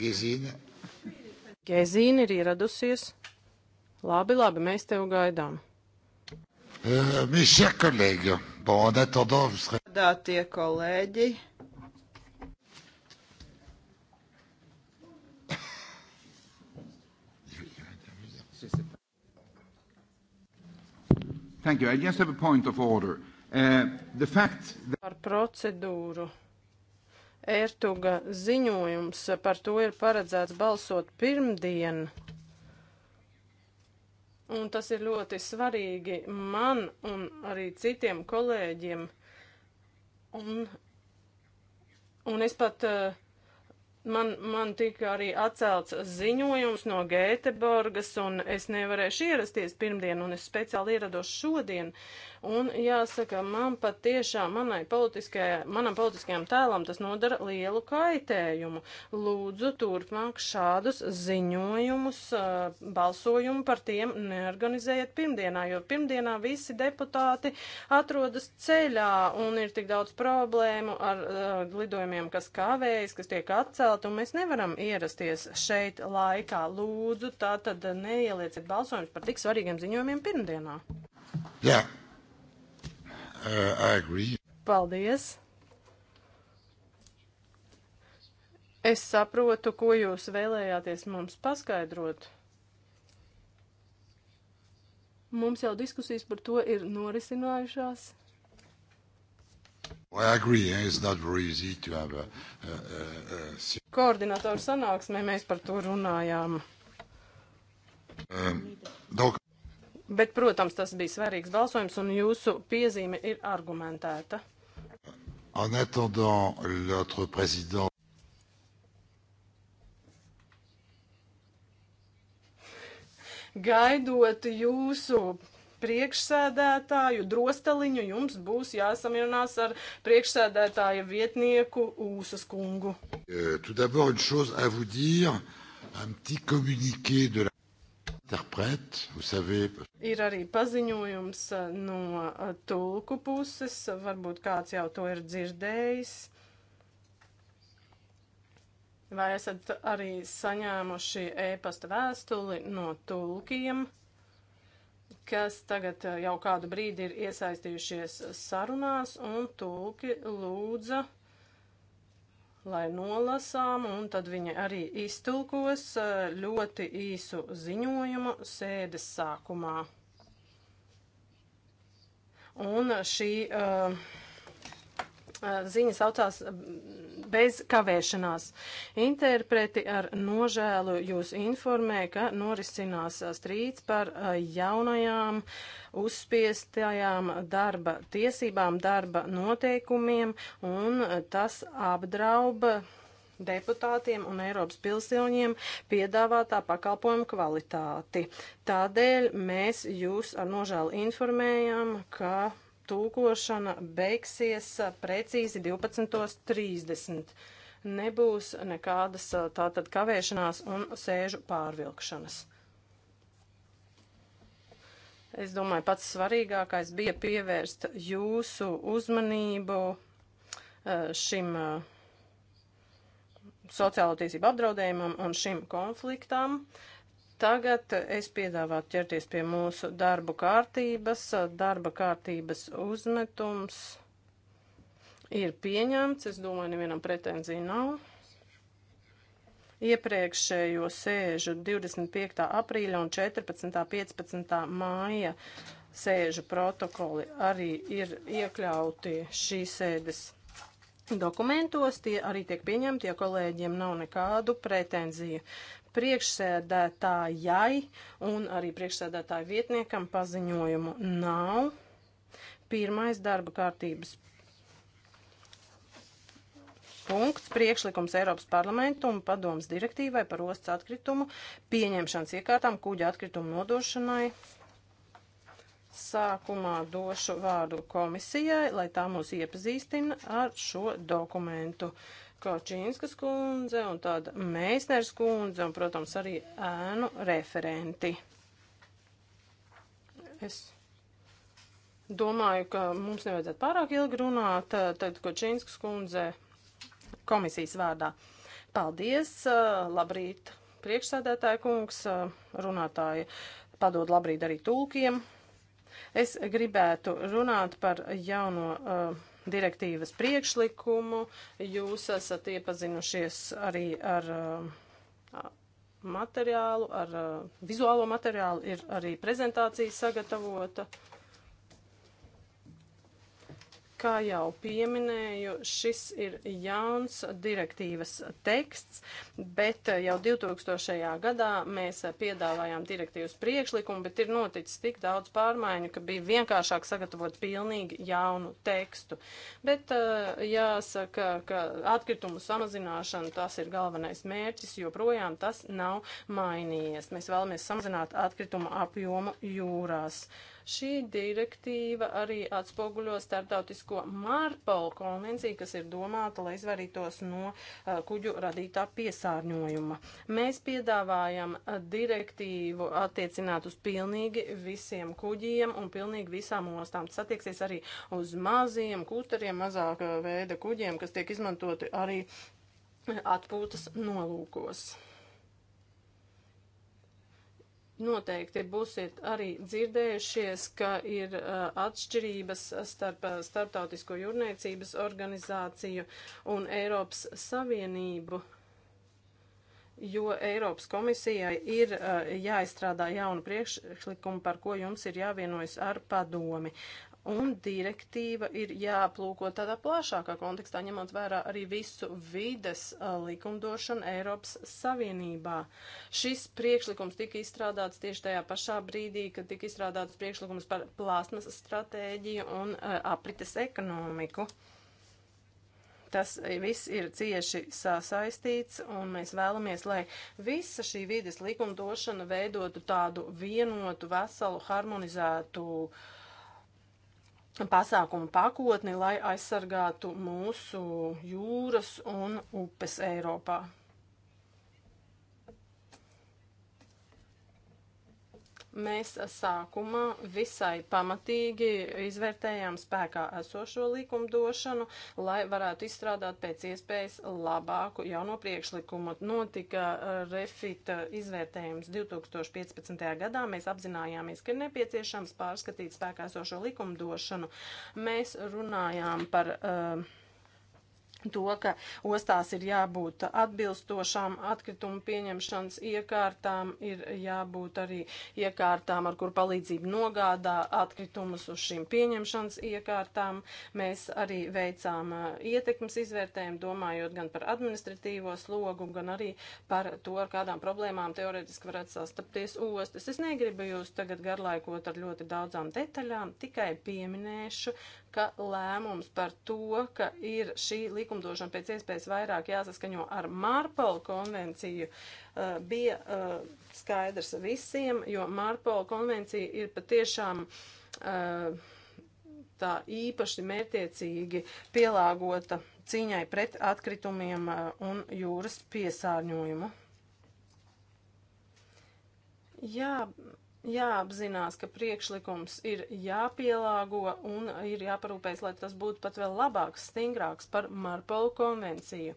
Gezīne. Gezīne ir ieradusies. Labi, labi, mēs tev gaidām. Uh, mes chers collègues, bon, en attendant, vous serez. Dātie kolēģi. Thank you. I just have a point of order. Uh, the fact that... Par procedūru. Ertuga ziņojums. Par to ir paredzēts balsot pirmdien. Un tas ir ļoti svarīgi man un arī citiem kolēģiem. Un, un es pat, eh, man, man tika arī atcelts ziņojums no Gēteborgas, un es nevarēšu ierasties pirmdien, un es speciāli ierados šodien. Uh, Un jāsaka, man pat tiešām, manai politiskajai, manam politiskajam tēlam tas nodara lielu kaitējumu. Lūdzu, turpmāk šādus ziņojumus, uh, balsojumu par tiem neorganizējiet pirmdienā, jo pirmdienā visi deputāti atrodas ceļā un ir tik daudz problēmu ar uh, lidojumiem, kas kavējas, kas tiek atcelti, un mēs nevaram ierasties šeit laikā. Lūdzu, tā tad neielieciet balsojumus par tik svarīgiem ziņojumiem pirmdienā. Yeah. Uh, Paldies! Es saprotu, ko jūs vēlējāties mums paskaidrot. Mums jau diskusijas par to ir norisinājušās. Well, I agree, eh? it's not very easy to have a, a, a, a... Koordinatoru sanāksmē mēs par to runājām. Um, donc... Bet, protams, tas bija svarīgs balsojums, un jūsu piezīme ir argumentēta. En attendant notre président. Gaidot jūsu priekšsēdētāju drosteliņu, jums būs jāsamierinās ar priekšsēdētāja vietnieku Ūsas kungu. Uh, tout d'abord, une chose à vous dire, un petit communiqué de la Ir arī paziņojums uh, no uh, tulku puses, varbūt kāds jau to ir dzirdējis. Vai esat arī saņēmuši ēpasta vēstuli no tulkiem, kas tagad uh, jau kādu brīdi ir iesaistījušies sarunās, un tulki lūdza lai nolasām, un tad viņi arī iztulkos eh, ļoti īsu ziņojumu sēdes sākumā. Un šī uh, ziņa saucās mm, bez kavēšanās. Interpreti ar nožēlu jūs informē, ka norisinās strīds par uh, jaunajām uzspiestajām darba tiesībām, darba noteikumiem, un tas apdrauba deputātiem un Eiropas pilsoņiem piedāvātā pakalpojuma kvalitāti. Tādēļ mēs jūs ar nožēlu informējam, ka tūkošana beigsies precīzi 12.30. Nebūs nekādas tātad kavēšanās un sēžu pārvilkšanas. Es domāju, pats svarīgākais bija pievērst jūsu uzmanību šim sociālo tiesību apdraudējumam un šim konfliktam. Uh, Tagad es piedāvātu ķerties pie mūsu darbu kārtības. Darba kārtības uzmetums ir pieņemts. Es domāju, nevienam pretenziju nav. Iepriekšējo sēžu 25. aprīļa un 14. 15. māja sēžu protokoli arī ir iekļauti šīs sēdes dokumentos tie arī tiek pieņemti, ja kolēģiem nav nekādu pretenziju priekšsēdētājai un arī priekšsēdētāju vietniekam paziņojumu nav. Pirmais darba kārtības punkts - priekšlikums Eiropas parlamentu un padomas direktīvai par ostas atkritumu pieņemšanas iekārtām kuģa atkritumu nodošanai. Sākumā došu vārdu komisijai, lai tā mūs iepazīstina ar šo dokumentu. Uh, Kočīnskas kundze un tāda Meisners kundze un, protams, arī ēnu referenti. Es domāju, ka mums nevajadzētu pārāk ilgi runāt, tad Kočīnskas kundze komisijas vārdā. Paldies, labrīt, priekšsēdētāja kungs, runātāji padod labrīt arī tulkiem. Es gribētu runāt par jauno uh, direktīvas priekšlikumu. Jūs esat iepazinušies arī ar uh, materiālu, ar uh, vizuālo materiālu, ir arī prezentācija sagatavota. Kā jau pieminēju, šis ir jauns direktīvas teksts, bet jau 2000. gadā mēs piedāvājām direktīvas priekšlikumu, bet ir noticis tik daudz pārmaiņu, ka bija vienkāršāk sagatavot pilnīgi jaunu tekstu. Bet eh, jāsaka, ka atkritumu samazināšana tas ir galvenais mērķis, joprojām tas nav mainījies. Mēs vēlamies samazināt atkritumu apjomu jūrās. Uh, Šī direktīva arī atspoguļo starptautisko Mārpolu konvenciju, kas ir domāta, lai izvarītos no uh, kuģu radītā piesārņojuma. Mēs piedāvājam uh, direktīvu attiecināt uz pilnīgi visiem kuģiem un pilnīgi visām ostām. Tas attieksies arī uz maziem kūteriem, mazāka veida kuģiem, kas tiek izmantoti arī atpūtas nolūkos. Noteikti būsiet arī dzirdējušies, ka ir uh, atšķirības starp uh, Startautisko jūrniecības organizāciju un Eiropas Savienību, jo Eiropas komisijai ir uh, jāizstrādā jauna priekšlikuma, par ko jums ir jāvienojas ar padomi un direktīva ir jāplūko tādā plašākā kontekstā, ņemot vērā arī visu vides uh, likumdošanu Eiropas Savienībā. Šis priekšlikums tika izstrādāts tieši tajā pašā brīdī, kad tika izstrādāts priekšlikums par plāsmas stratēģiju un uh, aprites ekonomiku. Tas viss ir cieši sasaistīts, un mēs vēlamies, lai visa šī vides likumdošana veidotu tādu vienotu, veselu, harmonizētu uh, pasākumu pakotni, lai aizsargātu mūsu jūras un upes Eiropā. mēs sākumā visai pamatīgi izvērtējām spēkā esošo likumdošanu, lai varētu izstrādāt pēc iespējas labāku jauno priekšlikumu. Notika refita izvērtējums 2015. gadā. Mēs apzinājāmies, ka ir nepieciešams pārskatīt spēkā esošo likumdošanu. Mēs runājām par. Uh, to, ka ostās ir jābūt atbilstošām atkritumu pieņemšanas iekārtām, ir jābūt arī iekārtām, ar kur palīdzību nogādā atkritumus uz šīm pieņemšanas iekārtām. Mēs arī veicām ietekmes izvērtējumu, domājot gan par administratīvo slogu, gan arī par to, ar kādām problēmām teoretiski varētu sastapties ostas. Es negribu jūs tagad garlaikot ar ļoti daudzām detaļām, tikai pieminēšu ka lēmums par to, ka ir šī likumdošana pēc iespējas vairāk jāsaskaņo ar Mārpola konvenciju, eh, bija eh, skaidrs visiem, jo Mārpola konvencija ir patiešām eh, tā īpaši mērtiecīgi pielāgota cīņai pret atkritumiem un jūras piesārņojumu. Jā, jāapzinās, ka priekšlikums ir jāpielāgo un ir jāparūpēs, lai tas būtu pat vēl labāks, stingrāks par Marpolu konvenciju.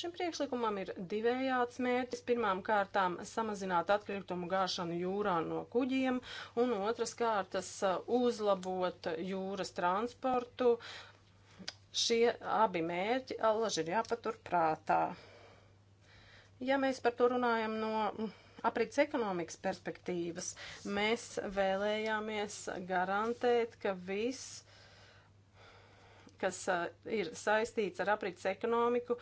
Šim priekšlikumam ir divējāds mērķis. Pirmām kārtām samazināt atkritumu gāšanu jūrā no kuģiem un otras kārtas uh, uzlabot jūras transportu. Šie abi mērķi allaž ir jāpatur prātā. Ja mēs par to runājam no aprits ekonomikas perspektīvas. Mēs vēlējāmies garantēt, ka viss, kas uh, ir saistīts ar aprits ekonomiku,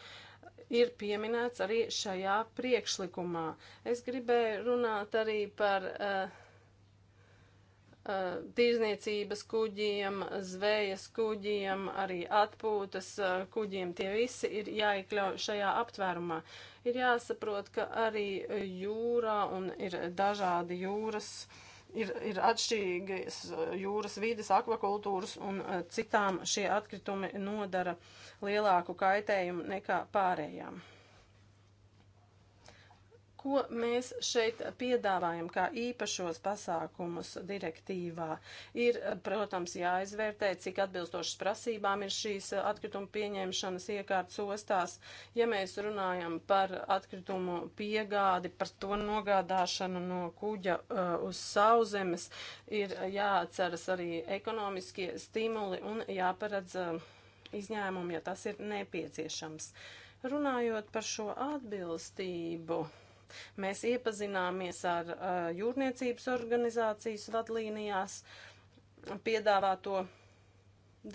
ir pieminēts arī šajā priekšlikumā. Es gribēju runāt arī par uh, tirzniecības kuģiem, zvejas kuģiem, arī atpūtas kuģiem. Tie visi ir jāiekļauj šajā aptvērumā. Ir jāsaprot, ka arī jūrā un ir dažādi jūras. Ir, ir atšķirīgas jūras vides, akvakultūras un citām šie atkritumi nodara lielāku kaitējumu nekā pārējām ko mēs šeit piedāvājam kā īpašos pasākumus direktīvā. Ir, protams, jāizvērtē, cik atbilstošas prasībām ir šīs atkritumu pieņemšanas iekārtas ostās. Ja mēs runājam par atkritumu piegādi, par to nogādāšanu no kuģa uh, uz sauzemes, ir jāatceras arī ekonomiskie stimuli un jāparedz uh, izņēmumi, ja tas ir nepieciešams runājot par šo atbilstību, Mēs iepazināmies ar uh, jūrniecības organizācijas vadlīnijās piedāvāto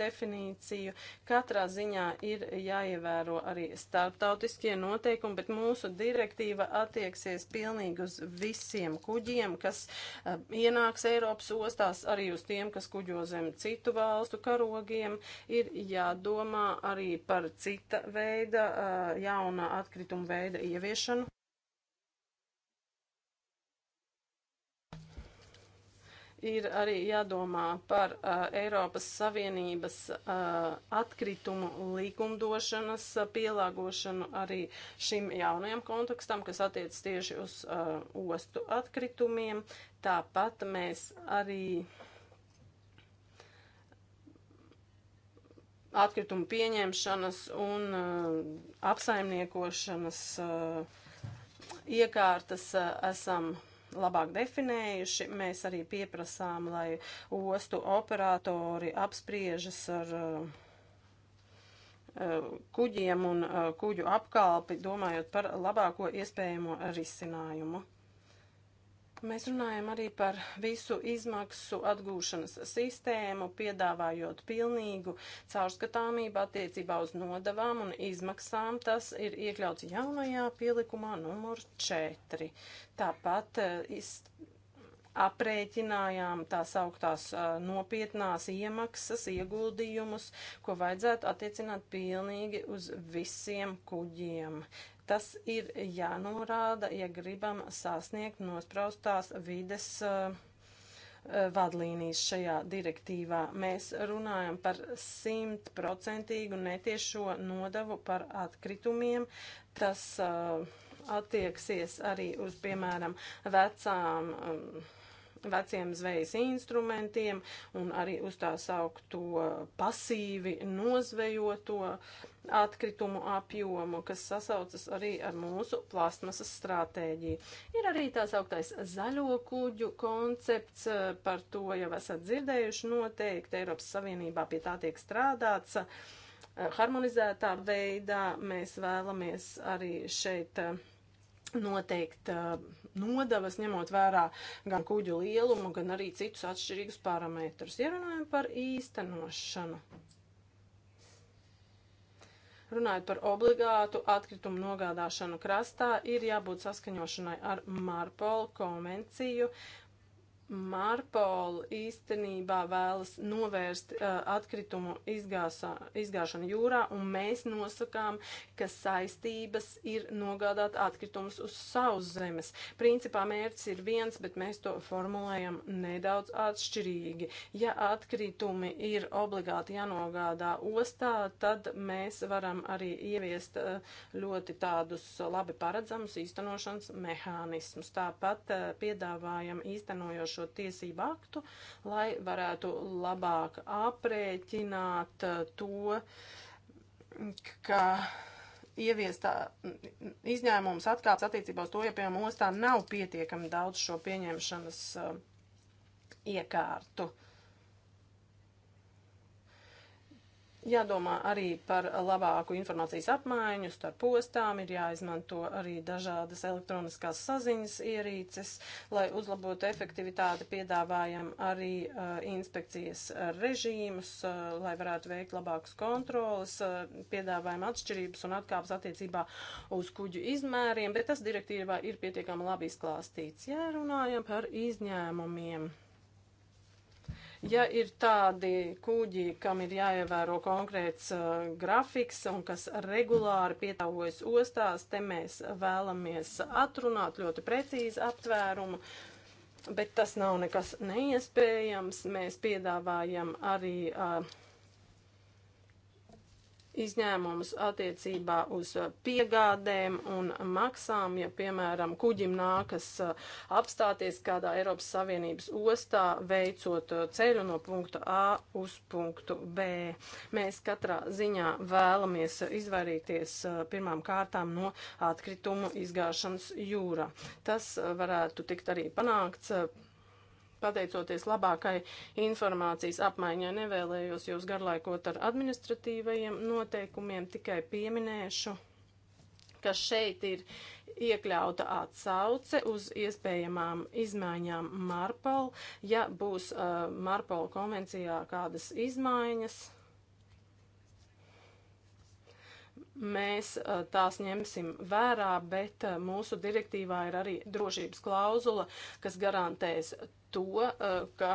definīciju. Katrā ziņā ir jāievēro arī starptautiskie noteikumi, bet mūsu direktīva attieksies pilnīgi uz visiem kuģiem, kas uh, ienāks Eiropas ostās, arī uz tiem, kas kuģo zem citu valstu karogiem. Ir jādomā arī par cita veida, uh, jauna atkrituma veida ieviešanu. ir arī jādomā par uh, Eiropas Savienības uh, atkritumu likumdošanas uh, pielāgošanu arī šim jaunajam kontekstam, kas attiec tieši uz uh, ostu atkritumiem. Tāpat mēs arī atkritumu pieņemšanas un uh, apsaimniekošanas uh, iekārtas uh, esam labāk definējuši. Mēs arī pieprasām, lai ostu operatori apspriežas ar eh, eh, kuģiem un eh, kuģu apkalpi, domājot par labāko iespējamo risinājumu. Mēs runājam arī par visu izmaksu atgūšanas sistēmu, piedāvājot pilnīgu caurskatāmību attiecībā uz nodavām un izmaksām. Tas ir iekļauts jaunajā pielikumā numur 4. Tāpat eh, iz, aprēķinājām tās augtās eh, nopietnās iemaksas, ieguldījumus, ko vajadzētu attiecināt pilnīgi uz visiem kuģiem. Tas ir jānorāda, ja gribam sasniegt nospraustās vides uh, vadlīnijas šajā direktīvā. Mēs runājam par simtprocentīgu netiešo nodavu par atkritumiem. Tas uh, attieksies arī uz, piemēram, vecām. Um, veciem zvejas instrumentiem un arī uz tā saukto pasīvi nozvejoto atkritumu apjomu, kas sasaucas arī ar mūsu plastmasas stratēģiju. Ir arī tā sauktais zaļo kuģu koncepts, par to jau esat dzirdējuši noteikti, Eiropas Savienībā pie tā tiek strādāts eh, harmonizētā veidā mēs vēlamies arī šeit eh, noteikt eh, nodavas, ņemot vērā gan kuģu lielumu, gan arī citus atšķirīgus parametrus. Ja runājam par īstenošanu, runājot par obligātu atkritumu nogādāšanu krastā, ir jābūt saskaņošanai ar Marpolu konvenciju Marpola īstenībā vēlas novērst uh, atkritumu izgāsā, izgāšanu jūrā, un mēs nosakām, ka saistības ir nogādāt atkritumus uz savas zemes. Principā mērķis ir viens, bet mēs to formulējam nedaudz atšķirīgi. Ja atkritumi ir obligāti jānogādā ostā, tad mēs varam arī ieviest uh, ļoti tādus labi paredzamus īstenošanas mehānismus. Tāpat uh, piedāvājam īstenojošo šo tiesību aktu, lai varētu labāk aprēķināt uh, to, ka ieviestā izņēmums atkāps attiecībā uz to, ja piemēram ostā nav pietiekami daudz šo pieņemšanas uh, iekārtu. Jādomā arī par labāku informācijas apmaiņu starp postām, ir jāizmanto arī dažādas elektroniskās saziņas ierīces, lai uzlabotu efektivitāti, piedāvājam arī uh, inspekcijas režīmus, uh, lai varētu veikt labākus kontrolas, uh, eh, piedāvājam atšķirības un atkāpes attiecībā uz kuģu izmēriem, bet tas direktīvā ir pietiekami labi izklāstīts. Jārunājam par izņēmumiem. Ja ir tādi kuģi, kam ir jāievēro konkrēts uh, grafiks un kas regulāri pietāvojas ostās, te mēs vēlamies atrunāt ļoti precīzi aptvērumu, bet tas nav nekas neiespējams. Mēs piedāvājam arī uh, izņēmumus attiecībā uz uh, piegādēm un maksām, ja, piemēram, kuģim nākas uh, apstāties kādā Eiropas Savienības ostā, veicot uh, ceļu no punkta A uz punktu B. Mēs katrā ziņā vēlamies izvairīties pirmām kārtām no atkritumu izgāšanas jūrā. Tas varētu tikt arī panākts pateicoties labākai informācijas apmaiņai. Nevēlējos jūs garlaikot ar administratīvajiem noteikumiem, tikai pieminēšu, ka šeit ir iekļauta atsauce uz iespējamām izmaiņām Marpol, ja būs uh, Marpol konvencijā kādas izmaiņas. Mēs uh, tās ņemsim vērā, bet uh, mūsu direktīvā ir arī drošības klauzula, kas garantēs to, eh, ka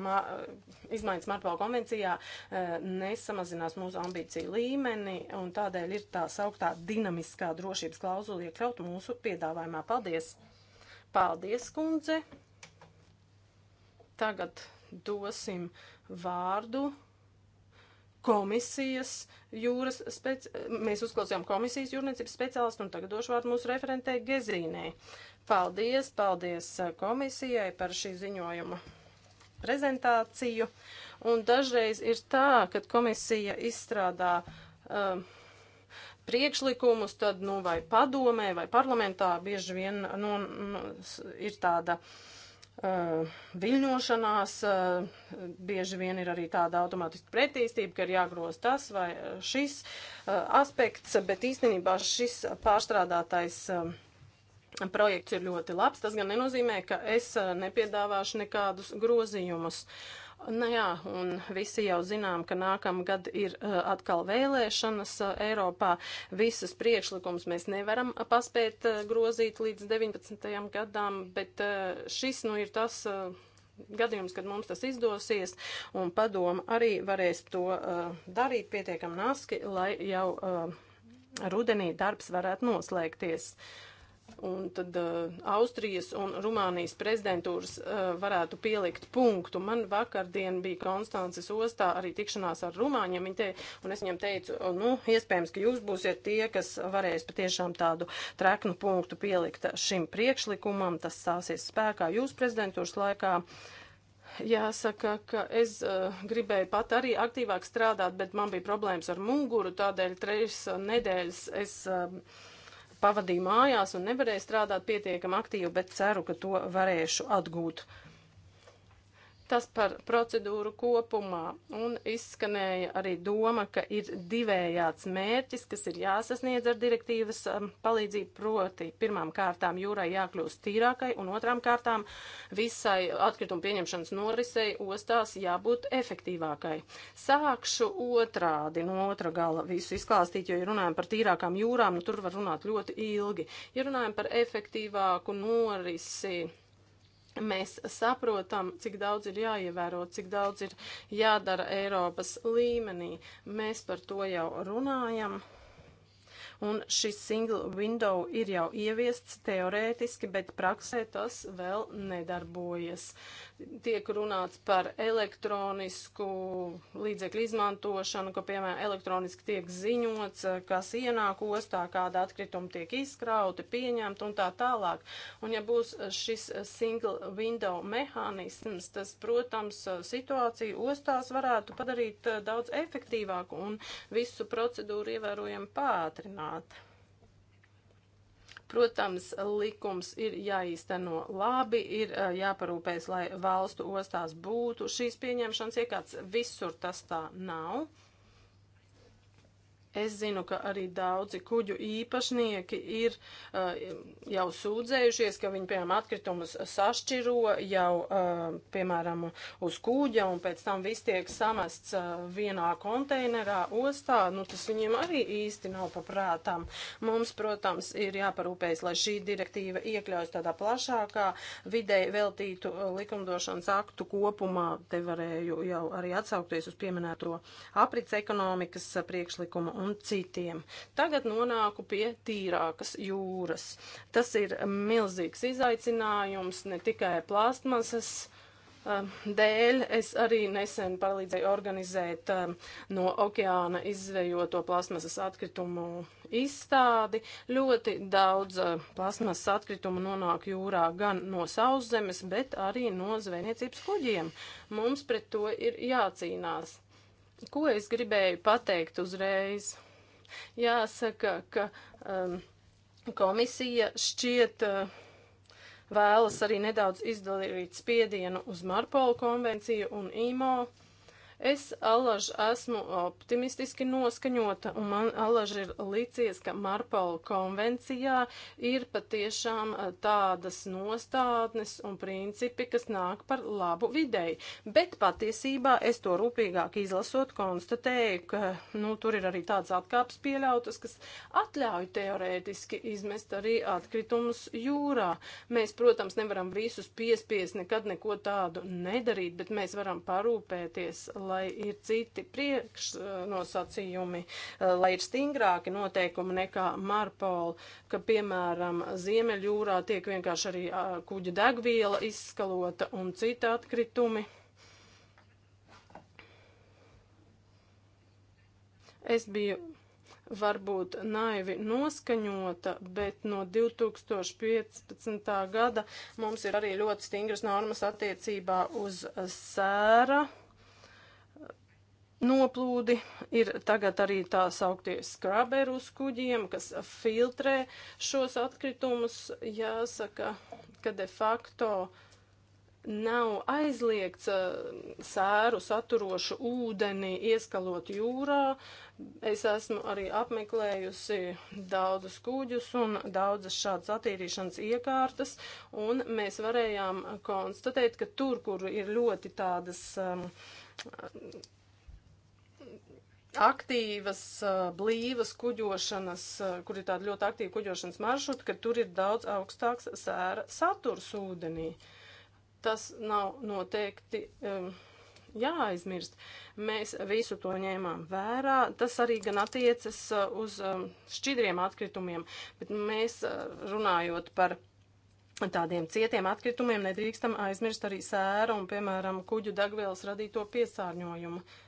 ma, eh, izmaiņas Marpāla konvencijā eh, nesamazinās mūsu ambīciju līmeni, un tādēļ ir tā sauktā dinamiskā drošības klauzula iekļaut mūsu piedāvājumā. Paldies! Paldies, kundze! Tagad dosim vārdu komisijas jūras, speci... mēs uzklausījām komisijas jūrniecības speciālistu un tagad došu vārdu mūsu referentei Gezīnei. Paldies, paldies komisijai par šī ziņojuma prezentāciju. Un dažreiz ir tā, kad komisija izstrādā um, priekšlikumus, tad, nu, vai padomē, vai parlamentā bieži vien, nu, nu ir tāda uh, Uh, viļņošanās, uh, bieži vien ir arī tāda automātiska pretīstība, ka ir jāgroz tas vai uh, šis aspekts, bet īstenībā šis pārstrādātais um, projekts ir ļoti labs. Tas gan nenozīmē, ka es nepiedāvāšu nekādus grozījumus. Uh, Nu jā, un visi jau zinām, ka nākamgad ir uh, atkal vēlēšanas uh, Eiropā. Visas priekšlikums mēs nevaram uh, paspēt uh, grozīt līdz 19. gadam, bet uh, šis nu ir tas. Uh, gadījums, kad mums tas izdosies, un padoma arī varēs to uh, darīt pietiekam naski, lai jau uh, rudenī darbs varētu noslēgties. Uh, Un tad uh, Austrijas un Rumānijas prezidentūras uh, varētu pielikt punktu. Man vakardien bija Konstances ostā arī tikšanās ar Rumāņiem, te, un es viņam teicu, nu, iespējams, ka jūs būsiet tie, kas varēs patiešām tādu treknu punktu pielikt šim priekšlikumam. Tas stāsies spēkā jūsu prezidentūras laikā. Uh, jāsaka, ka es uh, gribēju pat arī aktīvāk strādāt, bet man bija problēmas ar muguru, tādēļ trīs nedēļas es uh, pavadīju mājās un nevarēju strādāt pietiekam aktīvi, bet ceru, ka to varēšu atgūt. Uh, Tas par procedūru kopumā un izskanēja arī doma, ka ir divējāds mērķis, kas ir jāsasniedz ar direktīvas um, palīdzību proti. Pirmām kārtām jūrai jākļūst tīrākai un otrām kārtām visai atkritumu pieņemšanas norisei ostās jābūt efektīvākai. Sākšu otrādi no otra gala visu izklāstīt, jo, ja runājam par tīrākām jūrām, nu tur var runāt ļoti ilgi. Ja runājam par efektīvāku norisi mēs saprotam, cik daudz ir jāievēro, cik daudz ir jādara Eiropas līmenī. Mēs par to jau runājam. Un šis single window ir jau ieviests teorētiski, bet praksē tas vēl nedarbojas tiek runāts par elektronisku līdzekļu izmantošanu, ka, piemēram, elektroniski tiek ziņots, eh, kas ienāk ostā, kāda atkrituma tiek izkrauti, pieņemta un tā tālāk. Un ja būs eh, šis eh, single window mehānisms, tas, protams, situāciju ostās varētu padarīt daudz efektīvāku un visu procedūru ievērojami pātrināt. Protams, likums ir jāīsteno labi, ir jāparūpēs, lai valstu ostās būtu šīs pieņemšanas iekārts. Visur tas tā nav. Es zinu, ka arī daudzi kuģu īpašnieki ir uh, jau sūdzējušies, ka viņi, piemēram, atkritumus sašķiro jau, uh, piemēram, uz kuģa un pēc tam viss tiek samests uh, vienā konteinerā ostā. Nu, tas viņiem arī īsti nav paprātām. Mums, protams, ir jāparūpējas, lai šī direktīva iekļaujas tādā plašākā videi veltītu uh, likumdošanas aktu kopumā. Te varēju jau arī atsaukties uz pieminēto aprits ekonomikas priekšlikumu un citiem. Tagad nonāku pie tīrākas jūras. Tas ir milzīgs izaicinājums ne tikai plastmasas um, dēļ es arī nesen palīdzēju organizēt um, no okeāna izvejoto plasmasas atkritumu izstādi. Ļoti daudz uh, plasmasas atkritumu nonāk jūrā gan no sauszemes, bet arī no zvejniecības kuģiem. Mums pret to ir jācīnās. Ko es gribēju pateikt uzreiz? Jāsaka, ka um, komisija šķiet uh, vēlas arī nedaudz izdarīt spiedienu uz Marpolu konvenciju un IMO. Uh, Es allaž esmu optimistiski noskaņota, un man allaž ir licies, ka Marpola konvencijā ir patiešām eh, tādas nostādnes un principi, kas nāk par labu videi. Bet patiesībā es to rūpīgāk izlasot konstatēju, ka, nu, tur ir arī tāds atkāps pieļautas, kas atļauj teorētiski izmest arī atkritumus jūrā. Mēs, protams, nevaram visus piespies nekad neko tādu nedarīt, bet mēs varam parūpēties, lai ir citi priekšnosacījumi, eh, lai ir stingrāki noteikumi nekā Marpola, ka, piemēram, Ziemeļjūrā tiek vienkārši arī eh, kuģa degviela izskalota un citi atkritumi. Es biju varbūt naivi noskaņota, bet no 2015. gada mums ir arī ļoti stingras normas attiecībā uz sēra noplūdi, ir tagad arī tā sauktie skraberi uz kuģiem, kas filtrē šos atkritumus. Jāsaka, ka de facto nav aizliegts eh, sēru saturošu ūdeni ieskalot jūrā. Es esmu arī apmeklējusi daudzus kuģus un daudzas šādas attīrīšanas iekārtas, un mēs varējām konstatēt, ka tur, kur ir ļoti tādas um, aktīvas, eh, blīvas kuģošanas, eh, kur ir tāda ļoti aktīva kuģošanas maršruta, ka tur ir daudz augstāks sēra saturs ūdenī. Tas nav noteikti um, jāaizmirst. Mēs visu to ņēmām vērā. Tas arī gan attiecas uz um, šķidriem atkritumiem, bet mēs runājot par tādiem cietiem atkritumiem nedrīkstam aizmirst arī sēra un, piemēram, kuģu degvielas radīto piesārņojumu. Uh,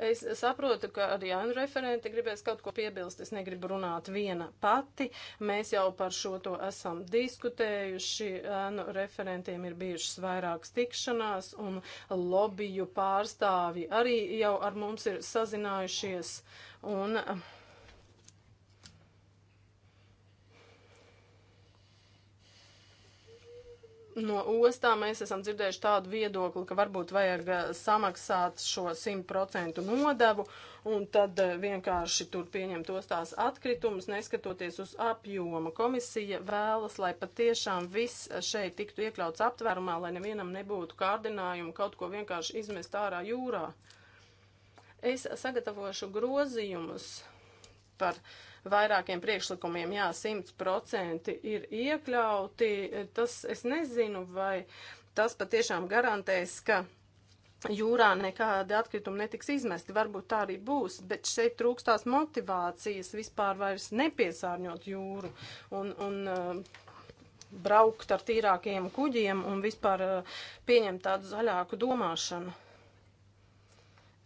Es saprotu, ka arī Anna referente gribēs kaut ko piebilst. Es negribu runāt viena pati. Mēs jau par šo to esam diskutējuši. Anna referentiem ir bijušas vairākas tikšanās un lobiju pārstāvji arī jau ar mums ir sazinājušies. Un, uh, No ostām mēs esam dzirdējuši tādu viedokli, ka varbūt vajag eh, samaksāt šo 100% nodevu un tad eh, vienkārši tur pieņemt ostās atkritumus, neskatoties uz apjomu. Komisija vēlas, lai patiešām viss šeit tiktu iekļauts aptvērumā, lai nevienam nebūtu kārdinājumu kaut ko vienkārši izmest ārā jūrā. Es sagatavošu grozījumus par uh, vairākiem priekšlikumiem, jā, 100% ir iekļauti. Tas es nezinu, vai tas patiešām garantēs, ka jūrā nekādi atkritumi netiks izmesti. Varbūt tā arī būs, bet šeit trūkstās motivācijas vispār vairs nepiesārņot jūru un, un uh, braukt ar tīrākiem kuģiem un vispār uh, pieņemt tādu zaļāku domāšanu.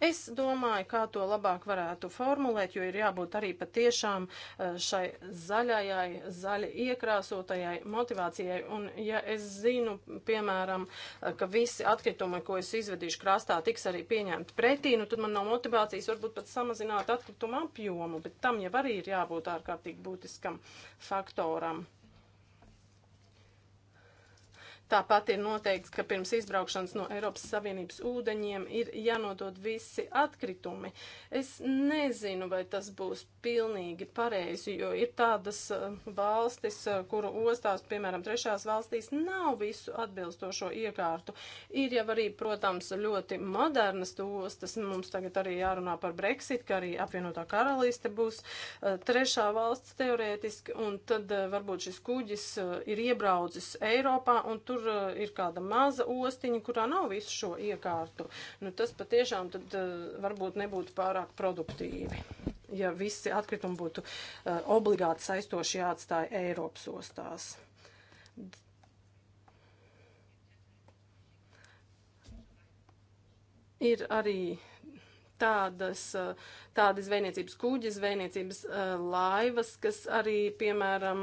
Es domāju, kā to labāk varētu formulēt, jo ir jābūt arī patiešām eh, šai zaļajai, zaļi iekrāsotajai motivācijai. Un ja es zinu, piemēram, eh, ka visi atkritumi, ko es izvedīšu krastā, tiks arī pieņemti pretī, nu tad man nav motivācijas varbūt pat samazināt atkritumu apjomu, bet tam jau arī ir jābūt ārkārtīgi būtiskam faktoram. Tāpat ir noteikts, ka pirms izbraukšanas no Eiropas Savienības ūdeņiem ir jānodod visi atkritumi. Es nezinu, vai tas būs pilnīgi pareizi, jo ir tādas uh, valstis, uh, kuru ostās, piemēram, trešās valstīs, nav visu atbilstošo iekārtu. Ir jau arī, protams, ļoti modernas ostas. Mums tagad arī jārunā par Brexit, ka arī apvienotā karaliste būs uh, trešā valsts teorētiski, un tad varbūt šis kuģis ir iebraucis Eiropā, un tur tur uh, ir kāda maza ostiņa, kurā nav visu šo iekārtu, nu, tas patiešām tad uh, varbūt nebūtu pārāk produktīvi. Ja visi atkritumi būtu uh, obligāti saistoši jāatstāja Eiropas ostās. Ir arī tādas, tādi zvejniecības kuģi, zvejniecības laivas, kas arī, piemēram,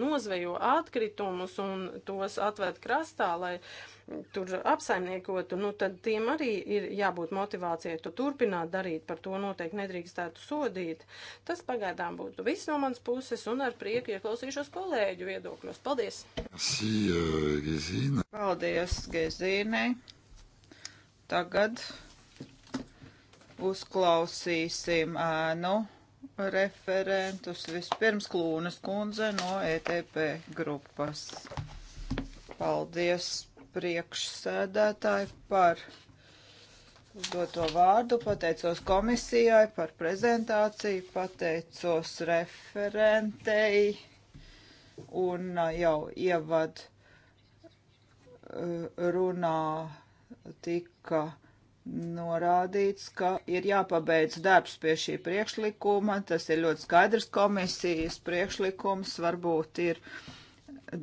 nozvejo atkritumus un tos atved krastā, lai tur apsaimniekotu, nu tad tiem arī ir jābūt motivācijai to turpināt darīt, par to noteikti nedrīkstētu sodīt. Tas pagaidām būtu viss no manas puses un ar prieku ieklausīšos kolēģu viedokļos. Paldies! Merci, uh, Gezīne. Paldies, Gezīnei! Tagad uzklausīsim ēnu referentus. Vispirms Klūnas kundze no ETP grupas. Paldies priekšsēdētāji par doto vārdu, pateicos komisijai par prezentāciju, pateicos referentei un jau ievad eh, runā tika norādīts, ka ir jāpabeidz darbs pie šī priekšlikuma. Tas ir ļoti skaidrs komisijas priekšlikums. Varbūt ir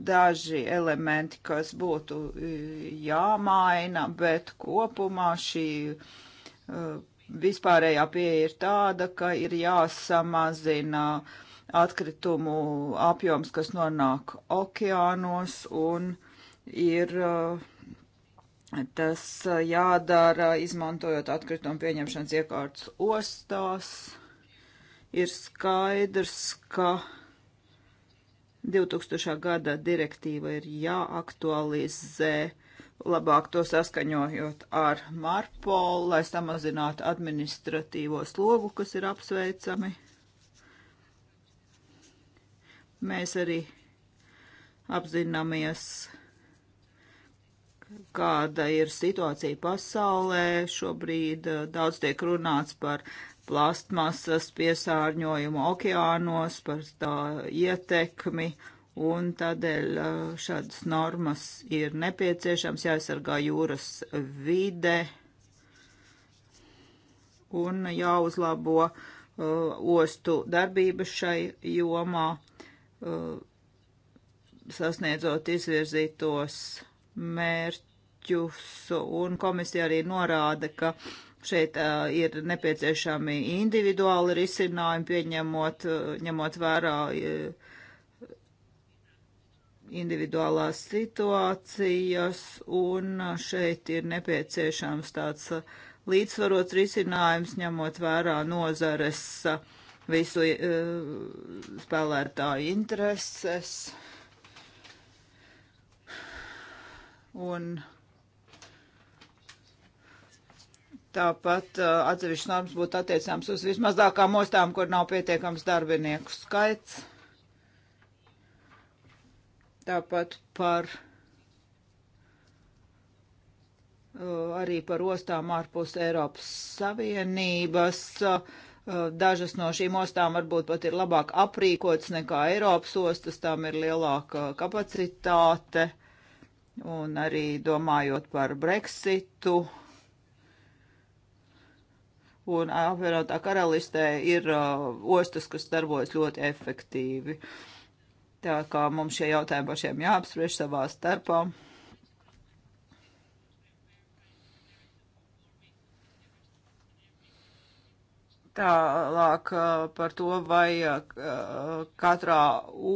daži elementi, kas būtu e, jāmaina, bet kopumā šī e, vispārējā pieeja ir tāda, ka ir jāsamazina atkritumu apjoms, kas nonāk okeānos un ir uh, Tas uh, jādara, izmantojot atkritumu pieņemšanas iekārtas ostās. Ir skaidrs, ka 2000. gada direktīva ir jāaktualizē labāk to saskaņojot ar Marpolu, lai samazinātu administratīvo slogu, kas ir apsveicami. Mēs arī apzināmies, ka kāda ir situācija pasaulē. Šobrīd eh, daudz tiek runāts par plastmasas piesārņojumu okeānos, par tā ietekmi, un tādēļ eh, šādas normas ir nepieciešams jāaizsargā jūras vide un jāuzlabo uh, ostu darbības šai jomā, uh, sasniedzot izvirzītos mērķus, un komisija arī norāda, ka šeit uh, ir nepieciešami individuāli risinājumi, pieņemot, uh, ņemot vērā uh, individuālās situācijas, un šeit ir nepieciešams tāds uh, līdzsvarots risinājums, ņemot vērā nozares uh, visu uh, spēlētāju intereses. Uh, un tāpat uh, atsevišķas normas būtu attiecināmas uz vismazākām ostām, kur nav pietiekams darbinieku skaits. Tāpat par uh, arī par ostām ārpus Eiropas Savienības. Uh, Dažas no šīm ostām varbūt pat ir labāk aprīkotas nekā Eiropas ostas, tām ir lielāka kapacitāte un arī domājot par Brexitu. Un apvienotā karalistē ir uh, ostas, kas darbojas ļoti efektīvi. Tā kā mums šie jautājumi pašiem jāapspriež savā starpā. Tālāk uh, par to, vai uh, katrā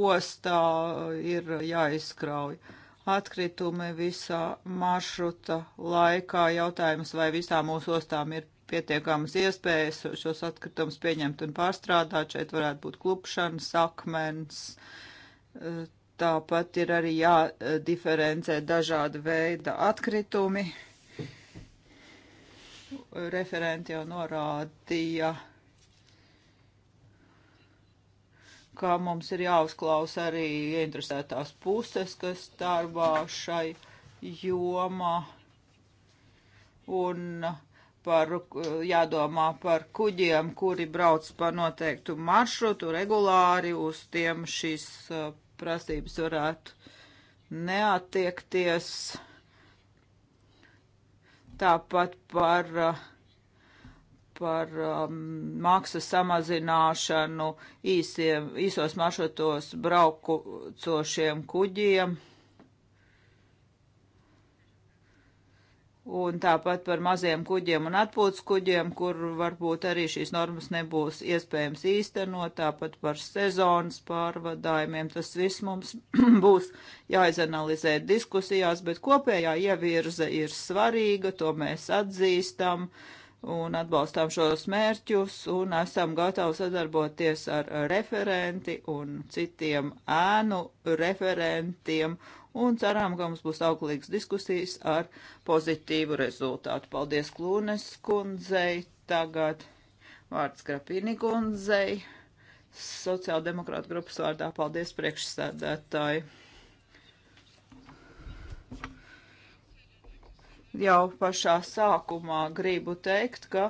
ostā ir jāizkrauj atkritumi visā maršruta laikā. Jautājums, vai visām mūsu ostām ir pietiekamas iespējas šos atkritumus pieņemt un pārstrādāt. Šeit varētu būt klupšanas, akmens. Tāpat ir arī jādiferencē dažāda veida atkritumi. Referenti jau norādīja. Ja ka mums ir jāuzklausa arī interesētās puses, kas darbā šai jomā. Un par, jādomā par kuģiem, kuri brauc pa noteiktu maršrutu regulāri, uz tiem šīs uh, prasības varētu neatiekties. Tāpat par uh, par um, maksas samazināšanu īsiem, īsos maršrutos braukucošiem kuģiem. Un tāpat par maziem kuģiem un atpūtas kuģiem, kur varbūt arī šīs normas nebūs iespējams īstenot, tāpat par sezonas pārvadājumiem. Tas viss mums būs jāizanalizē diskusijās, bet kopējā ievirze ir svarīga, to mēs atzīstam. Uh, un atbalstām šos mērķus un esam gatavi sadarboties ar referenti un citiem ēnu referentiem un ceram, ka mums būs auglīgas diskusijas ar pozitīvu rezultātu. Paldies Klūnes kundzei, tagad vārds Grapini kundzei, sociāldemokrāta grupas vārdā. Paldies priekšsēdētāji! jau pašā sākumā gribu teikt, ka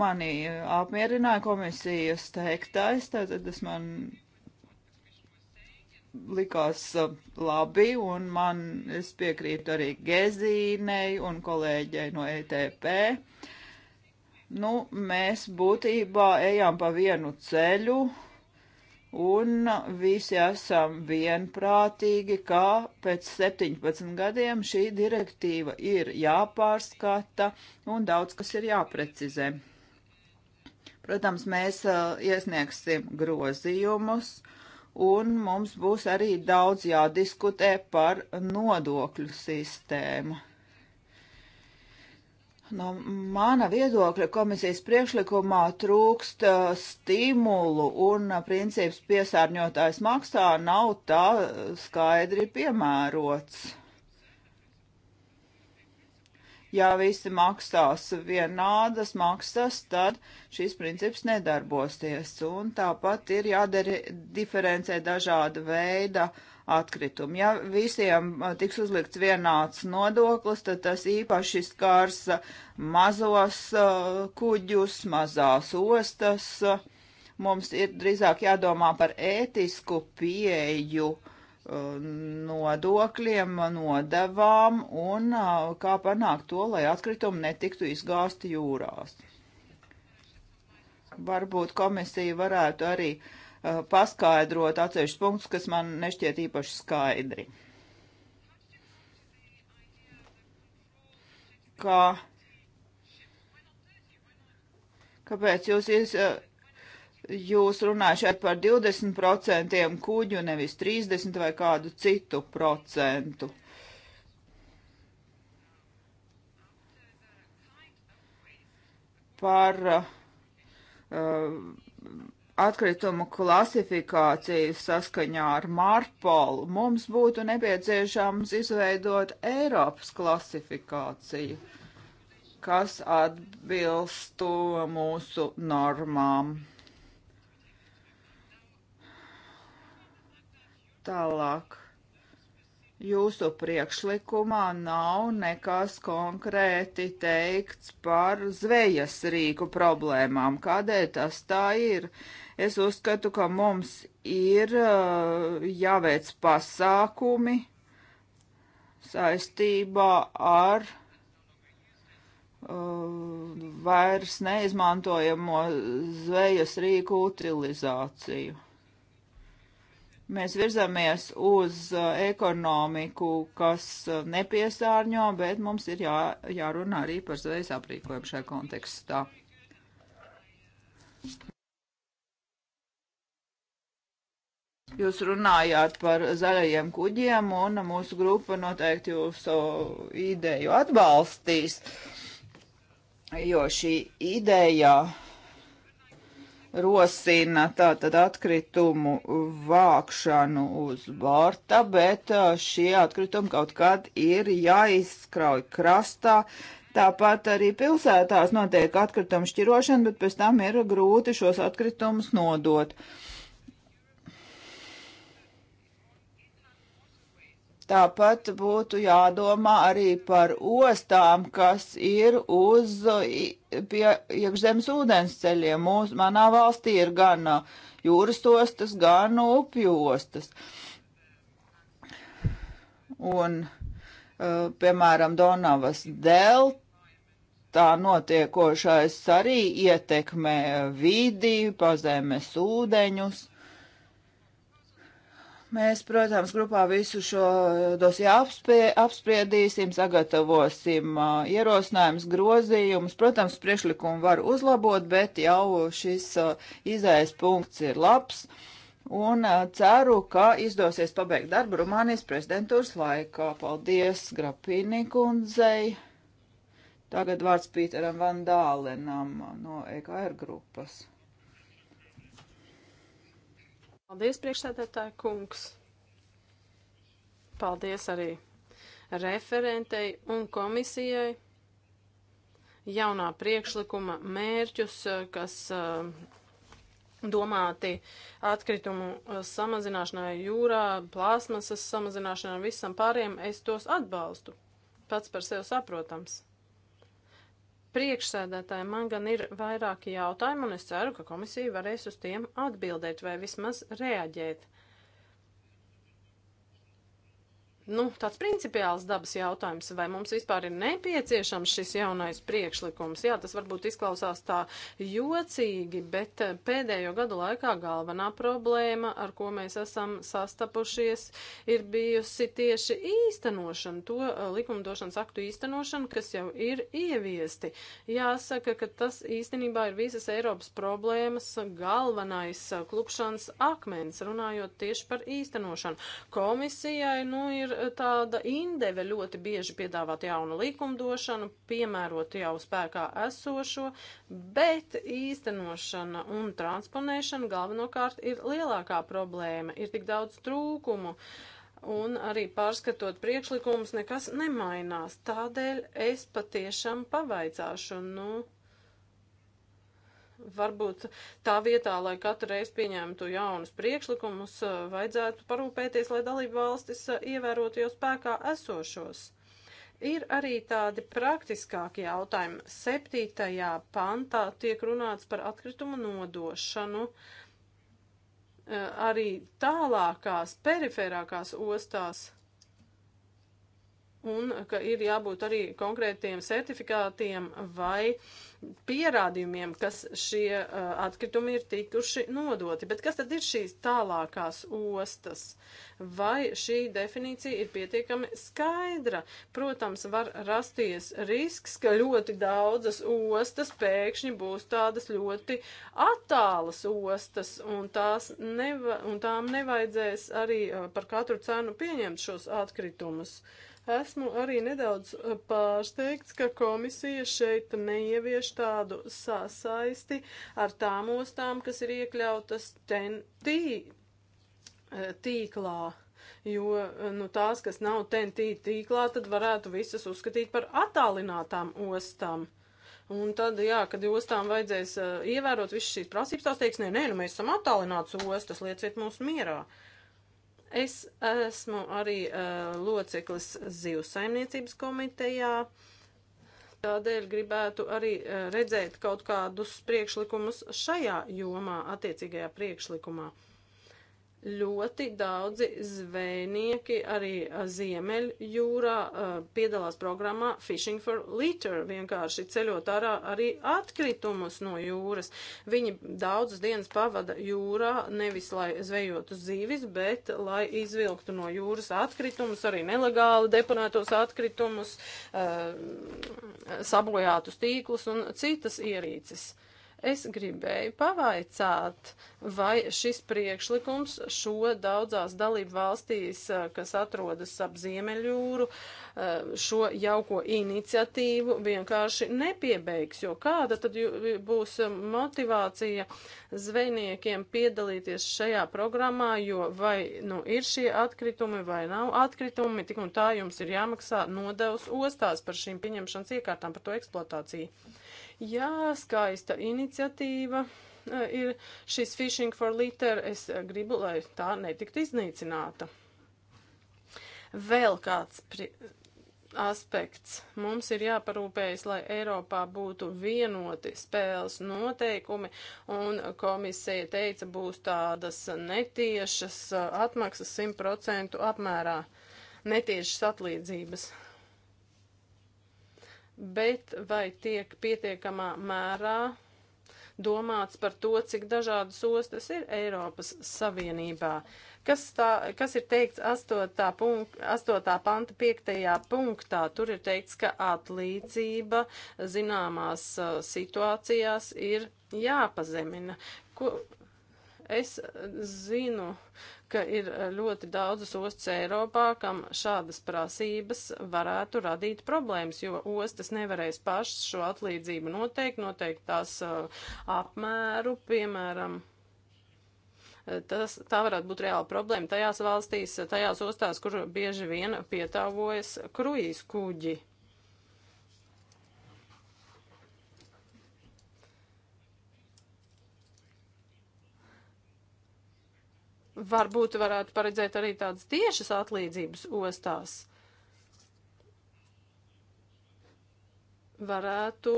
mani apmierināja komisijas teiktais, tātad tas man likās uh, labi, un man es piekrītu arī Gezīnei un kolēģei no ETP. Nu, mēs būtībā ejam pa vienu ceļu, un visi esam vienprātīgi, ka pēc 17 gadiem šī direktīva ir jāpārskata un daudz kas ir jāprecizē. Protams, mēs uh, iesniegsim grozījumus, un mums būs arī daudz jādiskutē par nodokļu sistēmu No mana viedokļa komisijas priekšlikumā trūkst uh, stimulu un uh, princips piesārņotājs maksā nav tā skaidri piemērots. Ja visi maksās vienādas maksas, tad šis princips nedarbosies. Un tāpat ir jādara diferencē dažāda veida uh, atkritumi. Ja visiem uh, tiks uzlikts vienāds nodoklis, tad tas īpaši skars uh, mazos uh, kuģus, mazās ostas. Mums ir drīzāk jādomā par ētisku pieeju nodokļiem, nodevām un kā panākt to, lai atkritumi netiktu izgāsti jūrās varbūt komisija varētu arī Uh, paskaidrot atsevišķus punktus, kas man nešķiet īpaši skaidri. Kā, kāpēc jūs, jūs, uh, jūs runājat šeit par 20% kuģu, nevis 30% vai kādu citu procentu? Par uh, uh atkritumu klasifikāciju saskaņā ar Marpolu, mums būtu nepieciešams izveidot Eiropas klasifikāciju, kas atbilstu mūsu normām. Tālāk jūsu priekšlikumā nav nekas konkrēti teikts par zvejas rīku problēmām. Kādēļ tas tā ir? Es uzskatu, ka mums ir uh, jāveic pasākumi saistībā ar uh, vairs neizmantojamo zvejas rīku utilizāciju. Mēs virzamies uz eh, ekonomiku, kas eh, nepiesārņo, bet mums ir jā, jārunā arī par zvejas aprīkojumu šajā kontekstā. Jūs runājāt par zaļajiem kuģiem, un mūsu grupa noteikti jūsu ideju atbalstīs, jo šī ideja rosina tātad atkritumu vākšanu uz borta, bet šie atkritumi kaut kad ir jāizkrauj krastā. Tāpat arī pilsētās notiek atkritumu šķirošana, bet pēc tam ir grūti šos atkritumus nodot. Tāpat būtu jādomā arī par ostām, kas ir uz pie iekšzemes ūdens ceļiem. Mūs, manā valstī ir gan uh, jūras ostas, gan upju ostas. Un, uh, piemēram, Donavas delta tā notiekošais arī ietekmē vidi, pazemes ūdeņus. Mēs, protams, grupā visu šo dosiju apspie, apspriedīsim, sagatavosim uh, ierosinājumus, grozījumus. Protams, priekšlikumu var uzlabot, bet jau šis uh, izējas punkts ir labs. Un uh, ceru, ka izdosies pabeigt darbu Rumānijas prezidentūras laikā. Paldies Grapīnī kundzei. Tagad vārds Pīteram Vandālenam no EKR grupas. Paldies, priekšsēdētāji kungs. Paldies arī referentei un komisijai jaunā priekšlikuma mērķus, eh, kas eh, domāti atkritumu eh, samazināšanai jūrā, plāsmasas samazināšanai un visam pārējiem, es tos atbalstu. Pats par sevi saprotams priekšsēdētāji, man gan ir vairāki jautājumi, un es ceru, ka komisija varēs uz tiem atbildēt vai vismaz reaģēt. nu, tāds principiāls dabas jautājums, vai mums vispār ir nepieciešams šis jaunais priekšlikums. Jā, tas varbūt izklausās tā jocīgi, bet eh, pēdējo gadu laikā galvenā problēma, ar ko mēs esam sastapušies, ir bijusi tieši īstenošana, to eh, likumdošanas aktu īstenošana, kas jau ir ieviesti. Jāsaka, ka tas īstenībā ir visas Eiropas problēmas galvenais eh, klupšanas akmens, runājot tieši par īstenošanu. Komisijai, nu, ir tāda indeve ļoti bieži piedāvāt jaunu likumdošanu, piemērot jau spēkā esošo, bet īstenošana un transponēšana galvenokārt ir lielākā problēma, ir tik daudz trūkumu. Un arī pārskatot priekšlikumus, nekas nemainās. Tādēļ es patiešām pavaicāšu, nu, varbūt tā vietā, lai katru reizi pieņemtu jaunus priekšlikumus, eh, vajadzētu parūpēties, lai dalību valstis eh, ievērotu jau spēkā esošos. Ir arī tādi praktiskāki jautājumi. Septītajā pantā tiek runāts par atkritumu nodošanu. Eh, arī tālākās, periferākās ostās un ka ir jābūt arī konkrētiem certifikātiem vai pierādījumiem, kas šie uh, atkritumi ir tikuši nodoti. Bet kas tad ir šīs tālākās ostas? Vai šī definīcija ir pietiekami skaidra? Protams, var rasties risks, ka ļoti daudzas ostas pēkšņi būs tādas ļoti attālas ostas, un, neva un tām nevajadzēs arī uh, par katru cenu pieņemt šos atkritumus. Uh, Esmu arī nedaudz eh, pārsteigts, ka komisija šeit neievieš tādu sasaisti ar tām ostām, kas ir iekļautas tentī eh, tīklā. Jo eh, nu, tās, kas nav tentī tīklā, tad varētu visas uzskatīt par attālinātām ostām. Un tad, jā, kad ostām vajadzēs uh, ievērot visas šīs prasības, tās teiks, nē, nē, nu, mēs esam attālināts ostas, lieciet mūs mierā. Uh, Es esmu arī uh, loceklis zivsaimniecības komitejā. Tādēļ gribētu arī uh, redzēt kaut kādus priekšlikumus šajā jomā, attiecīgajā priekšlikumā. Uh, ļoti daudzi zvejnieki arī eh, Ziemeļjūrā eh, piedalās programmā Fishing for Litter, vienkārši ceļot ārā arī atkritumus no jūras. Viņi daudzas dienas pavada jūrā, nevis lai zvejotu zīvis, bet lai izvilktu no jūras atkritumus, arī nelegāli deponētos atkritumus, eh, sabojātus tīklus un citas ierīces. Es gribēju pavaicāt, vai šis priekšlikums šo daudzās dalību valstīs, eh, kas atrodas ap Ziemeļjūru, eh, šo jauko iniciatīvu vienkārši nepiebeigs, jo kāda tad būs eh, motivācija zvejniekiem piedalīties šajā programmā, jo vai nu ir šie atkritumi vai nav atkritumi, tik un tā jums ir jāmaksā nodevs ostās par šīm pieņemšanas iekārtām, par to eksploatāciju. Jā, skaista iniciatīva e, ir šis Fishing for Litter. Es gribu, lai tā netikt iznīcināta. Vēl kāds aspekts. Mums ir jāparūpējas, lai Eiropā būtu vienoti spēles noteikumi, un komisija teica, būs tādas netiešas e, atmaksas 100% apmērā, netiešas atlīdzības bet vai tiek pietiekamā mērā domāts par to, cik dažādas ostas ir Eiropas Savienībā. Kas, tā, kas ir teikts 8. Punkt, 8. panta 5. punktā? Tur ir teikts, ka atlīdzība zināmās uh, situācijās ir jāpazemina. Ko, Es zinu, ka ir ļoti daudzas ostas Eiropā, kam šādas prasības varētu radīt problēmas, jo ostas nevarēs pašas šo atlīdzību noteikt, noteikt tās uh, apmēru, piemēram. Uh, tas, tā varētu būt reāla problēma tajās valstīs, tajās ostās, kur bieži vien pietāvojas kruīz kuģi. Uh, Varbūt varētu paredzēt arī tādas tiešas atlīdzības ostās. Varētu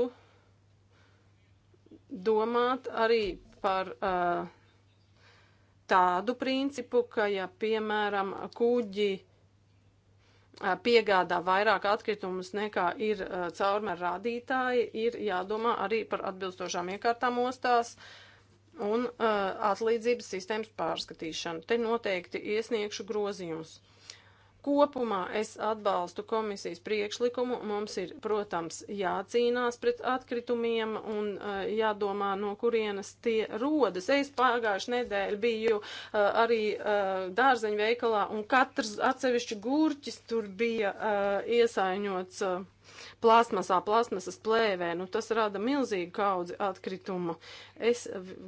domāt arī par uh, tādu principu, ka, ja, piemēram, kuģi uh, piegādā vairāk atkritumus nekā ir uh, caurmēr rādītāji, ir jādomā arī par atbilstošām iekārtām ostās, uh, un uh, atlīdzības sistēmas pārskatīšanu. Te noteikti iesniegšu grozījumus. Kopumā es atbalstu komisijas priekšlikumu. Mums ir, protams, jācīnās pret atkritumiem un uh, jādomā, no kurienes tie rodas. Es pagājušajā nedēļā biju uh, arī uh, dārzeņu veikalā un katrs atsevišķi gurķis tur bija uh, iesaiņots. Uh, plasmasā, plasmasas plēvē, nu tas rada milzīgu kaudzi atkritumu. Es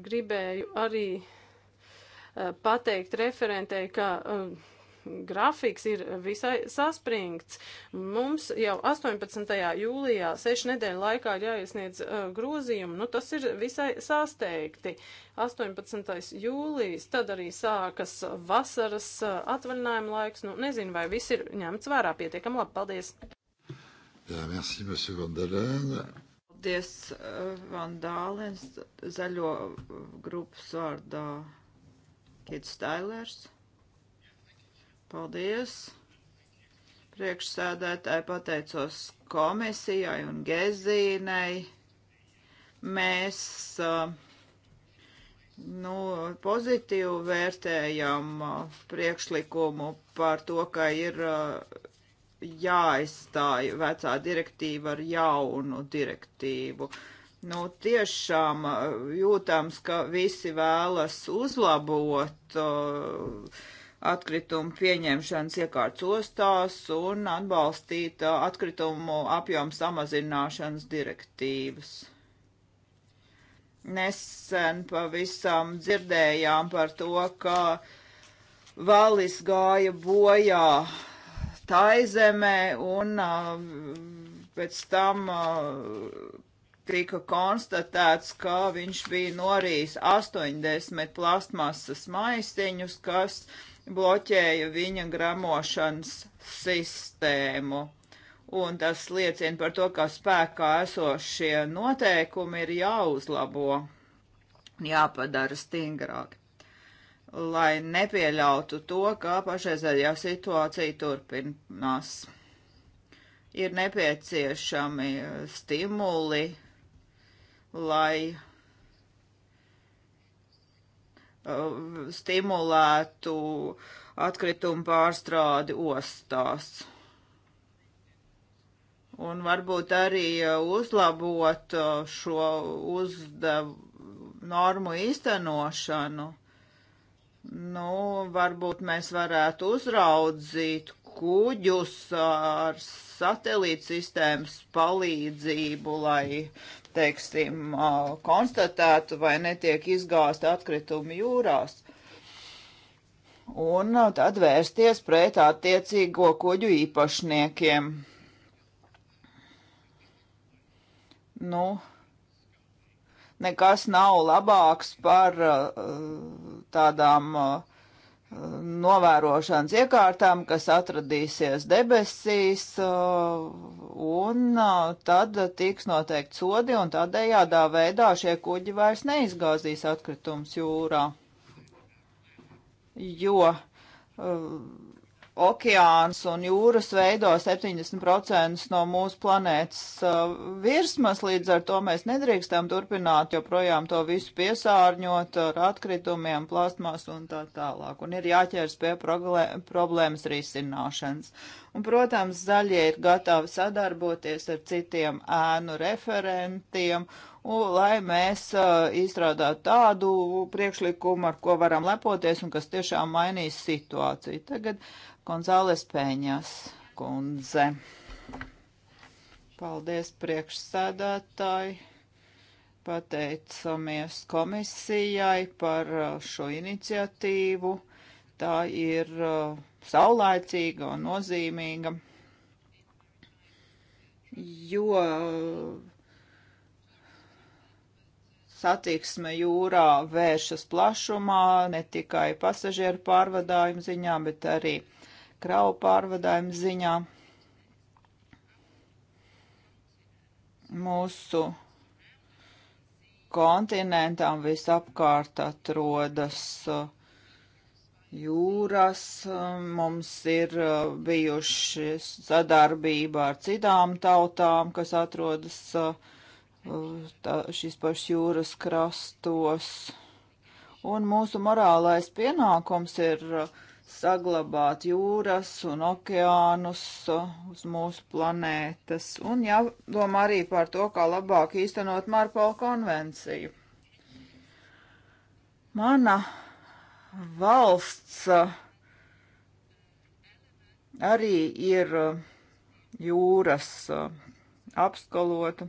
gribēju arī uh, pateikt referentei, ka uh, grafiks ir visai saspringts. Mums jau 18. jūlijā, sešu nedēļu laikā ir jāiesniedz uh, grozījumi, nu tas ir visai sasteigti. 18. jūlijas, tad arī sākas vasaras uh, atvaļinājuma laiks, nu nezinu, vai viss ir ņemts vērā pietiekam labi, paldies. Jā, merci, monsieur Vandalēna. Paldies, Vandālens, zaļo grupas vārdā. Kids Tailers. Paldies! Priekšsēdētāji pateicos komisijai un Gezīnei. Mēs uh, nu, pozitīvi vērtējam uh, priekšlikumu par to, ka ir uh, jāaizstāj vecā direktīva ar jaunu direktīvu. Nu, tiešām uh, jūtams, ka visi vēlas uzlabot uh, atkritumu pieņemšanas iekārtas ostās un atbalstīt uh, atkritumu apjomu samazināšanas direktīvas. Nesen pavisam dzirdējām par to, ka valis gāja bojā taizemē un uh, pēc tam uh, tika konstatēts, ka viņš bija norījis 80 plastmasas maisiņus, kas uh, bloķēja viņa gramošanas sistēmu. Un tas liecina par to, ka spēkā esošie noteikumi ir jāuzlabo un jāpadara stingrāk, lai nepieļautu to, kā pašreizējā situācija turpinās. Ir nepieciešami stimuli, lai Uh, stimulētu atkritumu pārstrādi ostās. Un varbūt arī uh, uzlabot uh, šo uzdevu normu īstenošanu. Nu, varbūt mēs varētu uzraudzīt, kuģus ar satelīta sistēmas palīdzību, lai, teiksim, konstatētu, vai netiek izgāsti atkritumi jūrās. Un tad vērsties pret attiecīgo kuģu īpašniekiem. Nu, nekas nav labāks par uh, tādām uh, novērošanas iekārtām, kas atradīsies debesīs, uh, un uh, tad tiks noteikti sodi, un tādējādā veidā šie kuģi vairs neizgāzīs atkritums jūrā. Jo uh, okeāns un jūras veido 70% no mūsu planētas uh, virsmas, līdz ar to mēs nedrīkstam turpināt joprojām to visu piesārņot ar atkritumiem, plasmas un tā tālāk. Un ir jāķers pie problēmas risināšanas. Un, protams, zaļie ir gatavi sadarboties ar citiem ēnu referentiem, un, lai mēs uh, izstrādātu tādu priekšlikumu, ar ko varam lepoties un kas tiešām mainīs situāciju. Tagad Gonzāles Pēņas kundze. Paldies priekšsēdētāji pateicamies komisijai par šo iniciatīvu. Tā ir uh, saulaicīga un nozīmīga, jo satiksme jūrā vēršas plašumā, ne tikai pasažieru pārvadājumu ziņā, bet arī kravu pārvadājumu ziņā. Mūsu kontinentam visapkārt atrodas uh, jūras. Um, mums ir uh, bijuši sadarbība ar citām tautām, kas atrodas uh, tā, šīs pašas jūras krastos. Un mūsu morālais pienākums ir uh, saglabāt jūras un okeānus uz mūsu planētas. Un jādomā arī par to, kā labāk īstenot Marpola konvenciju. Mana valsts uh, arī ir uh, jūras uh, apskalota.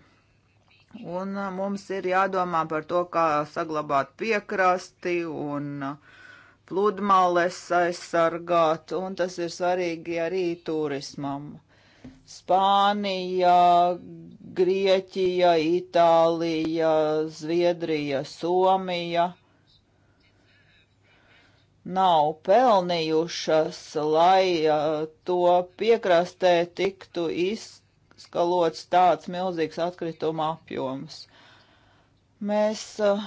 Un mums ir jādomā par to, kā saglabāt piekrasti un pludmales aizsargāt, un tas ir svarīgi arī turismam. Spānija, Grieķija, Itālija, Zviedrija, Somija nav pelnījušas, lai uh, to piekrastē tiktu izskalots tāds milzīgs atkrituma apjoms. Mēs uh,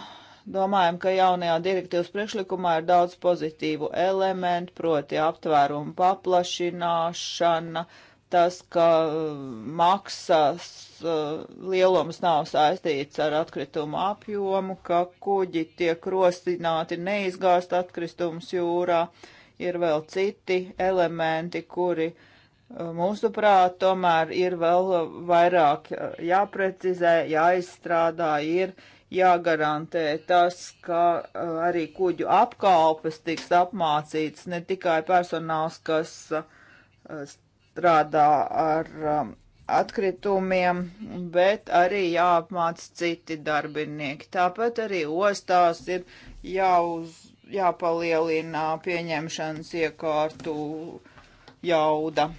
domājam, ka jaunajā direktīvas priekšlikumā ir daudz pozitīvu elementu, proti aptvērumu paplašināšana, uh, tas, ka uh, maksas uh, lielums nav saistīts ar atkritumu apjomu, ka kuģi tiek rosināti neizgāzt atkritumus jūrā, ir vēl citi elementi, kuri uh, mūsuprāt tomēr ir vēl vairāk jāprecizē, jāizstrādā, ir jāgarantē tas, ka arī kuģu apkalpes tiks apmācīts ne tikai personāls, kas jāstrādā ar um, atkritumiem, bet arī jāapmāc citi darbinieki. Tāpat arī ostās ir jāuz, jāpalielina pieņemšanas iekārtu jauda.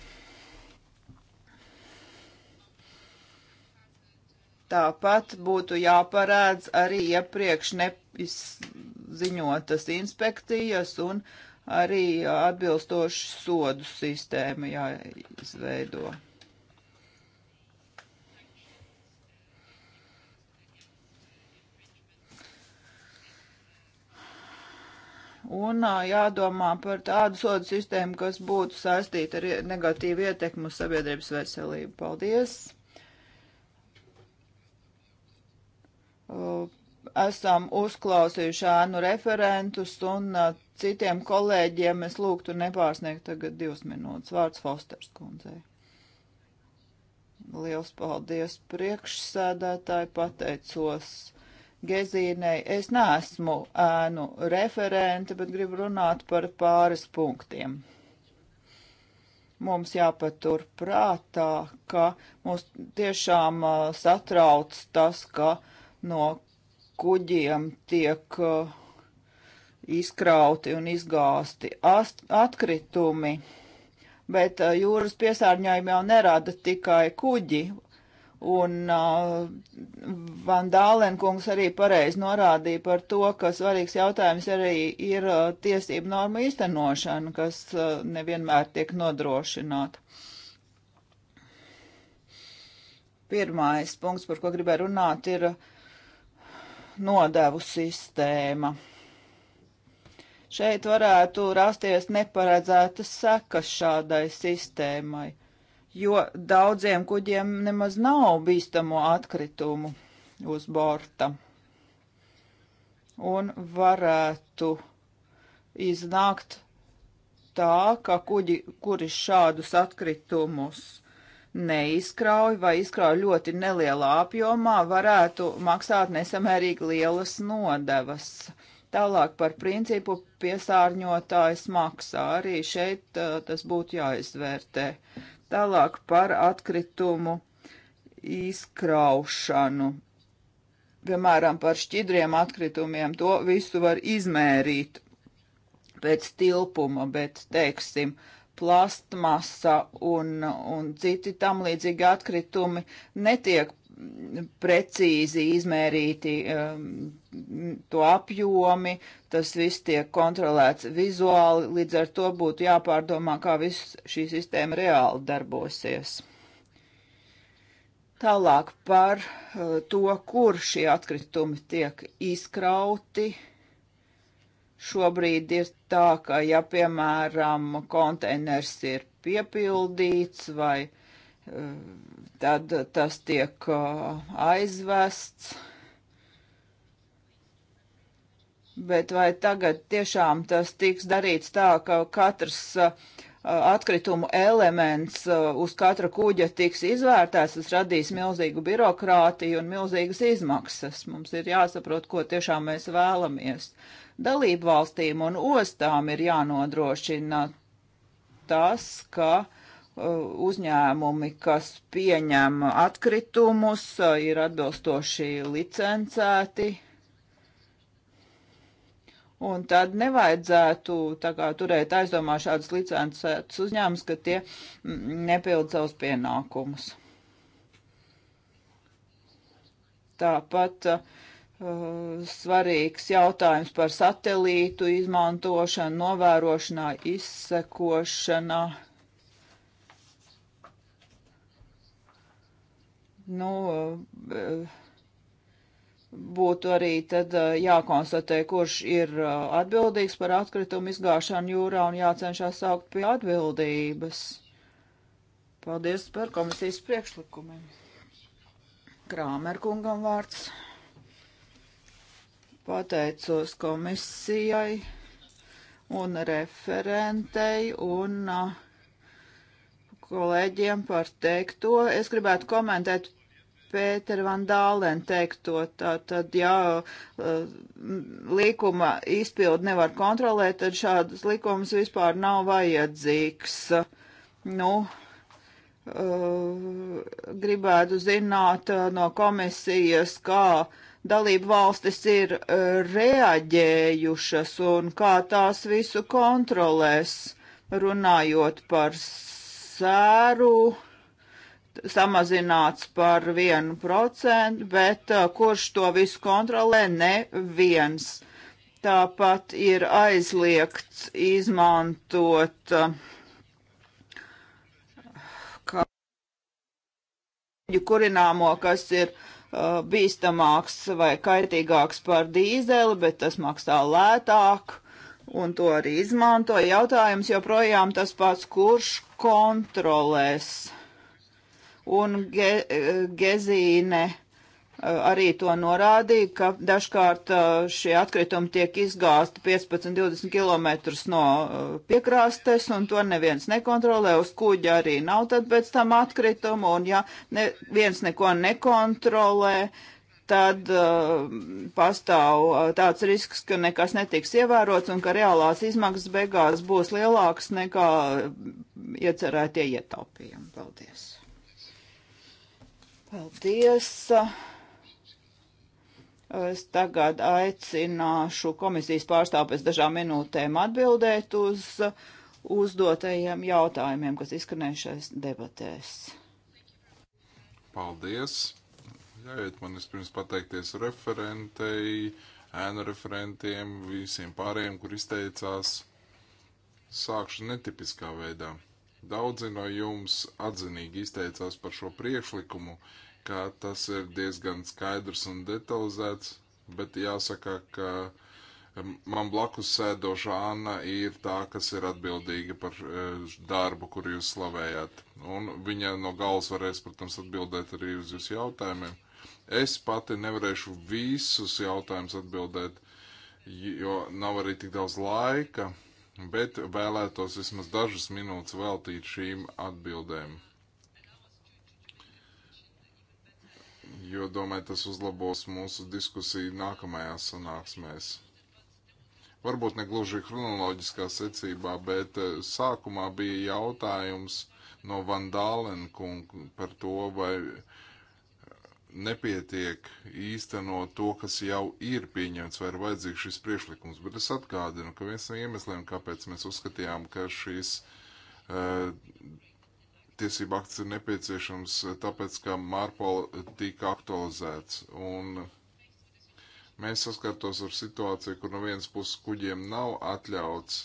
Tāpat būtu jāparādz arī iepriekš neziņotas inspekcijas un uh, arī atbilstoši sodu sistēma jāizveido. un jādomā par tādu sodu sistēmu, kas būtu saistīta ar negatīvu ietekmu uz sabiedrības veselību. Paldies! Esam uzklausījuši ēnu referentus un citiem kolēģiem es lūgtu nepārsniegt tagad divas minūtes. Vārds Fosters kundzei. Liels paldies priekšsēdētāji, pateicos Gezīnei. Es neesmu ēnu referente, bet gribu runāt par pāris punktiem. Mums jāpatur prātā, ka mūs tiešām satrauc tas, ka no kuģiem tiek uh, izkrauti un izgāsti Ast atkritumi, bet uh, jūras piesārņojumu jau nerada tikai kuģi. Un uh, Van Dālenkungs arī pareizi norādīja par to, ka svarīgs jautājums arī ir uh, tiesību norma īstenošana, kas uh, nevienmēr tiek nodrošināta. Pirmais punkts, par ko gribēju runāt, ir uh, nodevu sistēma. Šeit varētu rasties neparedzētas sekas šādai sistēmai, jo daudziem kuģiem nemaz nav bīstamo atkritumu uz borta. Un varētu iznākt tā, ka kuģi, kuri šādus atkritumus neizkrauj vai izkrauj ļoti nelielā apjomā, varētu maksāt nesamērīgi lielas nodevas. Tālāk par principu piesārņotājs maksā. Arī šeit uh, tas būtu jāizvērtē. Tālāk par atkritumu izkraušanu. Piemēram, par šķidriem atkritumiem to visu var izmērīt pēc tilpuma, bet, teiksim, plastmasa un, un citi tam līdzīgi atkritumi netiek precīzi izmērīti um, to apjomi, tas viss tiek kontrolēts vizuāli, līdz ar to būtu jāpārdomā, kā viss šī sistēma reāli darbosies. Tālāk par uh, to, kur šie atkritumi tiek izkrauti. Šobrīd ir tā, ka, ja piemēram konteiners ir piepildīts vai uh, tad tas tiek uh, aizvests. Bet vai tagad tiešām tas tiks darīts tā, ka katrs uh, atkritumu elements uh, uz katra kuģa tiks izvērtēts, tas radīs milzīgu birokrātiju un milzīgas izmaksas. Mums ir jāsaprot, ko tiešām mēs vēlamies. Dalību valstīm un ostām ir jānodrošina tas, ka uh, Uh, uzņēmumi, kas pieņem atkritumus, uh, ir atbilstoši licencēti. Un tad nevajadzētu kā, turēt aizdomā šādus licencētus uzņēmumus, ka tie mm, nepild savus pienākumus. Tāpat uh, svarīgs jautājums par satelītu izmantošanu, novērošanā, izsekošanā. nu, e, būtu arī tad e, jākonstatē, kurš ir e, atbildīgs par atkritumu izgāšanu jūrā un jācenšas saukt pie atbildības. Paldies par komisijas priekšlikumiem. Krāmerkungam vārds. Pateicos komisijai un referentei un uh, kolēģiem par teikto. Es gribētu komentēt Pētera Van Dālēna teikto, tā tad, ja uh, likuma izpildu nevar kontrolēt, tad šādas likumas vispār nav vajadzīgs. Nu, uh, gribētu zināt uh, no komisijas, kā dalību valstis ir reaģējušas un kā tās visu kontrolēs, runājot par ceru samazināts par 1%, bet uh, kurš to visu kontrolē? Neviens. Tāpat ir aizliegts izmantot uh, kurināmo, kas ir uh, bīstamāks vai kaitīgāks par dīzeli, bet tas maksā lētāk un to arī izmanto. Jautājums joprojām tas pats, kurš kontrolēs. Un ge, e, Gezīne e, arī to norādīja, ka dažkārt e, šie atkritumi tiek izgāsti 15-20 km no piekrastes, un to neviens nekontrolē. Uz kuģa arī nav tad pēc tam atkritumu, un ja ne, viens neko nekontrolē, uh, tad uh, pastāv eh, tāds risks, ka nekas netiks ievērots un ka reālās izmaksas beigās būs lielākas nekā eh, iecerētie ietaupījumi. Paldies! Paldies! Es tagad aicināšu komisijas pārstāvu pēc dažām minūtēm atbildēt uz uzdotajiem jautājumiem, kas izskanējušais debatēs. Paldies! Ļaujiet man vispirms pateikties referentei, ēnu referentiem, visiem pārējiem, kur izteicās. Sākšu netipiskā veidā. Daudzi no jums atzinīgi izteicās par šo priekšlikumu, ka tas ir diezgan skaidrs un detalizēts, bet jāsaka, ka man blakus sēdoša Anna ir tā, kas ir atbildīga par e, darbu, kuru jūs slavējat. Un viņa no galvas varēs, protams, atbildēt arī uz jūsu jautājumiem. Es pati nevarēšu visus jautājumus atbildēt, jo nav arī tik daudz laika, bet vēlētos vismaz dažas minūtes veltīt šīm atbildēm. Jo domāju, tas uzlabos mūsu diskusiju nākamajās sanāksmēs varbūt ne gluži chronoloģiskā secībā, bet eh, sākumā bija jautājums no Vandālena kunga par to, vai nepietiek īstenot to, kas jau ir pieņemts vai ir vajadzīgs šis priešlikums. Bet es atgādinu, ka viens no iemesliem, kāpēc mēs uzskatījām, ka šis uh, eh, tiesība akts ir nepieciešams, tāpēc, ka Mārpola tika aktualizēts. Un mēs saskartos ar situāciju, kur no vienas puses kuģiem nav atļauts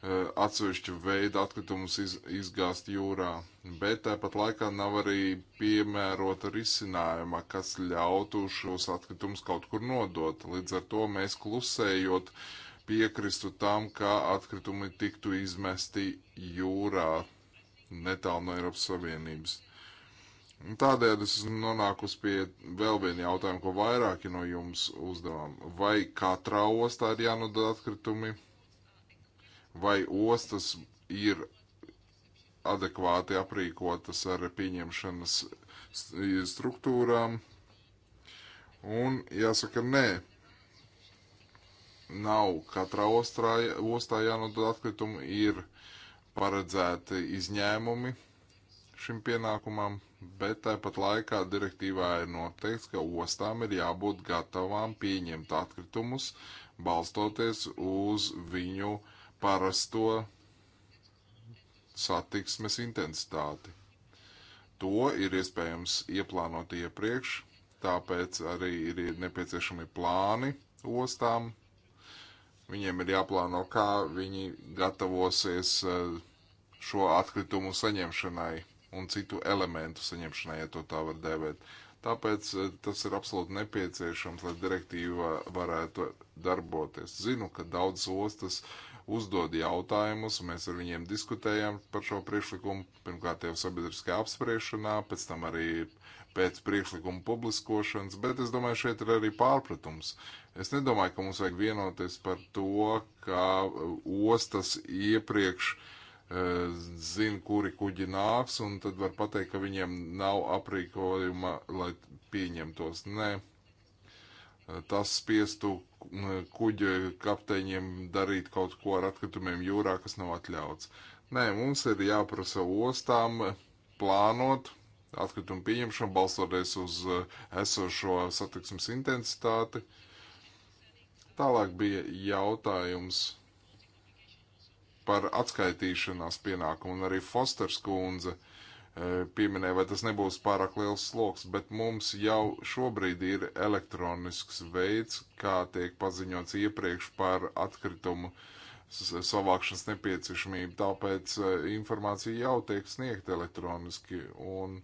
Eh, atsevišķu veidu atkritumus iz, izgāzt jūrā, bet tāpat laikā nav arī piemērota risinājuma, kas ļautu šos atkritumus kaut kur nodot. Līdz ar to mēs klusējot piekristu tam, kā atkritumi tiktu izmesti jūrā netālu no Eiropas Savienības. Tādēļ es esmu nonākusi pie vēl viena jautājuma, ko vairāki no jums uzdevām. Vai katrā ostā ir jānodod atkritumi? vai ostas ir adekvāti aprīkotas ar pieņemšanas struktūrām. Un jāsaka, nē, nav katrā ostrā, ostā jānodod atkritumu, ir paredzēti izņēmumi šim pienākumam, bet tāpat laikā direktīvā ir noteikts, ka ostām ir jābūt gatavām pieņemt atkritumus, balstoties uz viņu uh, parasto satiksmes intensitāti. To ir iespējams ieplānot iepriekš, tāpēc arī ir nepieciešami plāni ostām. Viņiem ir jāplāno, kā viņi gatavosies eh, šo atkritumu saņemšanai un citu elementu saņemšanai, ja to tā var dēvēt. Tāpēc eh, tas ir absolūti nepieciešams, lai direktīva varētu darboties. Zinu, ka daudzas ostas uh, uzdod jautājumus, un mēs ar viņiem diskutējam par šo priekšlikumu. Pirmkārt, jau sabiedriskajā apspriešanā, pēc tam arī pēc priekšlikuma publiskošanas, bet es domāju, šeit ir arī pārpratums. Es nedomāju, ka mums vajag vienoties par to, ka uh, ostas iepriekš uh, zina, kuri kuģi nāks, un tad var pateikt, ka viņiem nav aprīkojuma, lai pieņemtos. Nē, Tas spiestu kuģa kapteiņiem darīt kaut ko ar atkritumiem jūrā, kas nav atļauts. Nē, mums ir jāprasa ostām plānot atkritumu pieņemšanu, balstoties uz eh, esošo satiksmes intensitāti. Tālāk bija jautājums par atskaitīšanās pienākumu, un arī Fosters kundze uh, pieminēja, vai tas nebūs pārāk liels sloks, bet mums jau šobrīd ir elektronisks veids, kā tiek paziņots iepriekš par atkritumu savākšanas nepieciešamību, tāpēc informācija jau tiek sniegta elektroniski, un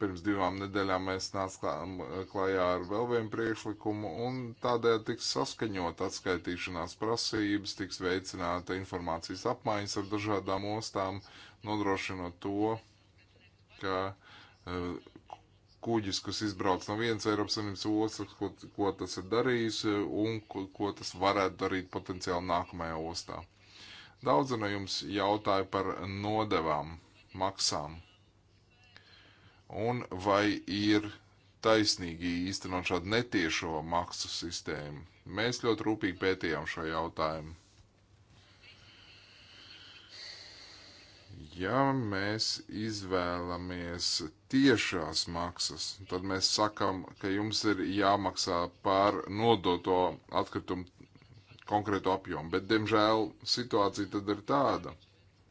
Pirms divām nedēļām mēs nācām klajā ar vēl vienu priekšlikumu, un tādēļ tiks saskaņot atskaitīšanās prasības, tiks veicināta informācijas apmaiņas ar dažādām ostām, nodrošinot to, ka eh, kuģis, kas izbrauc no vienas Eiropas Savienības ostas, ko, ko tas ir darījis un ko, ko tas varētu darīt potenciāli nākamajā ostā. Daudzi no jums jautāja par nodevām, maksām un vai ir taisnīgi īstenot šādu netiešo maksu sistēmu. Mēs ļoti rūpīgi pētījām šo jautājumu. Ja mēs izvēlamies tiešās maksas, tad mēs sakam, ka jums ir jāmaksā par nodoto atkritumu konkrētu apjomu, bet, diemžēl, situācija tad ir tāda,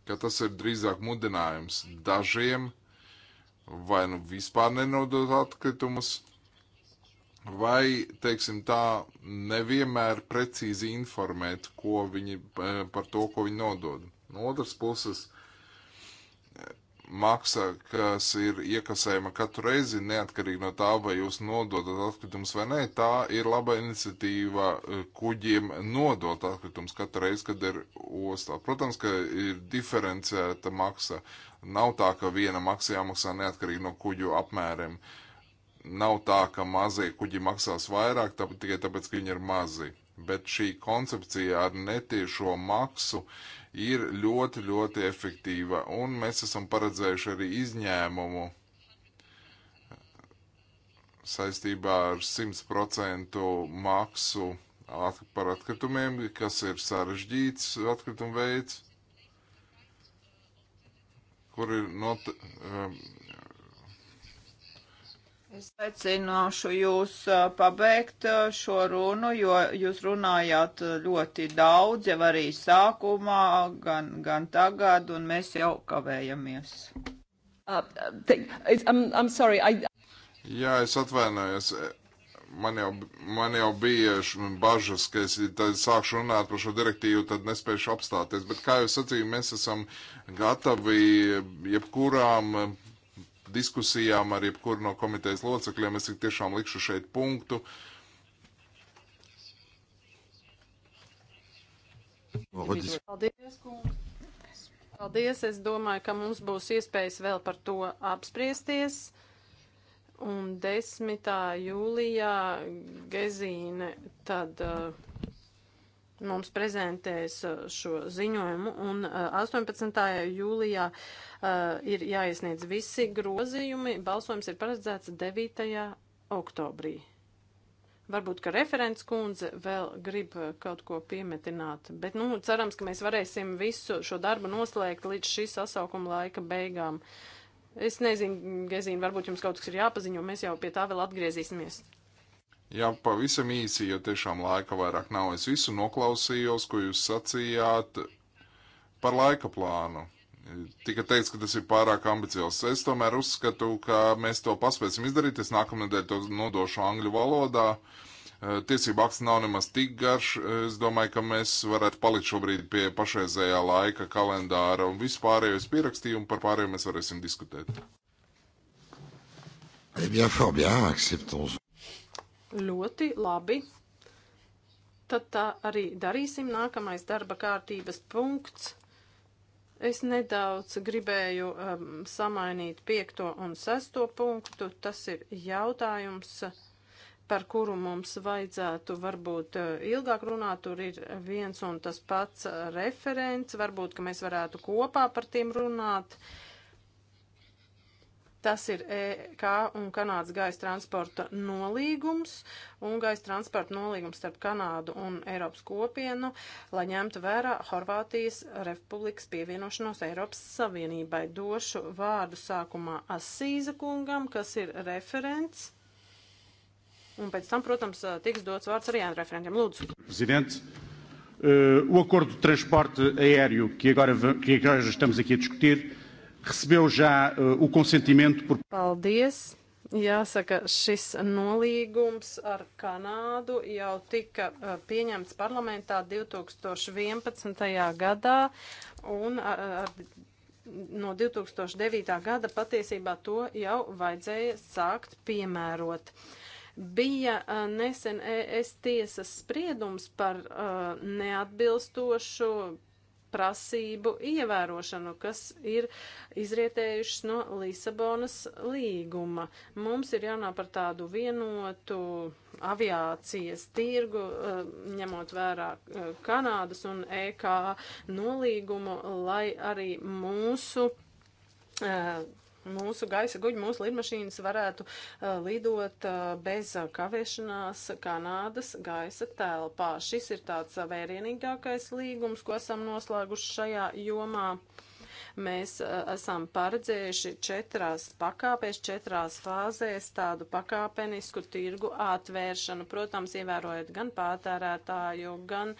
ka tas ir drīzāk mudinājums dažiem vai nu vispār nenodot atkritumus, vai, teiksim tā, nevienmēr precīzi informēt, ko viņi eh, par to, ko viņi nodod. No otras puses, maksa, kas ir iekasējama katru reizi, neatkarīgi no tā, vai jūs nododat atkritumus vai nē, tā ir laba iniciatīva eh, kuģiem nodot atkritumus katru reizi, kad ir ostā. Protams, ka ir diferencēta maksa. Uh, Nav tā, ka viena maksa jāmaksā neatkarīgi no kuģu apmēriem. Nav tā, ka mazie kuģi maksās vairāk tāpēc, tikai tāpēc, ka viņi ir mazi. Bet šī koncepcija ar netiešo maksu ir ļoti, ļoti efektīva, un mēs esam paredzējuši arī izņēmumu saistībā ar 100% maksu at par atkritumiem, kas ir sarežģīts atkritumu veids kur ir not. Um, Es aicināšu jūs uh, pabeigt uh, šo runu, jo jūs runājāt uh, ļoti daudz, jau arī sākumā, gan, gan tagad, un mēs jau kavējamies. Uh, uh, I'm, I'm sorry, I... Jā, es atvainojos man jau, man jau bija bažas, ka es sākšu runāt par šo direktīvu, tad nespēšu apstāties. Bet, kā jau sacīju, mēs esam gatavi jebkurām eh, diskusijām ar jebkuru no komitejas locekļiem. Es tiešām likšu šeit punktu. Paldies, kungs. Paldies, es domāju, ka mums būs iespējas vēl par to apspriesties. Un 10. jūlijā Gezīne tad uh, mums prezentēs uh, šo ziņojumu, un uh, 18. jūlijā uh, ir jāiesniedz visi grozījumi. Balsojums ir paredzēts 9. oktobrī. Varbūt, ka referents kundze vēl grib uh, kaut ko piemetināt, bet, nu, cerams, ka mēs varēsim visu šo darbu noslēgt līdz šī sasaukuma laika beigām. Uh, Es nezinu, Gezīna, varbūt jums kaut kas ir jāpaziņo, mēs jau pie tā vēl atgriezīsimies. Jā, pavisam īsi, jo tiešām laika vairāk nav. Es visu noklausījos, ko jūs sacījāt par laika plānu. Tika teikts, ka tas ir pārāk ambiciozs. Es tomēr uzskatu, ka mēs to paspēsim izdarīt. Es nākamnedēļ to nodošu angļu valodā. Uh, Eh, tiesība akts nav nemaz tik garš. Eh, es domāju, ka mēs varētu palikt šobrīd pie pašreizējā laika kalendāra un vispārējais pierakstījums par pārējiem mēs varēsim diskutēt. Eh bien, fort bien, acceptons. Ļoti labi. Tad tā arī darīsim. Nākamais darba kārtības punkts. Es nedaudz gribēju um, samainīt piekto un sesto punktu. Tas ir jautājums. Uh, par kuru mums vajadzētu varbūt eh, ilgāk runāt, tur ir viens un tas pats eh, referents, varbūt, ka mēs varētu kopā par tiem runāt. Tas ir EK un Kanādas gaisa transporta nolīgums un gaisa transporta nolīgums starp Kanādu un Eiropas kopienu, lai ņemtu vērā Horvātijas republikas pievienošanos Eiropas Savienībai. Došu vārdu sākumā Asīza kungam, kas ir referents Un pēc tam, protams, tiks dots vārds arī referentiem. Lūdzu. Presidents. Uh, o acordo de transporte aéreo que agora, que agora estamos aqui a discutir recebeu já uh, o consentimento por. Paldies! Jāsaka, šis nolīgums ar Kanādu jau tika uh, pieņemts parlamentā 2011. gadā un ar, no 2009. gada patiesībā to jau vajadzēja sākt piemērot. Uh, Bija uh, nesen ES tiesas spriedums par uh, neatbilstošu prasību ievērošanu, kas ir izrietējušas no Lisabonas līguma. Mums ir jānāk par tādu vienotu aviācijas tirgu, ņemot vērā Kanādas un EK nolīgumu, lai arī mūsu mūsu gaisa guļi, mūsu lidmašīnas varētu uh, lidot uh, bez kavēšanās Kanādas gaisa telpā. Šis ir tāds uh, vērienīgākais līgums, ko esam noslēguši šajā jomā. Uh, Mēs esam paredzējuši četrās pakāpēs, četrās fāzēs tādu pakāpenisku tirgu atvēršanu, protams, ievērojot gan pātērētāju, gan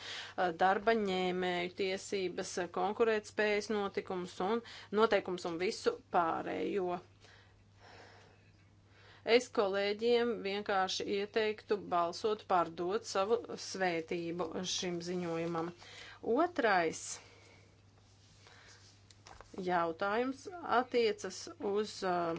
darba ņēmēju tiesības, konkurētspējas notikums un noteikums un visu pārējo. Es kolēģiem vienkārši ieteiktu balsot pārdot savu svētību šim ziņojumam. Otrais jautājums attiecas uz uh,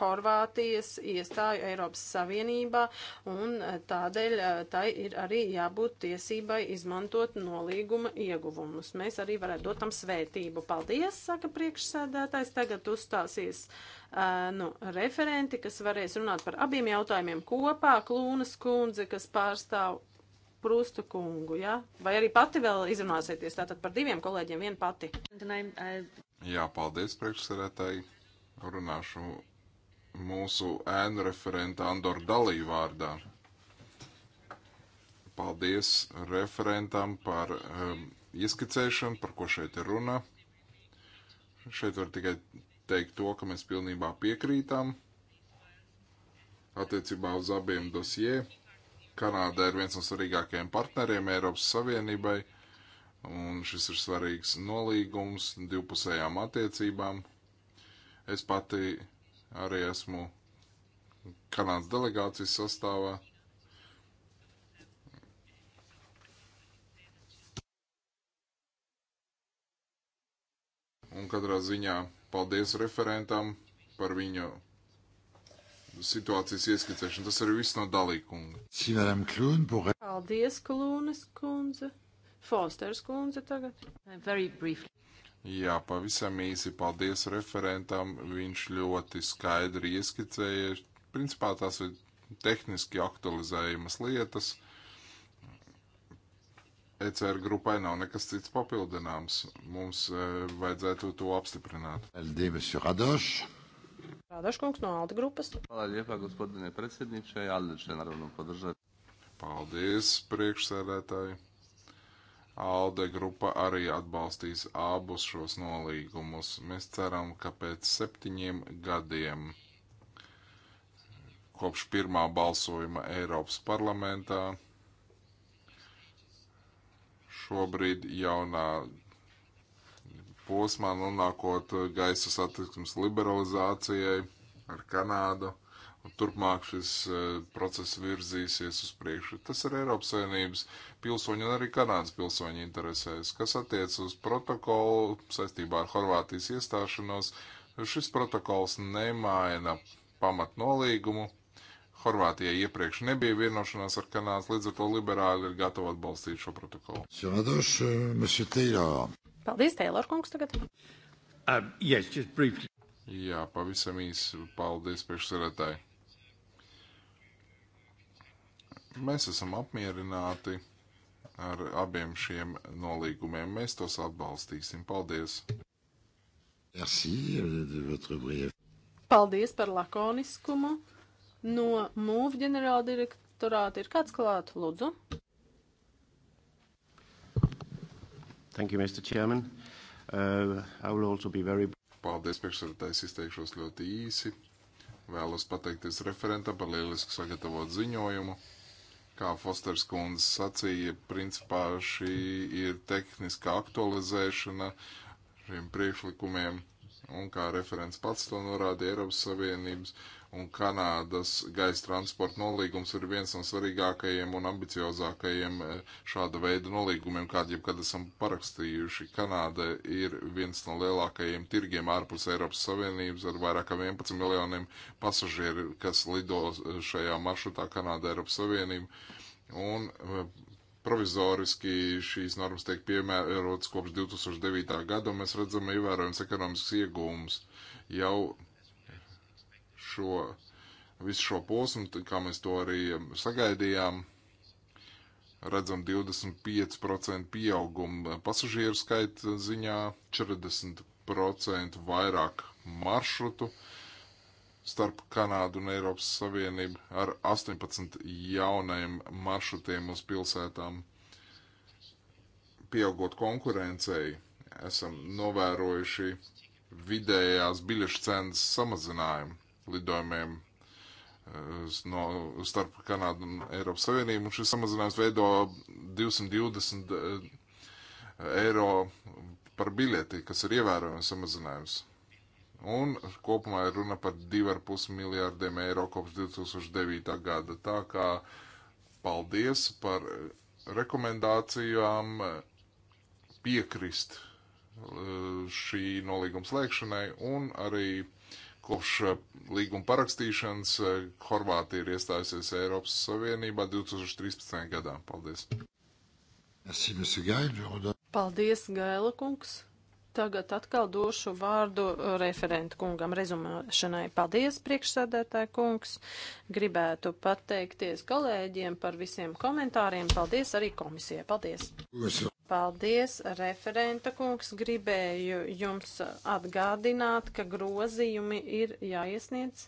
Horvātijas iestāju Eiropas Savienībā, un uh, tādēļ uh, tai ir arī jābūt tiesībai izmantot nolīguma ieguvumus. Mēs arī varētu dot tam svētību. Paldies, saka priekšsēdētājs. Tagad uzstāsies uh, nu, referenti, kas varēs runāt par abiem jautājumiem kopā. Klūnas kundze, kas pārstāv Prūsta kungu, ja? vai arī pati vēl izrunāsieties tātad par diviem kolēģiem, viena pati. Jā, paldies priekšsarētāji. Runāšu mūsu ēnu referenta Andoru Dalīju vārdā. Paldies referentam par um, ieskicēšanu, par ko šeit ir runa. Šeit var tikai teikt to, ka mēs pilnībā piekrītām attiecībā uz abiem dosjē. Kanāda ir viens no svarīgākajiem partneriem Eiropas Savienībai un šis ir svarīgs nolīgums divpusējām attiecībām. Es pati arī esmu Kanādas delegācijas sastāvā. Un katrā ziņā paldies referentam par viņu situācijas ieskicēšanu. Tas arī viss no dalīkunga. Paldies, Kalūnes kundze. Fosters kundze tagad. Very briefly. Jā, pavisam īsi paldies referentam. Viņš ļoti skaidri ieskicēja. Principā tās ir tehniski aktualizējamas lietas. ECR grupai nav nekas cits papildināms. Mums e, vajadzētu to apstiprināt. Radoš kungs no Alta grupas. Paldies, priekšsēdētāji. ALDE grupa arī atbalstīs abus šos nolīgumus. Mēs ceram, ka pēc septiņiem gadiem kopš pirmā balsojuma Eiropas parlamentā šobrīd jaunā posmā nonākot gaisa satiksmes liberalizācijai ar Kanādu turpmāk šis e, process virzīsies uz priekšu. Tas ir Eiropas Savienības pilsoņu un arī Kanādas pilsoņu interesēs. Kas attiec uz protokolu saistībā ar Horvātijas iestāšanos, šis protokols nemaina pamatnolīgumu. Horvātijai iepriekš nebija vienošanās ar Kanādas, līdz ar to liberāļi ir gatavi atbalstīt šo protokolu. E, paldies, Teilor kungs, tagad. Um, yes, Jā, pavisam īsi paldies priekšsarētāji. Mēs esam apmierināti ar abiem šiem nolīgumiem. Mēs tos atbalstīsim. Paldies! Merci euh, de votre brīv. Paldies par lakoniskumu. No MUV ģenerāla direktorāta ir kāds klāt, lūdzu. Thank you, Mr. Chairman. Uh, I will also be very... Paldies, priekšsēdētājs, izteikšos ļoti īsi. Vēlos pateikties referentam par lielisku sagatavot ziņojumu. Kā Fosters kundze sacīja, principā šī ir tehniska aktualizēšana šiem priekšlikumiem. Un kā referents pats to norāda Eiropas Savienības un Kanādas gaisa transporta nolīgums ir viens no svarīgākajiem un ambiciozākajiem e, šāda veida nolīgumiem, kādu jebkad esam parakstījuši. Kanāda ir viens no lielākajiem tirgiem ārpus Eiropas Savienības ar vairāk kā 11 miljoniem pasažieru, kas lido e, šajā maršrutā Kanāda Eiropas Savienība. Un e, provizoriski šīs normas tiek piemērotas kopš 2009. gada, un mēs redzam ievērojams ekonomisks iegūmus jau šo, visu šo posmu, kā mēs to arī um, sagaidījām. Redzam 25% pieaugumu pasažieru skaita ziņā, 40% vairāk maršrutu. Uh, starp Kanādu un Eiropas Savienību ar 18 jaunajiem maršrutiem uz pilsētām. Pieaugot konkurencei, esam novērojuši vidējās biļešu cenas samazinājumu lidojumiem eh, no, starp Kanādu un Eiropas Savienību. Un šis samazinājums veido 220 eh, eiro par biļeti, kas ir ievērojams samazinājums. Un kopumā ir runa par 2,5 miljārdiem eiro kopš 2009. gada. Tā kā paldies par rekomendācijām piekrist eh, šī nolīguma slēgšanai un arī kopš eh, līguma parakstīšanas eh, Horvātija ir iestājusies Eiropas Savienībā 2013. gadā. Paldies! Paldies, Gaila kungs! Tagad atkal došu vārdu referentu kungam rezumēšanai. Paldies, priekšsēdētāji kungs. Gribētu pateikties kolēģiem par visiem komentāriem. Paldies arī komisijai. Paldies. Paldies, referenta kungs. Gribēju jums atgādināt, ka grozījumi ir jāiesniedz.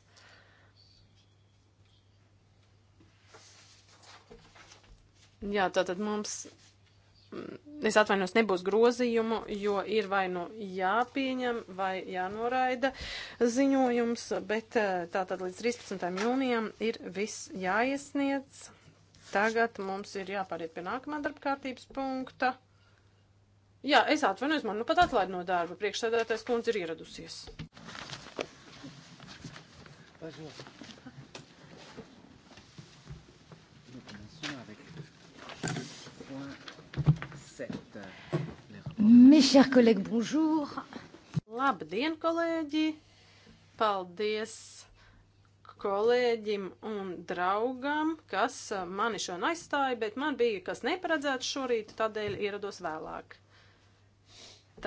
Jā, tātad mums es atvainos, nebūs grozījumu, jo ir vai nu jāpieņem, vai jānoraida ziņojums, bet eh, tātad līdz 13. jūnijam ir viss jāiesniedz. Tagad mums ir jāpāriet pie nākamā darbkārtības punkta. Jā, es atvainojos, man nu pat atlaid no darba. Priekšsēdētājs kundze ir ieradusies. Pažot. Mes chers collègues, bonjour. Labdien, kolēģi! Paldies kolēģim un draugam, kas eh, mani šodien aizstāja, bet man bija kas neparedzēts šorīt, tādēļ ierados vēlāk.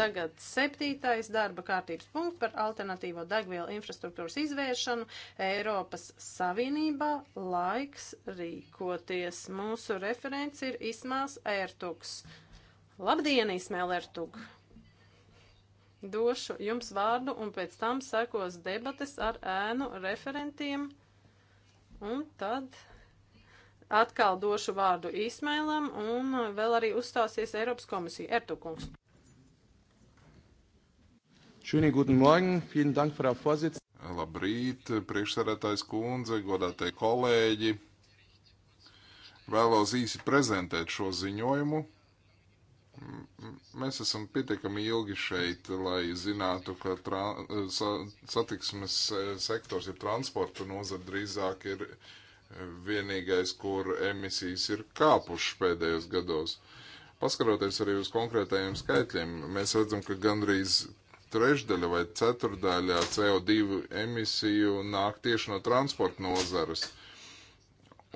Tagad septītais darba kārtības punkts par alternatīvo degvielu infrastruktūras izvēršanu Eiropas Savienībā. Laiks rīkoties. Mūsu referents ir Ismāls Ērtuks. Labdien, Ismēl Ertug! Došu jums vārdu un pēc tam sekos debates ar ēnu referentiem. Un tad atkal došu vārdu Ismēlam un vēl arī uzstāsies Eiropas komisija. Ertukungs. Schönen guten Morgen, vielen Dank, Frau Vorsitzende. Labrīt, priekšsarētājs kundze, godātie kolēģi. Vēlos īsi prezentēt šo ziņojumu mēs esam pietiekami ilgi šeit, lai zinātu, ka tra, sa, satiksmes eh, sektors, ja transporta nozara drīzāk ir eh, vienīgais, kur emisijas ir kāpušas pēdējos gados. Paskaroties arī uz konkrētajiem skaitļiem, mēs redzam, ka gandrīz trešdaļa vai ceturdaļā CO2 emisiju nāk tieši no transporta nozares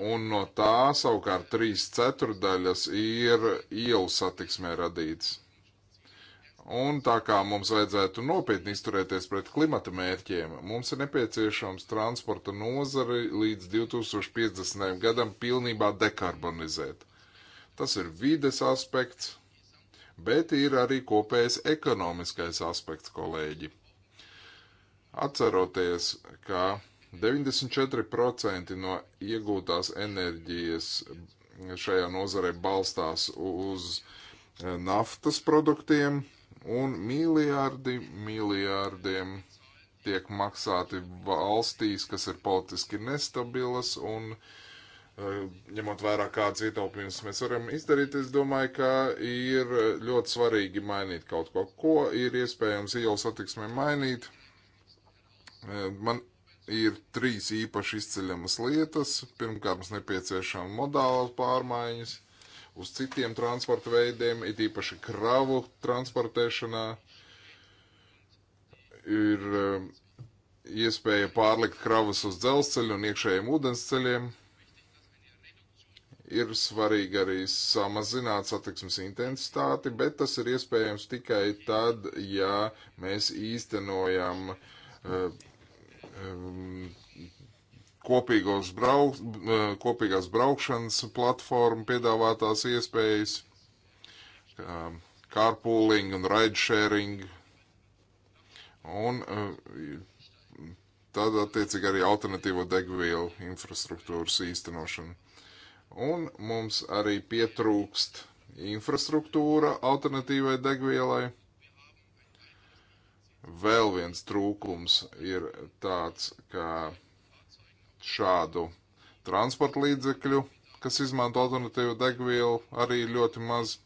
un no tā savukārt trīs ceturdaļas ir ielu satiksmē radīts. Un tā kā mums vajadzētu nopietni izturēties pret klimata mērķiem, mums ir nepieciešams transporta nozari līdz 2050. gadam pilnībā dekarbonizēt. Tas ir vides aspekts, bet ir arī kopējs ekonomiskais aspekts, kolēģi. Atceroties, ka 94% no iegūtās enerģijas šajā nozarē balstās uz eh, naftas produktiem, un miljardi miljārdiem tiek maksāti valstīs, kas ir politiski nestabilas, un eh, ņemot vērā kādas ietaupījumus mēs varam izdarīt, es domāju, ka ir ļoti svarīgi mainīt kaut ko, ko ir iespējams ielu satiksmē mainīt. Eh, man ir trīs īpaši izceļamas lietas. Pirmkārt, mums nepieciešama modālas pārmaiņas uz citiem transporta veidiem, it īpaši kravu transportēšanā. Ir um, iespēja pārlikt kravas uz dzelzceļu un iekšējiem ūdensceļiem. Ir svarīgi arī samazināt satiksmes intensitāti, bet tas ir iespējams tikai tad, ja mēs īstenojam uh, Um, kopīgos brauk, uh, kopīgās braukšanas platformu piedāvātās iespējas, um, carpooling un ridesharing, un uh, tad attiecīgi arī alternatīvo degvielu infrastruktūras īstenošana. Un mums arī pietrūkst infrastruktūra alternatīvai degvielai Vēl viens trūkums ir tāds, ka šādu transporta līdzekļu, kas izmanto alternatīvu degvielu, arī ļoti maz.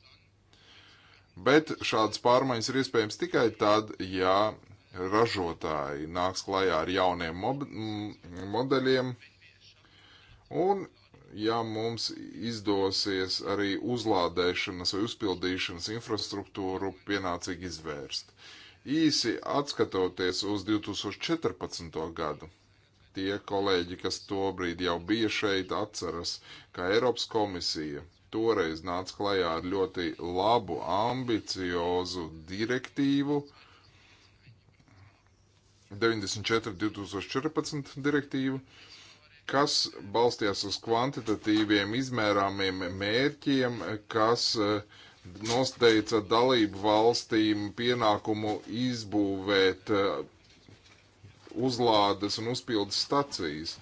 Bet šādas pārmaiņas ir iespējams tikai tad, ja ražotāji nāks klajā ar jauniem modeļiem un ja mums izdosies arī uzlādēšanas vai uzpildīšanas infrastruktūru pienācīgi izvērst. Uh, Īsi atskatoties uz 2014. gadu, tie kolēģi, kas tobrīd jau bija šeit, atceras, ka Eiropas komisija toreiz nāca klajā ar ļoti labu, ambiciozu direktīvu, 94-2014 direktīvu, kas balstījās uz kvantitatīviem izmērāmiem mērķiem, kas uh, nosteica dalību valstīm pienākumu izbūvēt eh, uzlādes un uzpildes stacijas.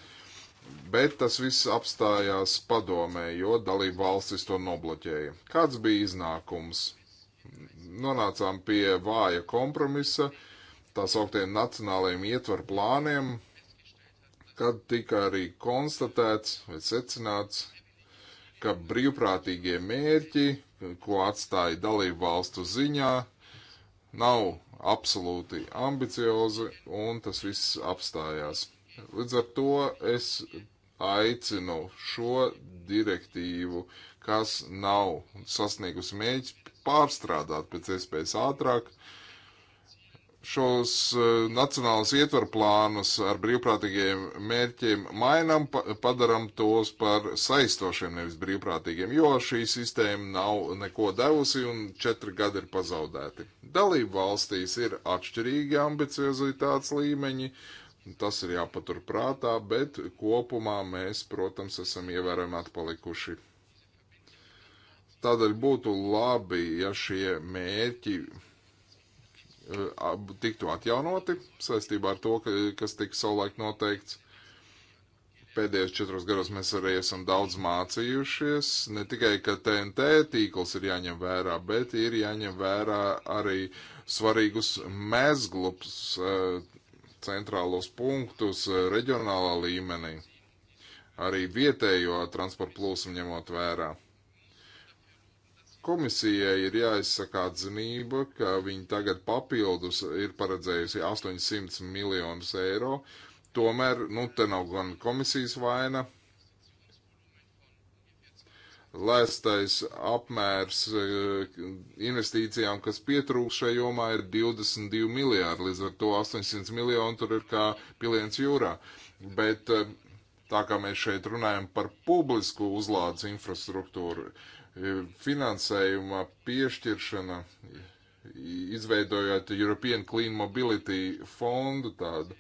Bet tas viss apstājās padomē, jo dalību valstis to nobloķēja. Kāds bija iznākums? Nonācām pie vāja kompromisa, tā sauktiem nacionālajiem ietvaru plāniem, kad tika arī konstatēts vai secināts, ka brīvprātīgie mērķi, ko atstāja dalību valstu ziņā, nav absolūti ambiciozi, un tas viss apstājās. Līdz ar to es aicinu šo direktīvu, kas nav sasniegusi mērķi, pārstrādāt pēc iespējas ātrāk, uh, šos e, nacionālus ietvaru plānus ar brīvprātīgiem mērķiem mainam, pa, padaram tos par saistošiem, nevis brīvprātīgiem, jo šī sistēma nav neko devusi un četri gadi ir pazaudēti. Dalību valstīs ir atšķirīgi ambiciozitātes līmeņi, tas ir jāpatur prātā, bet kopumā mēs, protams, esam ievērojami atpalikuši. Tādēļ būtu labi, ja šie mērķi Eh, tiktu atjaunoti saistībā ar to, ka, kas tika savulaik noteikts. Pēdējos četros gados mēs arī esam daudz mācījušies. Ne tikai, ka TNT tīkls ir jāņem vērā, bet ir jāņem vērā arī svarīgus mezglus, eh, centrālos punktus eh, reģionālā līmenī. Arī vietējo transporta plūsmu ņemot vērā. Komisijai ir jāizsaka atzinība, ka viņi tagad papildus ir paredzējusi 800 miljonus eiro. Tomēr, nu, te nav gan komisijas vaina. Lēstais apmērs eh, investīcijām, kas pietrūkst šajā jomā, ir 22 miljārdi, līdz ar to 800 miljoni tur ir kā piliens jūrā. Bet eh, tā kā mēs šeit runājam par publisku uzlādes infrastruktūru, uh, Eh, finansējuma piešķiršana, izveidojot European Clean Mobility fondu tādu.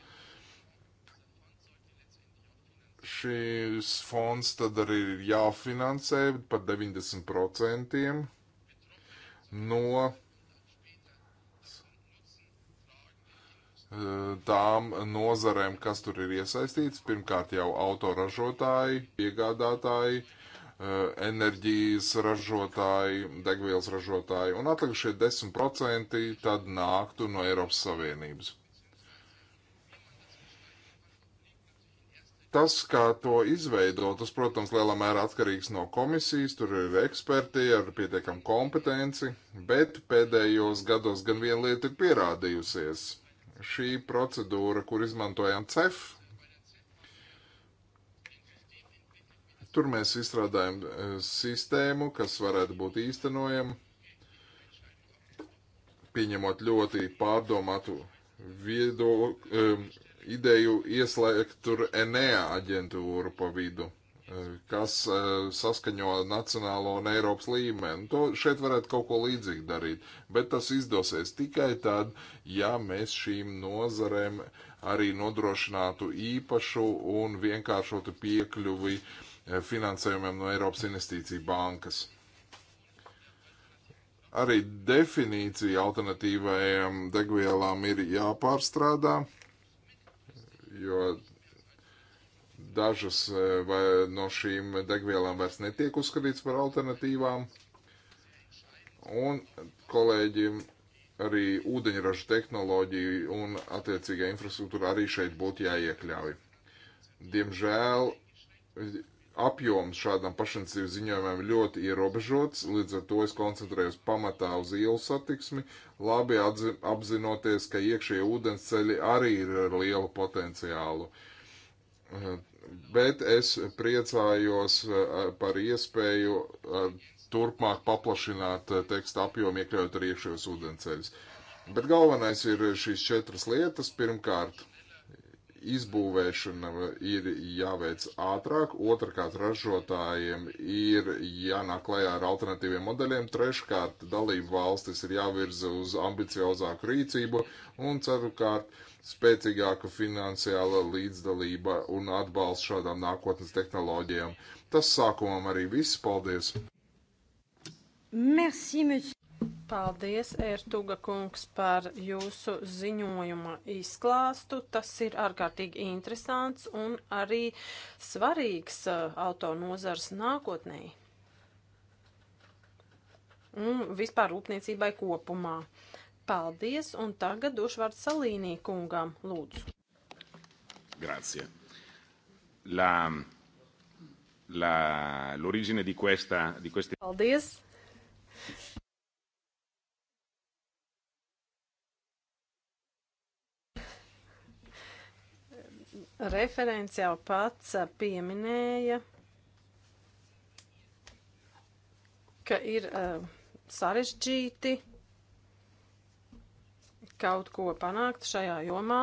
Šis fonds tad arī ir jāfinansē par 90% no eh, tām nozarēm, kas tur ir iesaistīts. Pirmkārt jau autoražotāji, piegādātāji, uh, Eh, enerģijas ražotāji, degvielas ražotāji, un atlikušie 10% tad nāktu no Eiropas Savienības. Tas, kā to izveidot, tas, protams, lielā mērā atkarīgs no komisijas, tur ir eksperti ar pietiekamu kompetenci, bet pēdējos gados gan viena lieta ir pierādījusies. Šī procedūra, kur izmantojam CEF Tur mēs izstrādājam e, sistēmu, kas varētu būt īstenojama, pieņemot ļoti pārdomātu viedok, um, e, ideju ieslēgt tur ENEA aģentūru pa vidu e, kas saskaņo nacionālo un Eiropas līmeni. To šeit varētu kaut ko līdzīgu darīt, bet tas izdosies tikai tad, ja mēs šīm nozarēm arī nodrošinātu īpašu un vienkāršotu piekļuvi uh, Eh, finansējumiem no Eiropas Investīcija bankas. Arī definīcija alternatīvajām degvielām ir jāpārstrādā, jo dažas eh, no šīm degvielām vairs netiek uzskatīts par alternatīvām. Un kolēģim arī ūdeņraža tehnoloģija un attiecīgā infrastruktūra arī šeit būtu jāiekļauj. Diemžēl apjoms šādam pašinicīvu ziņojumam ļoti ierobežots, līdz ar to es koncentrējos pamatā uz ielu satiksmi, labi atzi, apzinoties, ka iekšējie ūdensceļi arī ir ar lielu potenciālu. Eh, bet es priecājos eh, par iespēju eh, turpmāk paplašināt teksta apjomu, iekļaut arī iekšējos ūdenceļus. Bet galvenais ir šīs četras lietas. Pirmkārt, izbūvēšana ir jāveic ātrāk, otrkārt ražotājiem ir jānāk klajā ar alternatīviem modeļiem, treškārt dalību valstis ir jāvirza uz ambiciozāku rīcību un ceturkārt spēcīgāka finansiāla līdzdalība un atbalsts šādām nākotnes tehnoloģijām. Tas sākumam arī viss. Paldies! Merci, monsieur. Paldies, Ertuga kungs, par jūsu ziņojuma izklāstu. Tas ir ārkārtīgi interesants un arī svarīgs uh, autonozars nākotnē. Un vispār rūpniecībai kopumā. Paldies, un tagad došu vārdu Salīnī kungam, lūdzu. Grazie. La, la, l'origine di questa, di questi... Paldies. Referents jau pats pieminēja, ka ir uh, sarežģīti kaut ko panākt šajā jomā.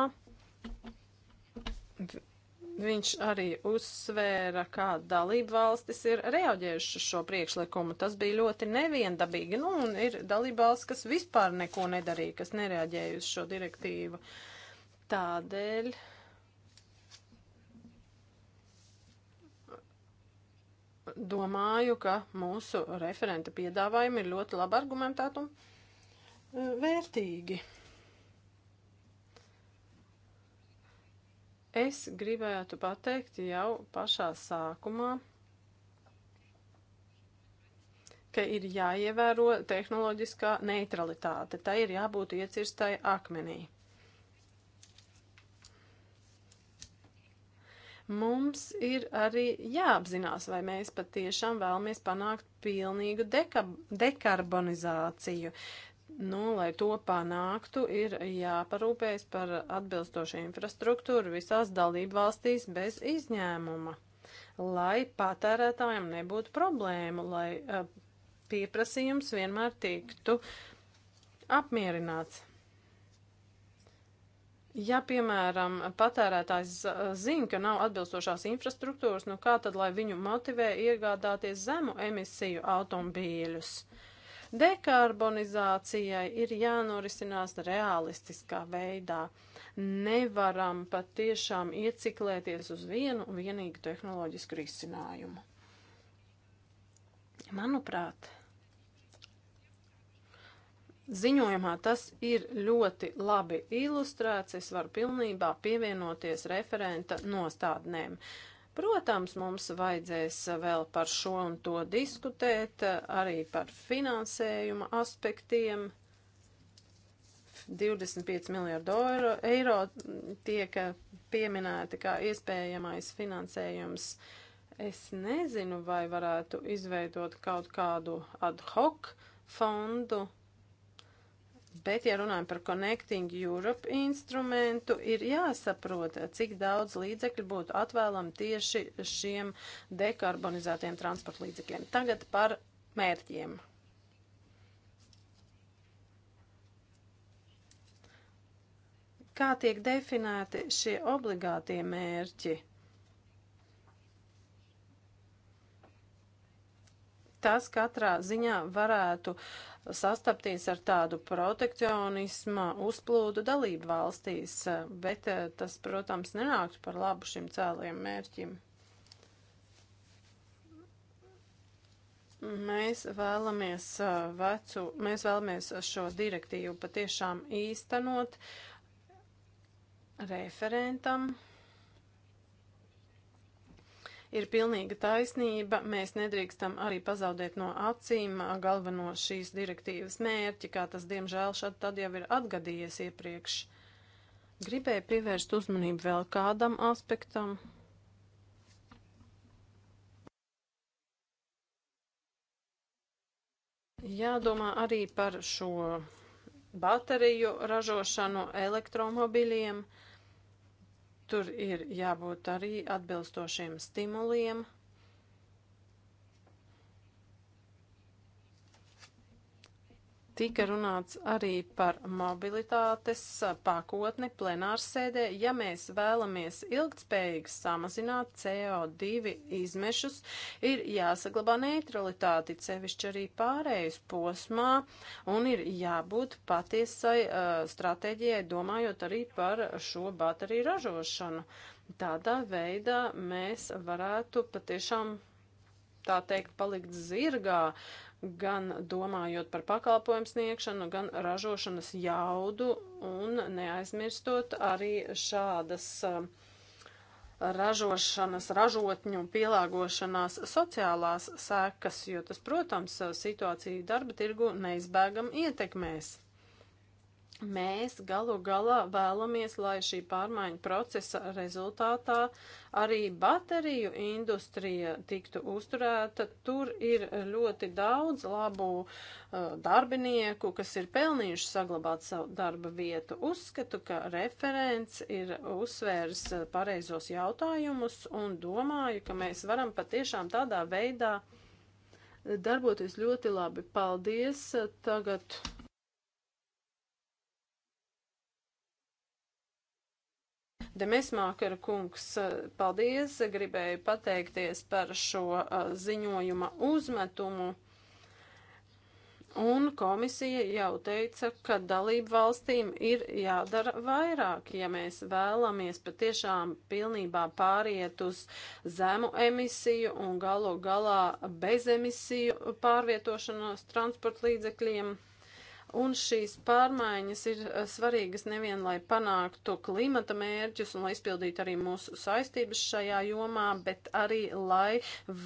Viņš arī uzsvēra, kā dalība valstis ir reaģējuši uz šo priekšlikumu. Tas bija ļoti neviendabīgi. Nu, un ir dalība valsts, kas vispār neko nedarīja, kas nereaģēja uz šo direktīvu. Tādēļ. Uh, domāju, ka mūsu referenta piedāvājumi ir ļoti labi argumentēti un e, vērtīgi. Es gribētu pateikt jau pašā sākumā, ka ir jāievēro tehnoloģiskā neutralitāte. Tā ir jābūt iecirstai akmenī. Mums ir arī jāapzinās, vai mēs patiešām vēlamies panākt pilnīgu deka dekarbonizāciju. Nu, lai to panāktu, ir jāparūpējas par atbilstošu infrastruktūru visās dalību valstīs bez izņēmuma, lai patērētājiem nebūtu problēmu, lai eh, pieprasījums vienmēr tiktu apmierināts. Ja, piemēram, patērētājs zina, ka nav atbilstošās infrastruktūras, nu kā tad, lai viņu motivē iegādāties zemu emisiju automobīļus? Dekarbonizācijai ir jānorisinās realistiskā veidā. Nevaram pat tiešām ieciklēties uz vienu un vienīgu tehnoloģisku risinājumu. Manuprāt, Ziņojumā tas ir ļoti labi ilustrēts, es varu pilnībā pievienoties referenta nostādnēm. Protams, mums vajadzēs vēl par šo un to diskutēt, arī par finansējuma aspektiem. 25 miljardu eiro, eiro tiek pieminēti kā iespējamais finansējums. Es nezinu, vai varētu izveidot kaut kādu ad hoc fondu Bet, ja runājam par Connecting Europe instrumentu, ir jāsaprot, cik daudz līdzekļu būtu atvēlam tieši šiem dekarbonizētiem transporta līdzekļiem. Tagad par mērķiem. Kā tiek definēti šie obligātie mērķi? Tas katrā ziņā varētu uh, sastapties ar tādu protekcionisma uzplūdu dalību valstīs, bet eh, tas, protams, nenāktu par labu šim cēliem mērķim. Mēs vēlamies, eh, vecu, mēs vēlamies šo direktīvu patiešām īstenot referentam Ir pilnīga taisnība, mēs nedrīkstam arī pazaudēt no acīm galveno šīs direktīvas mērķi, kā tas diemžēl šad tad jau ir atgadījies iepriekš. Gribēju pievērst uzmanību vēl kādam aspektam. Jādomā arī par šo bateriju ražošanu elektromobiļiem. Uh, Tur ir jābūt arī atbilstošiem stimuliem, Tika runāts arī par mobilitātes pakotni plenārsēdē. Ja mēs vēlamies ilgtspējīgi samazināt CO2 izmešus, ir jāsaglabā neutralitāti, cevišķi arī pārējais posmā, un ir jābūt patiesai uh, stratēģijai, domājot arī par šo bateriju ražošanu. Tādā veidā mēs varētu patiešām tā teikt, palikt zirgā, gan domājot par pakalpojumu sniegšanu, gan ražošanas jaudu un neaizmirstot arī šādas eh, ražošanas, ražotņu pielāgošanās sociālās sekas, jo tas, protams, eh, situāciju darba tirgu neizbēgam ietekmēs mēs galu galā vēlamies, lai šī pārmaiņu procesa rezultātā arī bateriju industrija tiktu uzturēta. Tur ir ļoti daudz labu uh, darbinieku, kas ir pelnījuši saglabāt savu darba vietu. Uzskatu, ka referents ir uzsvērs uh, pareizos jautājumus un domāju, ka mēs varam patiešām tādā veidā darboties ļoti labi. Paldies! Uh, tagad Demesmākara kungs, paldies, gribēju pateikties par šo ziņojuma uzmetumu. Un komisija jau teica, ka dalību valstīm ir jādara vairāk, ja mēs vēlamies patiešām pilnībā pāriet uz zemu emisiju un galu galā bezemisiju pārvietošanos transportlīdzekļiem. līdzekļiem. Un šīs pārmaiņas ir eh, svarīgas nevien, lai panāktu klimata mērķus un lai izpildītu arī mūsu saistības šajā jomā, bet arī, lai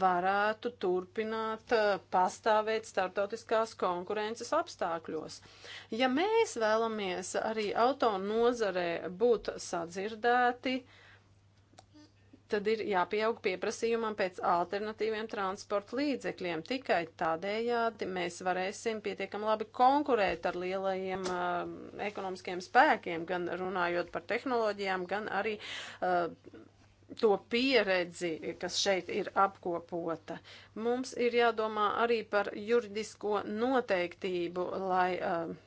varētu turpināt eh, pastāvēt startautiskās konkurences apstākļos. Ja mēs vēlamies arī auto nozarē būt sadzirdēti, tad ir jāpieaug pieprasījumam pēc alternatīviem transporta līdzekļiem. Tikai tādējādi mēs varēsim pietiekam labi konkurēt ar lielajiem uh, ekonomiskiem spēkiem, gan runājot par tehnoloģijām, gan arī uh, to pieredzi, kas šeit ir apkopota. Mums ir jādomā arī par juridisko noteiktību, lai uh,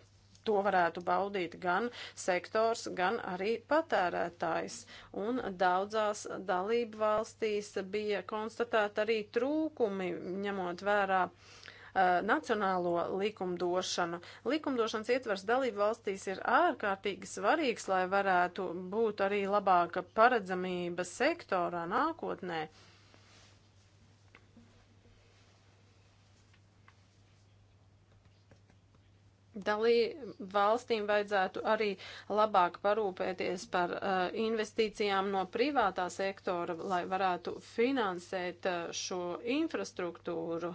to varētu baudīt gan sektors, gan arī patērētājs. Un daudzās dalību valstīs bija konstatēta arī trūkumi, ņemot vērā uh, nacionālo likumdošanu. Likumdošanas ietvers dalību valstīs ir ārkārtīgi svarīgs, lai varētu būt arī labāka paredzamība sektorā nākotnē. Uh, Dalī valstīm vajadzētu arī labāk parūpēties par uh, investīcijām no privātā sektora, lai varētu finansēt uh, šo infrastruktūru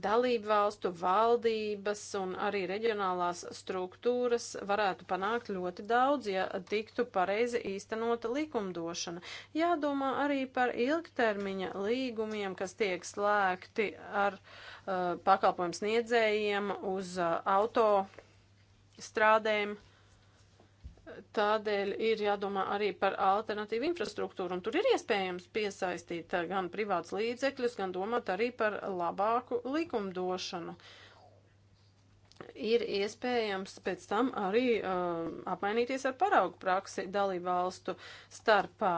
dalību valstu valdības un arī reģionālās struktūras varētu panākt ļoti daudz, ja tiktu pareizi īstenota likumdošana. Jādomā arī par ilgtermiņa līgumiem, kas tiek slēgti ar uh, pakalpojumu sniedzējiem uz uh, auto strādēm. Uh, Tādēļ ir jādomā arī par alternatīvu infrastruktūru, un tur ir iespējams piesaistīt eh, gan privāts līdzekļus, gan domāt arī par labāku likumdošanu. Ir iespējams pēc tam arī uh, apmainīties ar paraugu praksi dalību valstu starpā.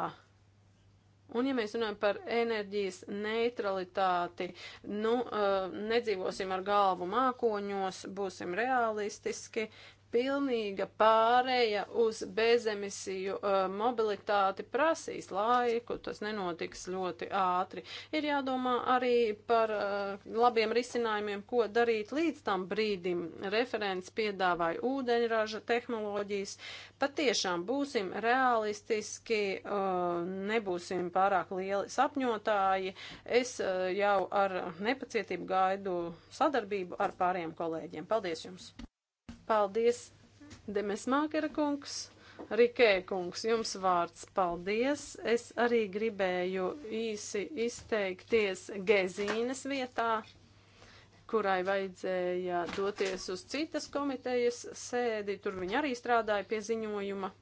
Un, ja mēs runājam par enerģijas neutralitāti, nu, uh, nedzīvosim ar galvu mākoņos, būsim realistiski, pilnīga pārēja uz bezemisiju uh, mobilitāti prasīs laiku, tas nenotiks ļoti ātri. Ir jādomā arī par uh, labiem risinājumiem, ko darīt līdz tam brīdim. Referents piedāvāja ūdeņraža tehnoloģijas. Patiešām būsim realistiski, uh, nebūsim pārāk lieli sapņotāji. Es uh, jau ar nepacietību gaidu sadarbību ar pārējiem kolēģiem. Paldies jums! Paldies, Demes Mākera kungs. Rikē kungs, jums vārds paldies. Es arī gribēju īsi izteikties Gezīnas vietā, kurai vajadzēja doties uz citas komitejas sēdi. Tur viņa arī strādāja pie ziņojuma.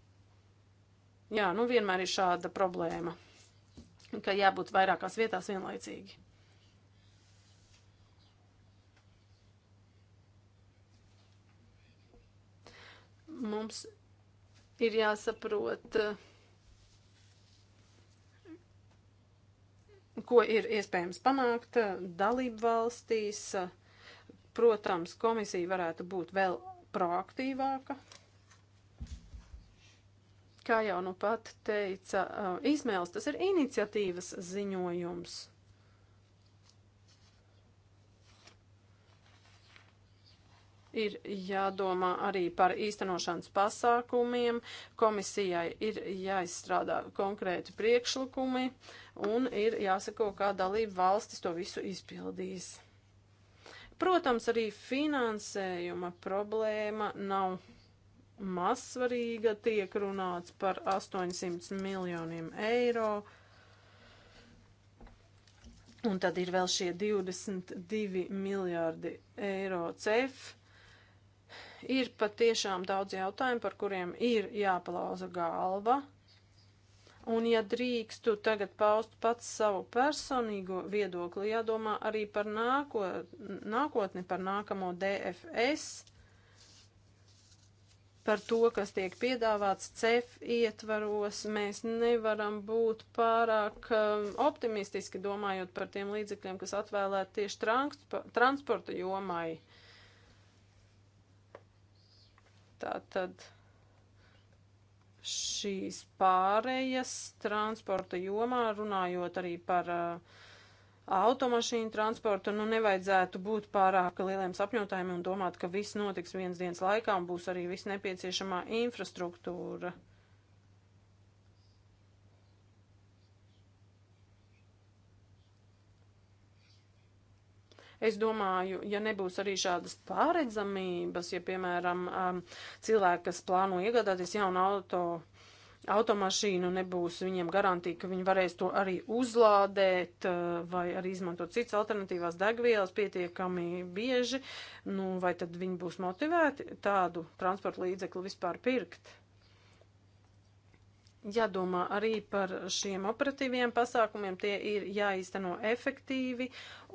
Jā, nu vienmēr ir šāda problēma, ka jābūt vairākās vietās vienlaicīgi. Mums ir jāsaprot, eh, ko ir iespējams panākt eh, dalību valstīs. Protams, komisija varētu būt vēl proaktīvāka. Kā jau nu pat teica eh, Izmēls, tas ir iniciatīvas ziņojums. Ir jādomā arī par īstenošanas pasākumiem, komisijai ir jāizstrādā konkrēti priekšlikumi un ir jāsako, kā dalība valstis to visu izpildīs. Protams, arī finansējuma problēma nav mazsvarīga, tiek runāts par 800 miljoniem eiro. Un tad ir vēl šie 22 miljārdi eiro CEF ir patiešām daudz jautājumu, par kuriem ir jāpalauza galva. Un, ja drīkstu tagad paust pats savu personīgo viedokli, jādomā arī par nāko, nākotni, par nākamo DFS, par to, kas tiek piedāvāts CEF ietvaros. Mēs nevaram būt pārāk um, optimistiski domājot par tiem līdzekļiem, kas atvēlēti tieši transporta jomai. Tātad šīs pārējas transporta jomā, runājot arī par uh, automašīnu transportu, nu nevajadzētu būt pārāk lieliem sapņotājiem un domāt, ka viss notiks viens dienas laikā un būs arī viss nepieciešamā infrastruktūra. Uh, Es domāju, ja nebūs arī šādas pārredzamības, ja, piemēram, um, cilvēki, kas plāno iegādāties jaunu auto, automašīnu nebūs viņiem garantīja, ka viņi varēs to arī uzlādēt uh, vai arī izmantot citas alternatīvās degvielas pietiekami bieži, nu, vai tad viņi būs motivēti tādu transporta līdzekli vispār pirkt jādomā arī par šiem operatīviem pasākumiem, tie ir jāīsteno efektīvi,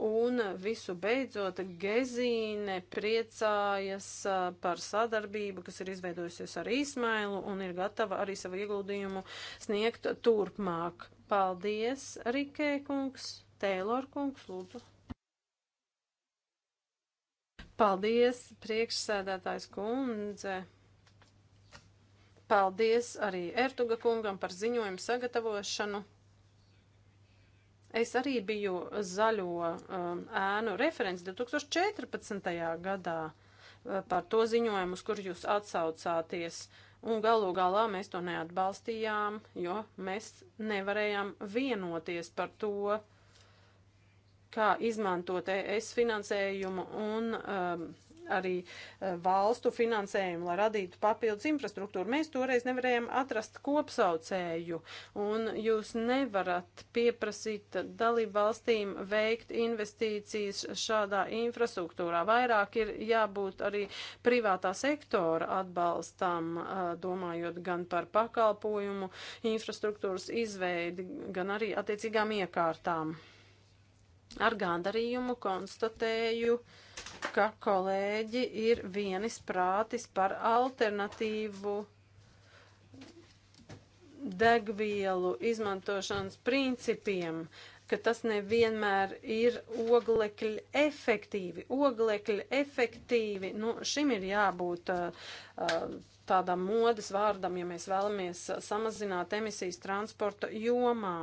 un visu beidzot Gezīne priecājas par sadarbību, kas ir izveidojusies ar Īsmailu, un ir gatava arī savu ieguldījumu sniegt turpmāk. Paldies, Rikē kungs, Tēlor kungs, lūdzu. Paldies, priekšsēdētājs kundze. Paldies arī Ertuga kungam par ziņojumu sagatavošanu. Es arī biju zaļo um, ēnu referents 2014. gadā uh, par to ziņojumu, uz kur jūs atsaucāties. Un galu galā mēs to neatbalstījām, jo mēs nevarējām vienoties par to, kā izmantot ES finansējumu un um, arī eh, valstu finansējumu, lai radītu papildus infrastruktūru. Mēs toreiz nevarējām atrast kopsaucēju, un jūs nevarat pieprasīt dalību valstīm veikt investīcijas šādā infrastruktūrā. Vairāk ir jābūt arī privātā sektora atbalstam, eh, domājot gan par pakalpojumu, infrastruktūras izveidi, gan arī attiecīgām iekārtām. Ar gandarījumu konstatēju, ka kolēģi ir vienis prātis par alternatīvu degvielu izmantošanas principiem, ka tas nevienmēr ir oglekļa efektīvi. Oglekļa efektīvi, nu, šim ir jābūt uh, tādam modes vārdam, ja mēs vēlamies samazināt emisijas transporta jomā.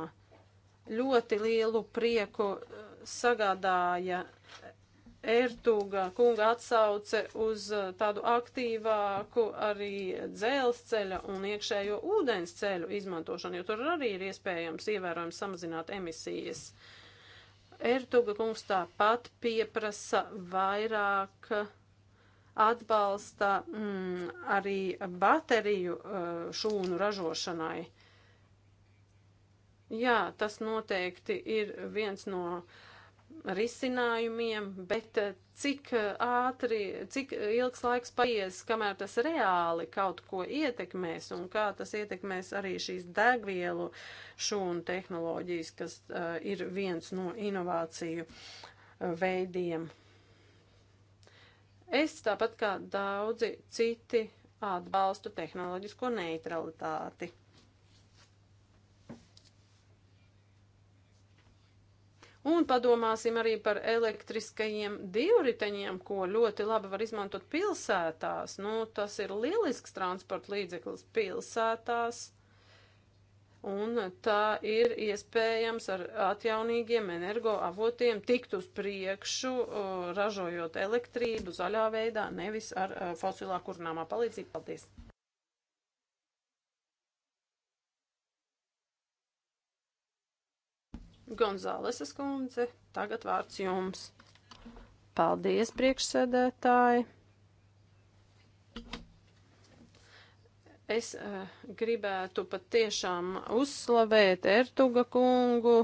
Ļoti lielu prieku uh, sagādāja Ertuga kunga atsauce uz uh, tādu aktīvāku arī dzelzceļa un iekšējo ūdens ceļu izmantošanu, jo tur arī ir iespējams ievērojami samazināt emisijas. Ertuga kungs tāpat pieprasa vairāk atbalsta mm, arī bateriju uh, šūnu ražošanai. Jā, tas noteikti ir viens no uh, risinājumiem, bet eh, cik eh, ātri, cik ilgs laiks paies, kamēr tas reāli kaut ko ietekmēs un kā tas ietekmēs arī šīs degvielu šo un tehnoloģijas, kas uh, ir viens no inovāciju veidiem. Es tāpat kā daudzi citi atbalstu tehnoloģisko neutralitāti. Un padomāsim arī par elektriskajiem divriteņiem, ko ļoti labi var izmantot pilsētās. Nu, tas ir lielisks transporta līdzeklis pilsētās. Un tā ir iespējams ar atjaunīgiem energoavotiem tikt uz priekšu, ražojot elektrību zaļā veidā, nevis ar fosilā kurināmā palīdzību. Paldies! Gonzālesas kundze, tagad vārds jums. Paldies, priekšsēdētāji! Es uh, gribētu patiešām uzslavēt Ertuga kungu.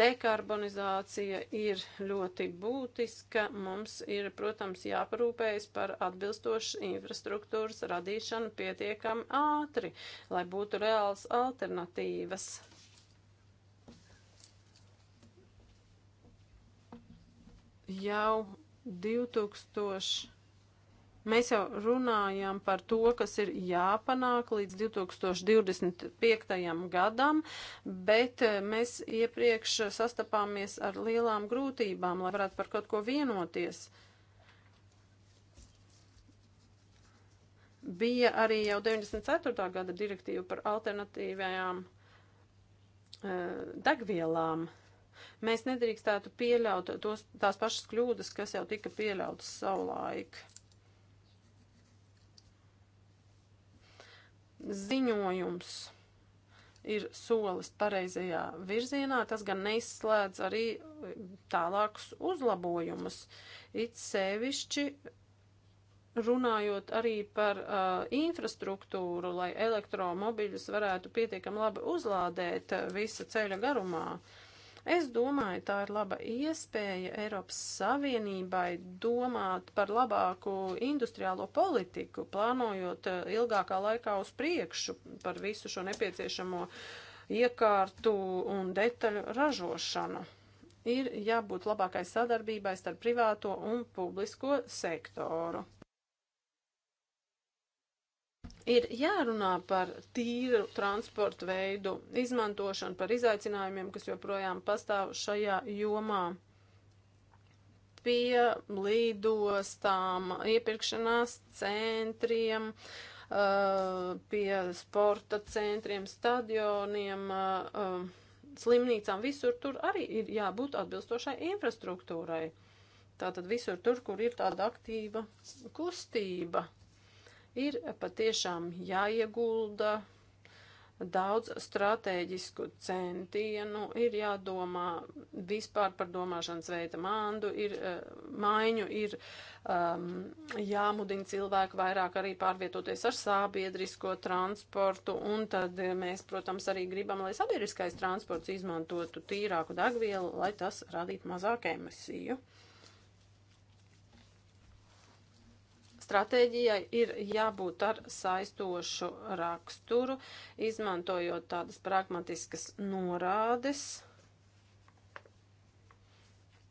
Dekarbonizācija ir ļoti būtiska. Mums ir, protams, jāparūpējas par atbilstošu infrastruktūras radīšanu pietiekami ātri, lai būtu reāls alternatīvas jau 2000. Mēs jau runājam par to, kas ir jāpanāk līdz 2025. gadam, bet eh, mēs iepriekš sastapāmies ar lielām grūtībām, lai varētu par kaut ko vienoties. Bija arī jau 94. gada direktīva par alternatīvajām eh, degvielām. Uh, Mēs nedrīkstētu pieļaut tos, tās pašas kļūdas, kas jau tika pieļautas savulaik. Ziņojums ir solis pareizajā virzienā, tas gan neizslēdz arī tālākus uzlabojumus. It sevišķi runājot arī par uh, infrastruktūru, lai elektromobiļus varētu pietiekami labi uzlādēt uh, visa ceļa garumā. Uh, Es domāju, tā ir laba iespēja Eiropas Savienībai domāt par labāku industriālo politiku, plānojot eh, ilgākā laikā uz priekšu par visu šo nepieciešamo iekārtu un detaļu ražošanu ir jābūt labākai sadarbībai starp privāto un publisko sektoru ir jārunā par tīru transportu veidu izmantošanu, par izaicinājumiem, kas joprojām pastāv šajā jomā pie lidostām, iepirkšanās centriem, uh, pie sporta centriem, stadioniem, uh, um, slimnīcām. Visur tur arī ir jābūt atbilstošai infrastruktūrai. Tātad visur tur, kur ir tāda aktīva kustība. Ir patiešām jāiegulda daudz strateģisku centienu, ir jādomā vispār par domāšanas veida māndu, ir, eh, maiņu, ir um, jāmudina cilvēki vairāk arī pārvietoties ar sabiedrisko transportu, un tad mēs, protams, arī gribam, lai sabiedriskais transports izmantotu tīrāku degvielu, lai tas radītu mazāk emisiju. stratēģijai ir jābūt ar saistošu raksturu, izmantojot tādas pragmatiskas norādes.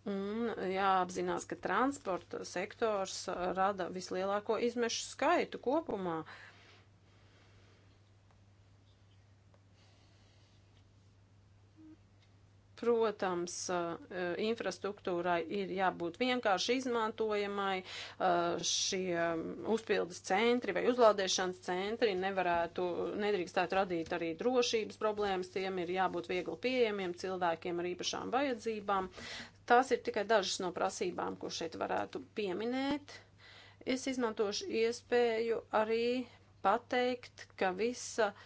Un jāapzinās, ka transporta sektors rada vislielāko izmešu skaitu kopumā. Uh, Protams, eh, infrastruktūrai ir jābūt vienkārši izmantojamai, eh, šie uzpildes centri vai uzlādēšanas centri nevarētu, nedrīkstētu radīt arī drošības problēmas, tiem ir jābūt viegli pieejamiem cilvēkiem ar īpašām vajadzībām. Tās ir tikai dažas no prasībām, ko šeit varētu pieminēt. Es izmantošu iespēju arī pateikt, ka visa uh,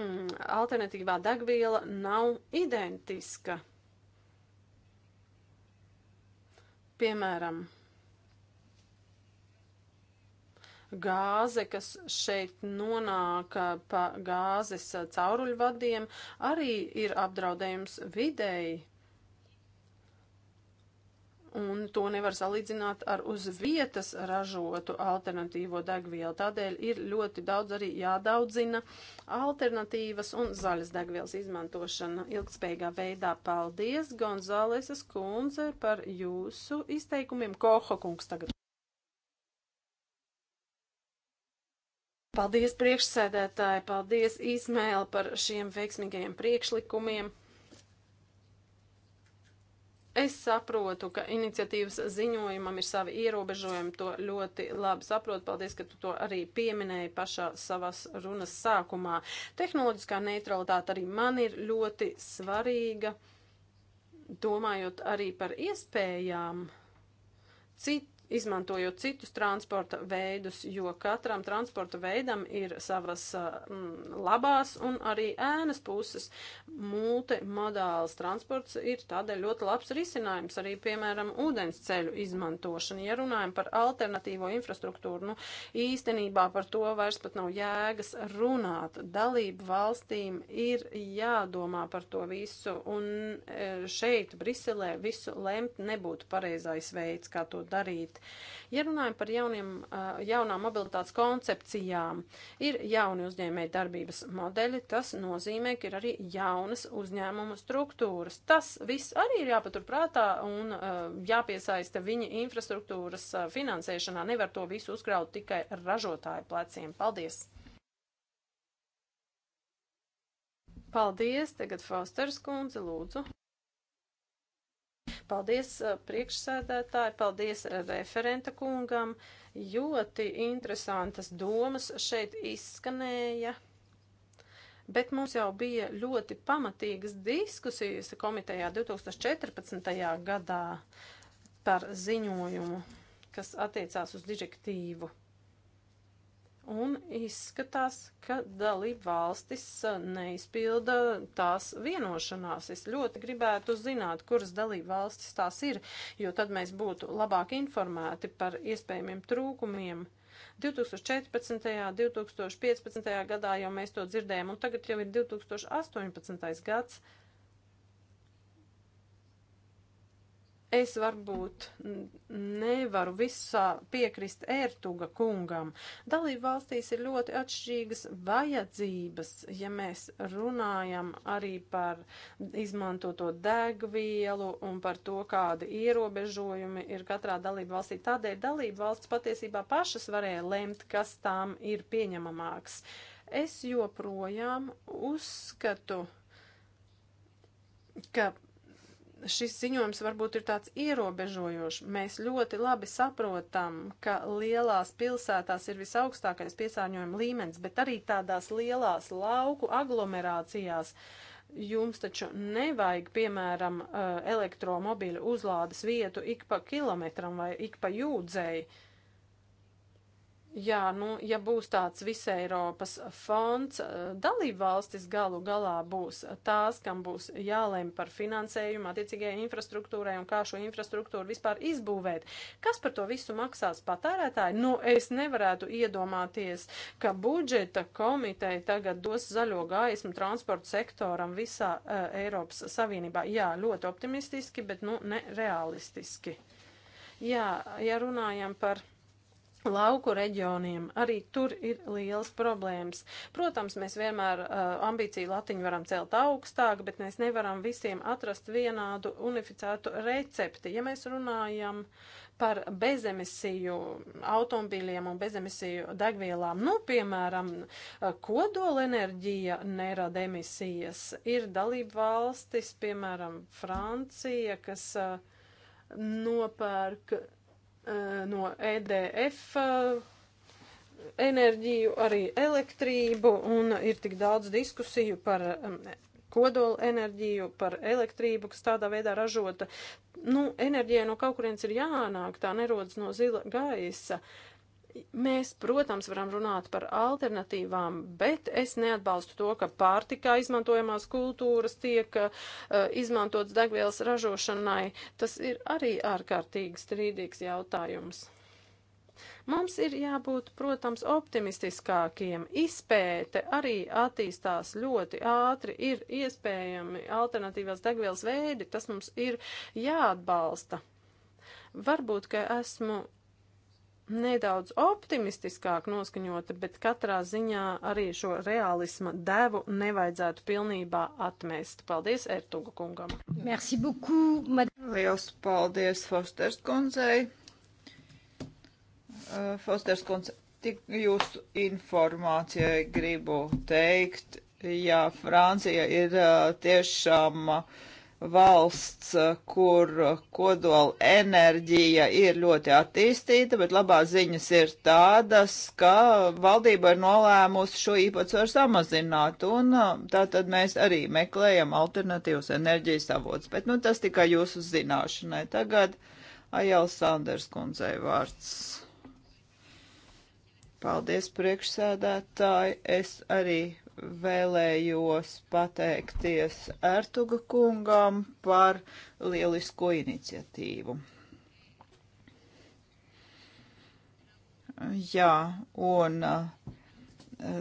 Mm, alternatīvā degviela nav identiska. Piemēram, gāze, kas šeit nonāk pa gāzes cauruļvadiem, arī ir apdraudējums videi un to nevar salīdzināt ar uz vietas ražotu alternatīvo degvielu. Tādēļ ir ļoti daudz arī jādaudzina alternatīvas un zaļas degvielas izmantošana ilgspējīgā veidā. Paldies, Gonzālesas kundze, par jūsu izteikumiem. Koho kungs tagad. Paldies priekšsēdētāji, paldies Izmēla par šiem veiksmīgajiem priekšlikumiem. Es saprotu, ka iniciatīvas ziņojumam ir savi ierobežojumi, to ļoti labi saprotu. Paldies, ka tu to arī pieminēji pašā savas runas sākumā. Tehnoloģiskā neutralitāte arī man ir ļoti svarīga, domājot arī par iespējām. Cit, izmantojot citus transporta veidus, jo katram transporta veidam ir savas mm, labās un arī ēnas puses. Multimodāls transports ir tādēļ ļoti labs risinājums arī, piemēram, ūdens ceļu izmantošana. Ja runājam par alternatīvo infrastruktūru, nu, īstenībā par to vairs pat nav jēgas runāt. Dalību valstīm ir jādomā par to visu, un e, šeit, Briselē, visu lemt nebūtu pareizais veids, kā to darīt. Ja runājam par jauniem, jaunām mobilitātes koncepcijām, ir jauni uzņēmēji darbības modeļi, tas nozīmē, ka ir arī jaunas uzņēmumu struktūras. Tas viss arī ir jāpaturprātā un jāpiesaista viņa infrastruktūras finansēšanā. Nevar to visu uzkraut tikai ražotāju pleciem. Paldies! Paldies, tagad Fausters kundze, lūdzu. Paldies priekšsēdētāji, paldies referenta kungam. Ļoti interesantas domas šeit izskanēja. Bet mums jau bija ļoti pamatīgas diskusijas komitejā 2014. gadā par ziņojumu, kas attiecās uz direktīvu. Un izskatās, ka dalība valstis neizpilda tās vienošanās. Es ļoti gribētu zināt, kuras dalība valstis tās ir, jo tad mēs būtu labāk informēti par iespējamiem trūkumiem. 2014. 2015. gadā jau mēs to dzirdējām, un tagad jau ir 2018. gads. Es varbūt nevaru visā piekrist ērtuga kungam. Dalību valstīs ir ļoti atšķirīgas vajadzības, ja mēs runājam arī par izmantoto degvielu un par to, kādi ierobežojumi ir katrā dalību valstī. Tādēļ dalību valsts patiesībā pašas varēja lemt, kas tām ir pieņemamāks. Es joprojām uzskatu, ka šis ziņojums varbūt ir tāds ierobežojošs. Mēs ļoti labi saprotam, ka lielās pilsētās ir visaugstākais piesārņojuma līmenis, bet arī tādās lielās lauku aglomerācijās jums taču nevajag, piemēram, uh, elektromobīļu uzlādes vietu ik pa kilometram vai ik pa jūdzēji. Uh, Jā, nu, ja būs tāds visai Eiropas fonds, eh, dalība valstis galu galā būs tās, kam būs jālēm par finansējumu attiecīgajai infrastruktūrai un kā šo infrastruktūru vispār izbūvēt. Kas par to visu maksās patērētāji? Nu, es nevarētu iedomāties, ka budžeta komiteja tagad dos zaļo gaismu transporta sektoram visā uh, Eiropas Savienībā. Jā, ļoti optimistiski, bet, nu, nereālistiski. Jā, ja runājam par lauku reģioniem. Arī tur ir liels problēmas. Protams, mēs vienmēr uh, ambīciju latiņu varam celt augstāk, bet mēs nevaram visiem atrast vienādu unificētu recepti. Ja mēs runājam par bezemisiju automobīļiem un bezemisiju degvielām, nu, piemēram, uh, kodolenerģija nerada emisijas. Ir dalība valstis, piemēram, Francija, kas uh, nopērk Eh, no EDF eh, enerģiju, arī elektrību, un ir tik daudz diskusiju par eh, kodola enerģiju, par elektrību, kas tādā veidā ražota. Nu, enerģijai no kaut kurienes ir jānāk, tā nerodas no zila gaisa. Uh, Mēs, protams, varam runāt par alternatīvām, bet es neatbalstu to, ka pārtikā izmantojamās kultūras tiek uh, izmantotas degvielas ražošanai. Tas ir arī ārkārtīgi strīdīgs jautājums. Mums ir jābūt, protams, optimistiskākiem. Izpēte arī attīstās ļoti ātri, ir iespējami alternatīvās degvielas veidi, tas mums ir jāatbalsta. Varbūt, ka esmu nedaudz optimistiskāk noskaņota, bet katrā ziņā arī šo realisma devu nevajadzētu pilnībā atmest. Paldies Ertuga kungam. Merci beaucoup, madame. Liels paldies Fosters kundzei. Uh, Fosters kundze, tik jūsu informācijai gribu teikt, ja Francija ir uh, tiešām uh, valsts, kur kodola enerģija ir ļoti attīstīta, bet labā ziņas ir tādas, ka valdība ir nolēmusi šo īpatsvaru samazināt, un uh, tā tad mēs arī meklējam alternatīvas enerģijas avots. Bet, nu, tas tikai jūsu zināšanai. Tagad Ajāl Sanders kundzei vārds. Paldies, priekšsēdētāji. Es arī vēlējos pateikties Ertuga kungam par lielisko iniciatīvu. Jā, un eh,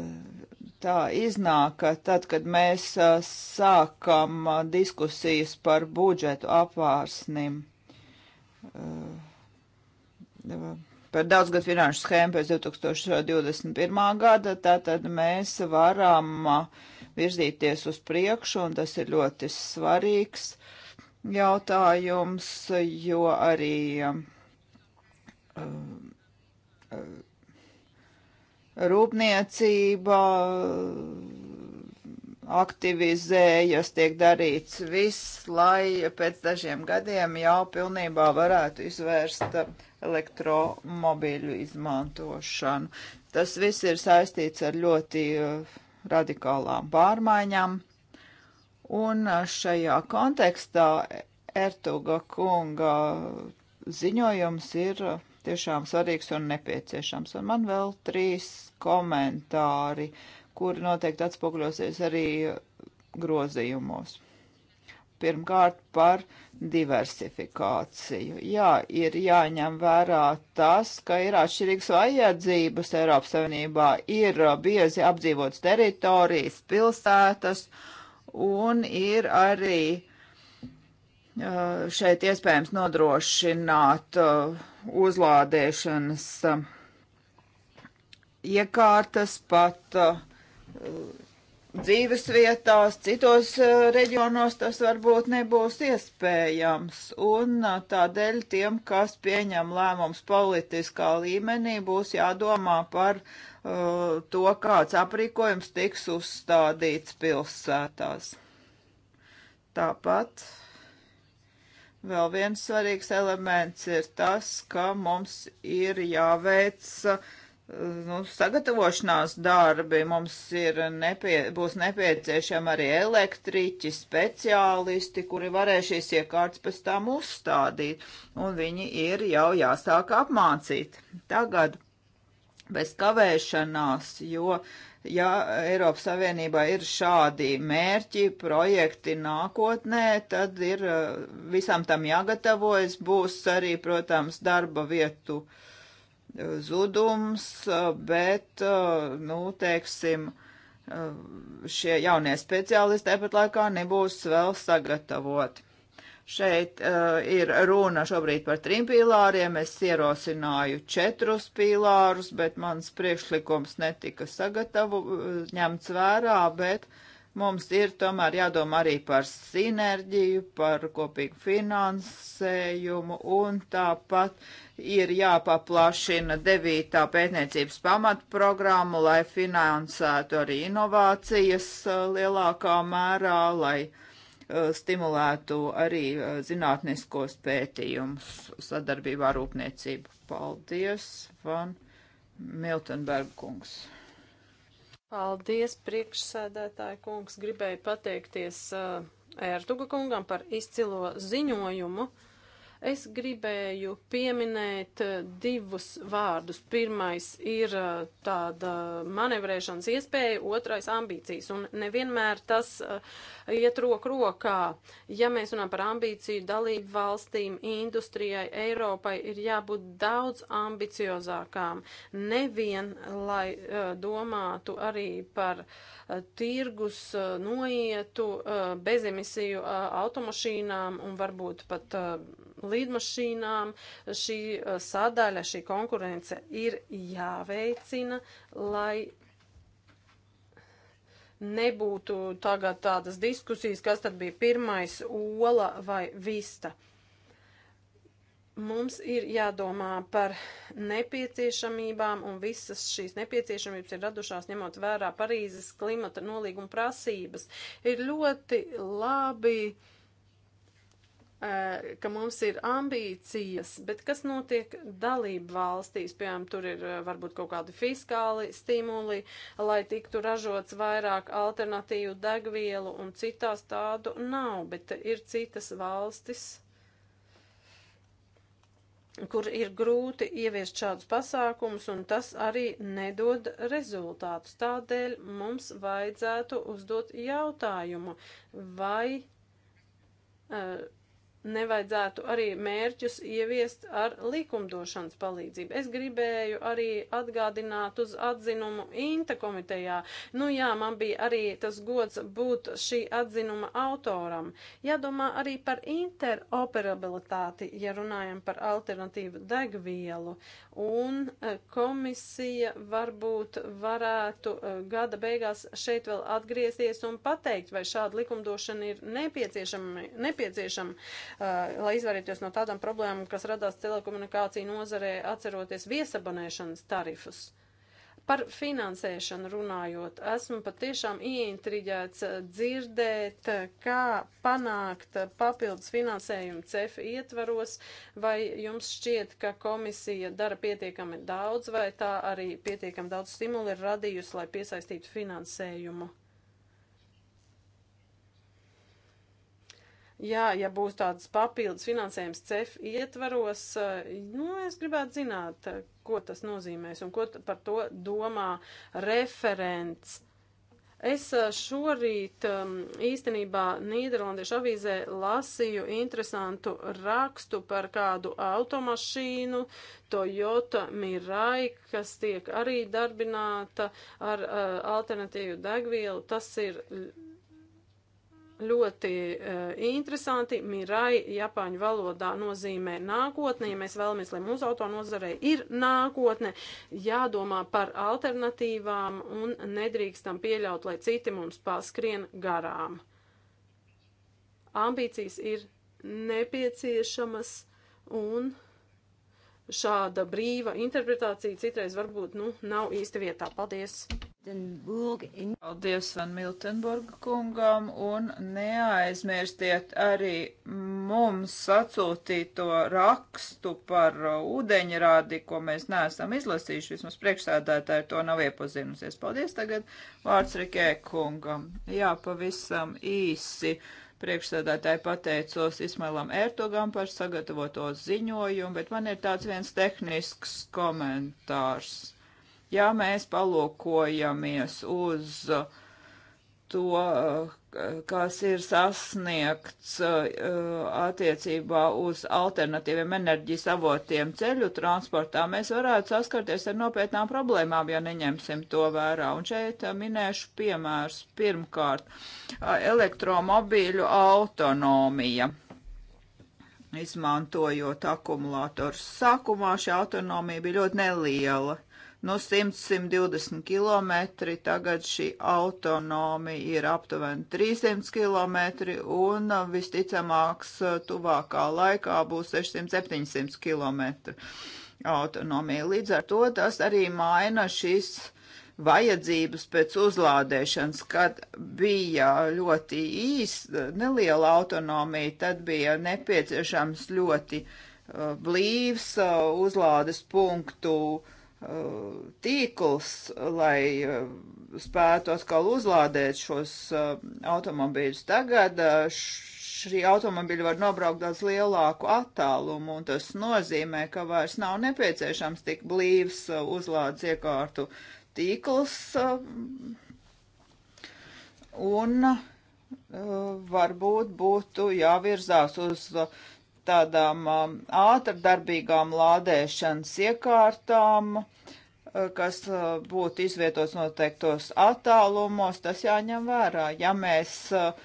tā iznāk, ka tad, kad mēs eh, sākam eh, diskusijas par budžetu apvārsnim, par daudzgad finanšu schēmu pēc 2021. gada, tātad mēs varam virzīties uz priekšu, un tas ir ļoti svarīgs jautājums, jo arī rūpniecība aktivizējas, tiek darīts viss, lai pēc dažiem gadiem jau pilnībā varētu izvērst elektromobīļu izmantošanu. Tas viss ir saistīts ar ļoti eh, radikālām pārmaiņām. Un eh, šajā kontekstā Ertuga kunga ziņojums ir eh, tiešām svarīgs un nepieciešams. Un man vēl trīs komentāri, kuri noteikti atspoguļosies arī grozījumos. Pirmkārt, par diversifikāciju. Jā, ir jāņem vērā tas, ka ir atšķirīgas vajadzības Eiropas Savienībā, ir uh, biezi apdzīvotas teritorijas, pilsētas, un ir arī uh, šeit iespējams nodrošināt uh, uzlādēšanas iekārtas pat dzīves vietās, citos eh, reģionos tas varbūt nebūs iespējams. Un eh, tādēļ tiem, kas pieņem lēmums politiskā līmenī, būs jādomā par uh, to, kāds aprīkojums tiks uzstādīts pilsētās. Tāpat vēl viens svarīgs elements ir tas, ka mums ir jāveic uh, nu, sagatavošanās darbi, mums ir nepie, būs nepieciešama arī elektriķi, speciālisti, kuri varēs šīs iekārtas pēc tam uzstādīt, un viņi ir jau jāsāk apmācīt tagad bez kavēšanās, jo, ja Eiropas Savienībā ir šādi mērķi, projekti nākotnē, tad ir eh, visam tam jāgatavojas, būs arī, protams, darba vietu uh, zudums, bet, nu, teiksim, šie jaunie speciālisti tāpat laikā nebūs vēl sagatavoti. Šeit uh, ir runa šobrīd par trim pīlāriem. Es ierosināju četrus pīlārus, bet mans priekšlikums netika sagatavu, ņemts vērā, bet uh, Mums ir tomēr jādomā arī par sinerģiju, par kopīgu finansējumu un tāpat ir jāpaplašina devītā pētniecības pamatprogramma, lai finansētu arī inovācijas uh, lielākā mērā, lai uh, stimulētu arī uh, zinātniskos pētījumus sadarbībā ar rūpniecību. Paldies, Van Miltenberg kungs. Paldies, priekšsēdētāji kungs. Gribēju pateikties uh, Ertuga kungam par izcilo ziņojumu. Uh, Es gribēju pieminēt eh, divus vārdus. Pirmais ir eh, tāda manevrēšanas iespēja, otrais ambīcijas. Un nevienmēr tas eh, iet roku rokā. Ja mēs runājam par ambīciju dalību valstīm, industrijai, Eiropai, ir jābūt daudz ambiciozākām. Nevien, lai domātu arī par tirgus noietu bezemisiju automašīnām un varbūt pat lidmašīnām. Šī eh, sadaļa, šī konkurence ir jāveicina, lai nebūtu tagad tādas diskusijas, kas tad bija pirmais ola vai vista. Mums ir jādomā par nepieciešamībām, un visas šīs nepieciešamības ir radušās ņemot vērā Parīzes klimata nolīguma prasības. Ir ļoti labi uh, Eh, ka mums ir ambīcijas, bet kas notiek dalību valstīs? Piemēram, tur ir eh, varbūt kaut kādi fiskāli stimuli, lai tiktu ražots vairāk alternatīvu degvielu, un citās tādu nav, bet ir citas valstis, kur ir grūti ieviest šādus pasākumus, un tas arī nedod rezultātus. Tādēļ mums vajadzētu uzdot jautājumu, vai. Uh, nevajadzētu arī mērķus ieviest ar likumdošanas palīdzību. Es gribēju arī atgādināt uz atzinumu Inta komitejā. Nu jā, man bija arī tas gods būt šī atzinuma autoram. Jādomā arī par interoperabilitāti, ja runājam par alternatīvu degvielu. Un eh, komisija varbūt varētu eh, gada beigās šeit vēl atgriezties un pateikt, vai šāda likumdošana ir nepieciešama. nepieciešama. Uh, lai izvarītos no tādām problēmām, kas radās telekomunikāciju nozarē, atceroties viesabonēšanas tarifus. Par finansēšanu runājot, esmu patiešām ieintriģēts dzirdēt, kā panākt papildus finansējumu CEF ietvaros, vai jums šķiet, ka komisija dara pietiekami daudz, vai tā arī pietiekami daudz stimulu ir radījusi, lai piesaistītu finansējumu. Jā, ja būs tāds papildus finansējums CEF ietvaros, eh, nu, es gribētu zināt, eh, ko tas nozīmēs un ko par to domā referents. Es eh, šorīt ehm, īstenībā Nīderlandiešu avīzē lasīju interesantu rakstu par kādu automašīnu, Toyota Mirai, kas tiek arī darbināta ar uh, alternatīvu degvielu. Tas ir ļoti uh, interesanti. Mirai Japāņu valodā nozīmē nākotne. Ja mēs vēlamies, lai mūsu auto nozarei ir nākotne, jādomā par alternatīvām un nedrīkstam pieļaut, lai citi mums paskrien garām. Ambīcijas ir nepieciešamas un šāda brīva interpretācija citreiz varbūt nu, nav īsti vietā. Paldies! Paldies Van Miltenburga kungam un neaizmirstiet arī mums atsūtīto rakstu par ūdeņrādi, ko mēs neesam izlasījuši, vismaz priekšsēdētāji to nav iepazinusies. Paldies tagad vārds Rikē kungam. Jā, pavisam īsi. Priekšsēdētāji pateicos Ismailam Ertogam par sagatavoto ziņojumu, bet man ir tāds viens tehnisks komentārs Ja mēs palūkojamies uz uh, to, uh, kas ir sasniegts uh, attiecībā uz alternatīviem enerģijas avotiem ceļu transportā, mēs varētu saskarties ar nopietnām problēmām, ja neņemsim to vērā. Un šeit minēšu piemērs. Pirmkārt, elektromobīļu autonomija izmantojot akumulātors. Sākumā šī autonomija bija ļoti neliela nu, 100-120 km, tagad šī autonomija ir aptuveni 300 km, un uh, visticamāks uh, tuvākā laikā būs 600-700 km autonomija. Līdz ar to tas arī maina šīs vajadzības pēc uzlādēšanas, kad bija ļoti īsta, neliela autonomija, tad bija nepieciešams ļoti uh, blīvs uh, uzlādes punktu uh, tīkls, lai eh, spētu atkal uzlādēt šos eh, automobīļus. Tagad eh, šī automobīļa var nobraukt daudz lielāku attālumu, un tas nozīmē, ka vairs nav nepieciešams tik blīvs uzlādes iekārtu tīkls. Un varbūt būtu jāvirzās uz tādām um, ātrdarbīgām lādēšanas iekārtām, uh, kas uh, būtu izvietots noteiktos attālumos, tas jāņem vērā. Ja mēs uh,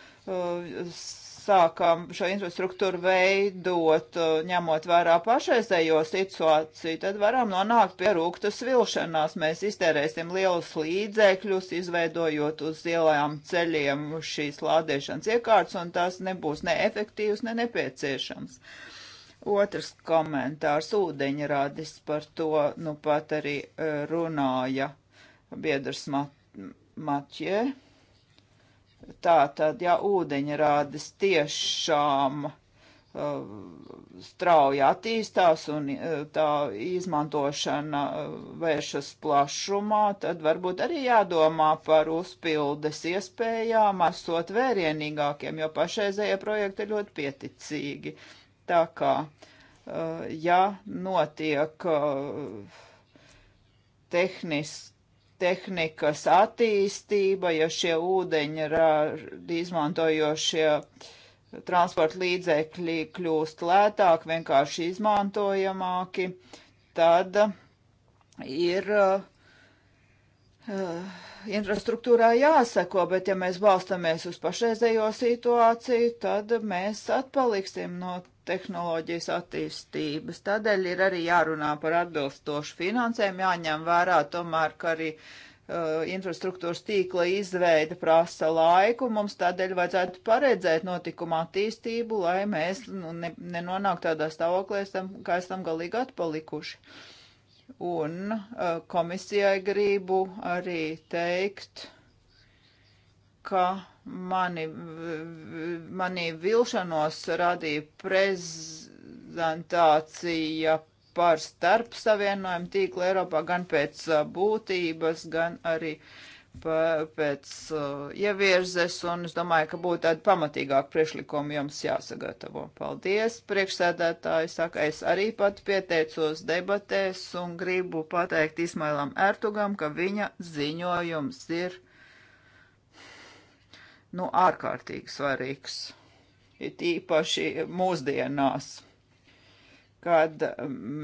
sākam šo infrastruktūru veidot, uh, ņemot vērā pašreizējo situāciju, tad varam nonākt pie rūktas vilšanās. Mēs iztērēsim lielus līdzekļus, izveidojot uz ielām ceļiem šīs lādēšanas iekārtas, un tās nebūs neefektīvas, ne nepieciešams. Otrs komentārs ūdeņradis par to, nu pat arī uh, runāja biedrs Mat Matjē. Mat Tātad, ja ūdeņrādes tiešām uh, strauji attīstās un uh, tā izmantošana uh, vēršas plašumā, tad varbūt arī jādomā par uzpildes iespējām, esot vērienīgākiem, jo pašreizējie projekti ir ļoti pieticīgi. Tā kā, ja notiek tehniski tehnikas attīstība, ja šie ūdeņi izmantojošie transporta līdzekļi kļūst lētāk, vienkārši izmantojamāki, tad ir uh, uh, infrastruktūrā jāseko, bet ja mēs balstamies uz pašreizējo situāciju, tad mēs atpaliksim no tehnoloģijas attīstības. Tādēļ ir arī jārunā par atbilstošu finansēm, jāņem vērā tomēr, ka arī uh, infrastruktūras tīkla izveida prasa laiku. Mums tādēļ vajadzētu paredzēt notikuma attīstību, lai mēs nu, ne, nenonāktu tādā stāvoklī, kā esam galīgi atpalikuši. Un uh, komisijai gribu arī teikt, ka mani, manī vilšanos radīja prezentācija par starp savienojumu tīklu Eiropā gan pēc uh, būtības, gan arī pēc uh, ievirzes, un es domāju, ka būtu tādi pamatīgāki priekšlikumi jums jāsagatavo. Paldies, priekšsēdētāji, saka, es arī pat pieteicos debatēs un gribu pateikt Ismailam Ertugam, ka viņa ziņojums ir nu, ārkārtīgi svarīgs. It īpaši mūsdienās, kad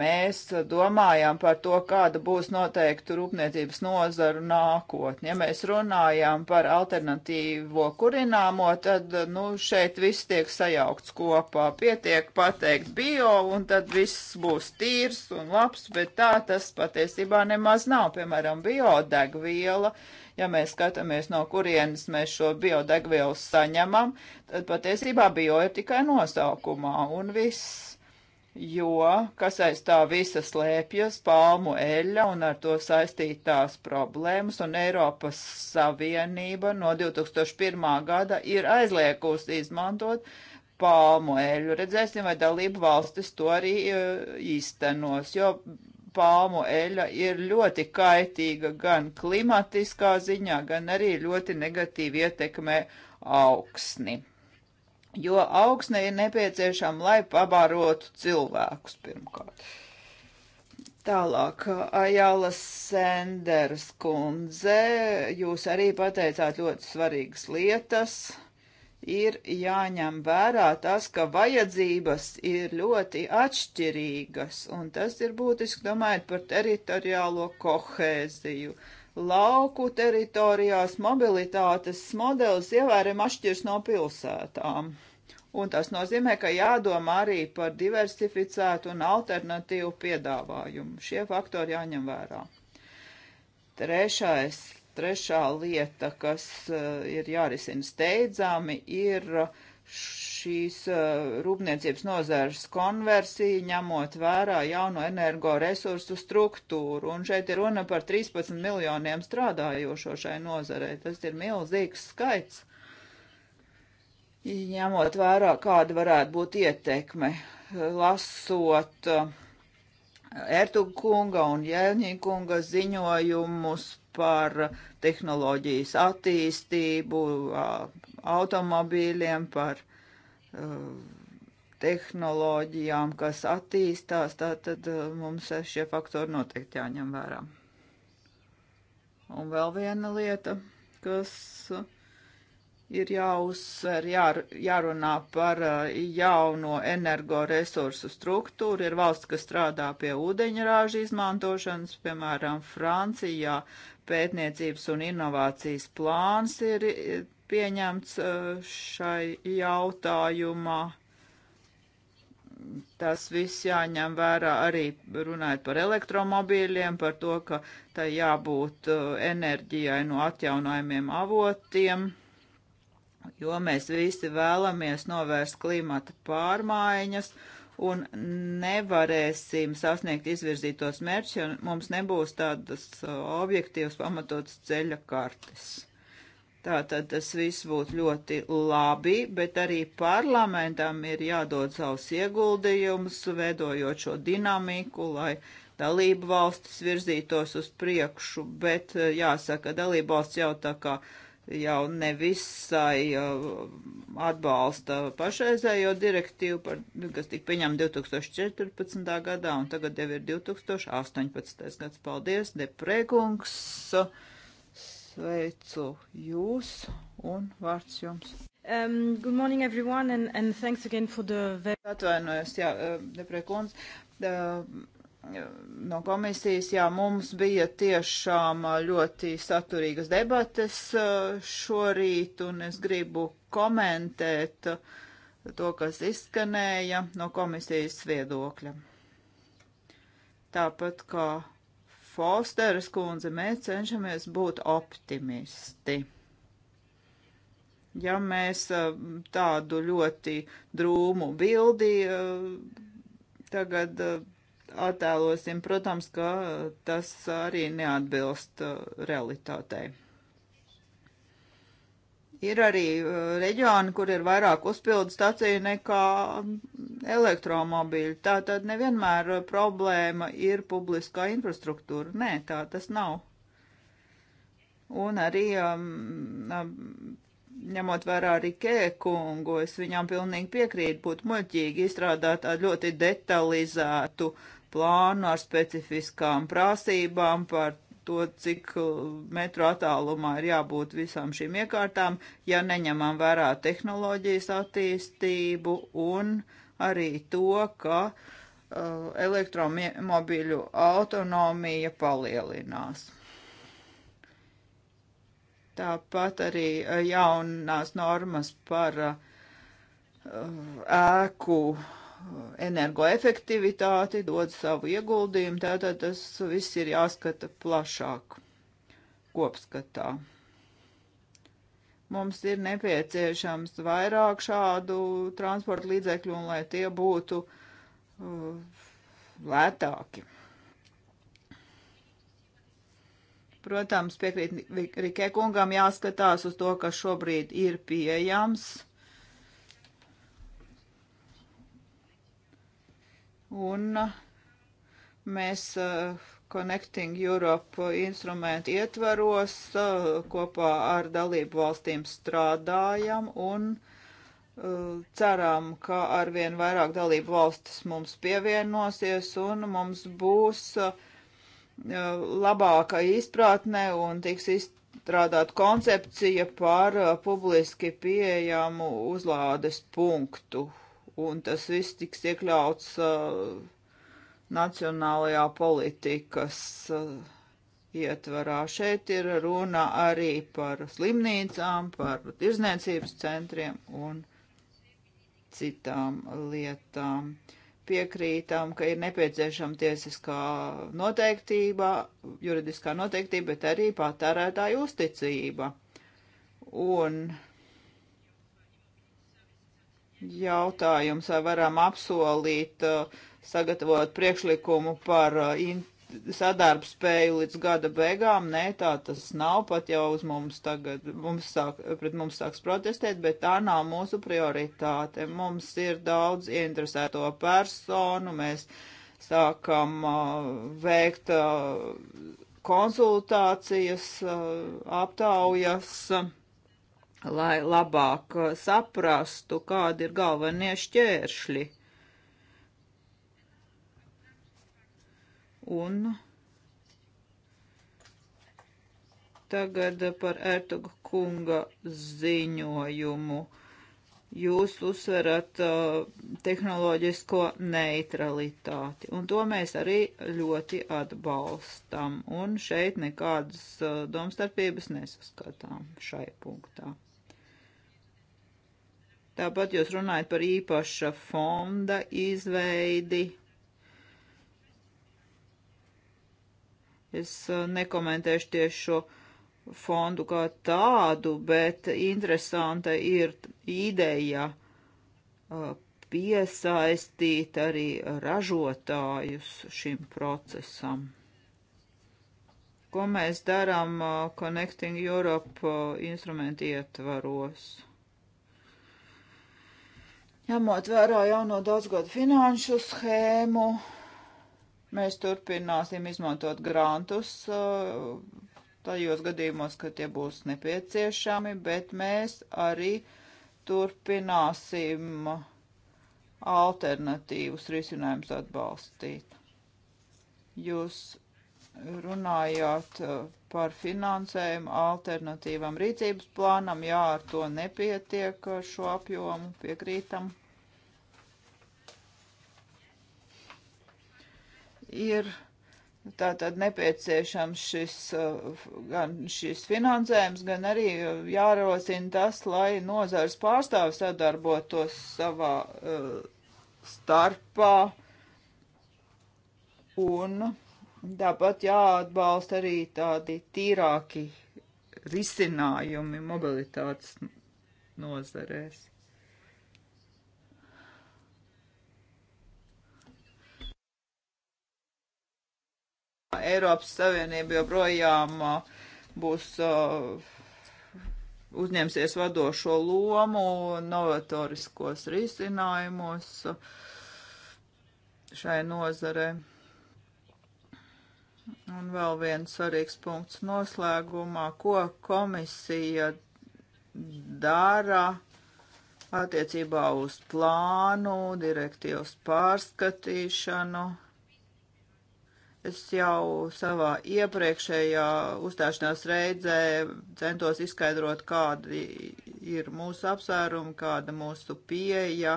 mēs domājam par to, kāda būs noteikta rūpniecības nozaru nākotne. Ja mēs runājam par alternatīvo kurināmo, tad, nu, šeit viss tiek sajaukts kopā. Pietiek pateikt bio, un tad viss būs tīrs un labs, bet tā tas patiesībā nemaz nav. Piemēram, biodegviela. viela Ja mēs skatāmies, no kurienes mēs šo biodegvielu saņemam, tad patiesībā bio ir tikai nosaukumā un viss. Jo, kas aiz tā visa slēpjas, palmu eļļa un ar to saistītās problēmas, un Eiropas Savienība no 2001. gada ir aizliekusi izmantot palmu eļļu. Redzēsim, vai dalību valstis to arī uh, īstenos, jo palmu eļļa ir ļoti kaitīga gan klimatiskā ziņā, gan arī ļoti negatīvi ietekmē augsni. Jo augsne ir nepieciešama, lai pabārotu cilvēkus pirmkārt. Tālāk, Ajāla Senderas kundze, jūs arī pateicāt ļoti svarīgas lietas ir jāņem vērā tas, ka vajadzības ir ļoti atšķirīgas, un tas ir būtiski domājot par teritoriālo kohēziju. Lauku teritorijās mobilitātes modelis ievērēm atšķirs no pilsētām. Un tas nozīmē, ka jādomā arī par diversificētu un alternatīvu piedāvājumu. Šie faktori jāņem vērā. Trešais Trešā lieta, kas eh, ir jārisina steidzami, ir šīs eh, rūpniecības nozēras konversija, ņemot vērā jauno energoresursu struktūru. Un šeit ir runa par 13 miljoniem strādājošo šai nozarei. Tas ir milzīgs skaits, ņemot vērā, kāda varētu būt ietekme, lasot uh, Ertuga kunga un Jēlņī kunga ziņojumus par tehnoloģijas attīstību, automobīļiem, par tehnoloģijām, kas attīstās, tātad mums šie faktori noteikti jāņem vērā. Un vēl viena lieta, kas uh, ir jāuzsver, jār, jārunā par uh, jauno energoresursu struktūru. Ir valsts, kas strādā pie ūdeņrāža izmantošanas, piemēram, Francijā pētniecības un inovācijas plāns ir uh, pieņemts uh, šai jautājumā. Tas viss jāņem vērā arī runājot par elektromobīļiem, par to, ka tai jābūt enerģijai no atjaunojumiem avotiem jo mēs visi vēlamies novērst klimata pārmaiņas un nevarēsim sasniegt izvirzītos mērķus, ja mums nebūs tādas uh, objektīvas pamatotas ceļa kartes. Tātad tas viss būtu ļoti labi, bet arī parlamentam ir jādod savus ieguldījumus, veidojot šo dinamiku, lai dalību valstis virzītos uz priekšu, bet uh, jāsaka, dalību valsts jau tā kā uh, jau nevisai uh, atbalsta pašreizējo direktīvu, par, kas tika pieņemta 2014. gadā, un tagad jau ir 2018. gads. Paldies, depregungs! Sveicu jūs un vārds jums! Um, good morning, everyone, and, and thanks again for the... Atvainojos, jā, depregungs. Uh, no komisijas, jā, mums bija tiešām ļoti saturīgas debates uh, šorīt, un es gribu komentēt uh, to, kas izskanēja no komisijas viedokļa. Tāpat kā Fosteras kundze, mēs cenšamies būt optimisti. Ja mēs uh, tādu ļoti drūmu bildi tagad attēlosim, protams, ka tas arī neatbilst uh, realitātei. Ir arī uh, reģioni, kur ir vairāk uzpildu staciju nekā elektromobīļu. Tā tad nevienmēr uh, problēma ir publiskā infrastruktūra. Nē, tā tas nav. Un arī um, um ņemot vērā arī Kēkungu, es viņām pilnīgi piekrītu, būtu muļķīgi izstrādāt tādu ļoti detalizētu plānu ar specifiskām prasībām par to, cik uh, metru attālumā ir jābūt visām šīm iekārtām, ja neņemam vērā tehnoloģijas attīstību un arī to, ka uh, elektromobīļu autonomija palielinās. Tāpat arī uh, jaunās normas par uh, ēku uh, energoefektivitāti, dod savu ieguldījumu, tātad tas viss ir jāskata plašāk kopskatā. Mums ir nepieciešams vairāk šādu transporta līdzekļu, un lai tie būtu uh, lētāki. Protams, piekrīt Rikē kungam jāskatās uz to, kas šobrīd ir pieejams un uh, mēs uh, Connecting Europe instrumentu ietvaros uh, kopā ar dalību valstīm strādājam un ceram, ka arvien vairāk dalību valstis mums pievienosies un mums būs labāka izpratne un tiks izstrādāt koncepcija par publiski pieejamu uzlādes punktu un tas viss tiks iekļauts uh, nacionālajā politikas uh, ietvarā. Šeit ir runa arī par slimnīcām, par tirzniecības centriem un citām lietām. Piekrītam, ka ir nepieciešama tiesiskā noteiktība, juridiskā noteiktība, bet arī patērētāju uzticība. Un jautājums, vai varam apsolīt uh, sagatavot priekšlikumu par uh, sadarbspēju līdz gada beigām. Nē, tā tas nav, pat jau uz mums tagad, mums sāk, pret mums sāks protestēt, bet tā nav mūsu prioritāte. Mums ir daudz interesēto personu, mēs sākam uh, veikt uh, konsultācijas, uh, aptaujas. Uh, lai labāk uh, saprastu, kādi ir galvenie šķēršļi. Un tagad par Ertuga kunga ziņojumu. Jūs uzsverat uh, tehnoloģisko neutralitāti, un to mēs arī ļoti atbalstam, un šeit nekādas uh, domstarpības nesaskatām šai punktā. Tāpat jūs runājat par īpaša fonda izveidi. Es uh, nekomentēšu tieši šo fondu kā tādu, bet interesanta ir ideja uh, piesaistīt arī ražotājus šim procesam. Ko mēs darām uh, Connecting Europe instrumentu ietvaros? Ņemot vērā jauno daudzgadu finanšu schēmu, mēs turpināsim izmantot grantus uh, tajos gadījumos, kad tie būs nepieciešami, bet mēs arī turpināsim alternatīvus risinājumus atbalstīt. Jūs runājāt uh, par finansējumu alternatīvam rīcības plānam, jā, ar to nepietiek šo apjomu, piekrītam. ir tātad nepieciešams šis, uh, gan šis finansējums, gan arī jārosina tas, lai nozars pārstāvis sadarbotos savā uh, starpā un tāpat jāatbalsta arī tādi tīrāki risinājumi mobilitātes nozarēs. Eiropas Savienība joprojām uh, būs uh, uzņemsies vadošo lomu novatoriskos risinājumos uh, šai nozarē. Un vēl viens svarīgs punkts noslēgumā, ko komisija dara attiecībā uz plānu, direktīvas pārskatīšanu Es jau savā iepriekšējā uzstāšanās reizē centos izskaidrot, kāda ir mūsu apsvērumi, kāda mūsu pieeja.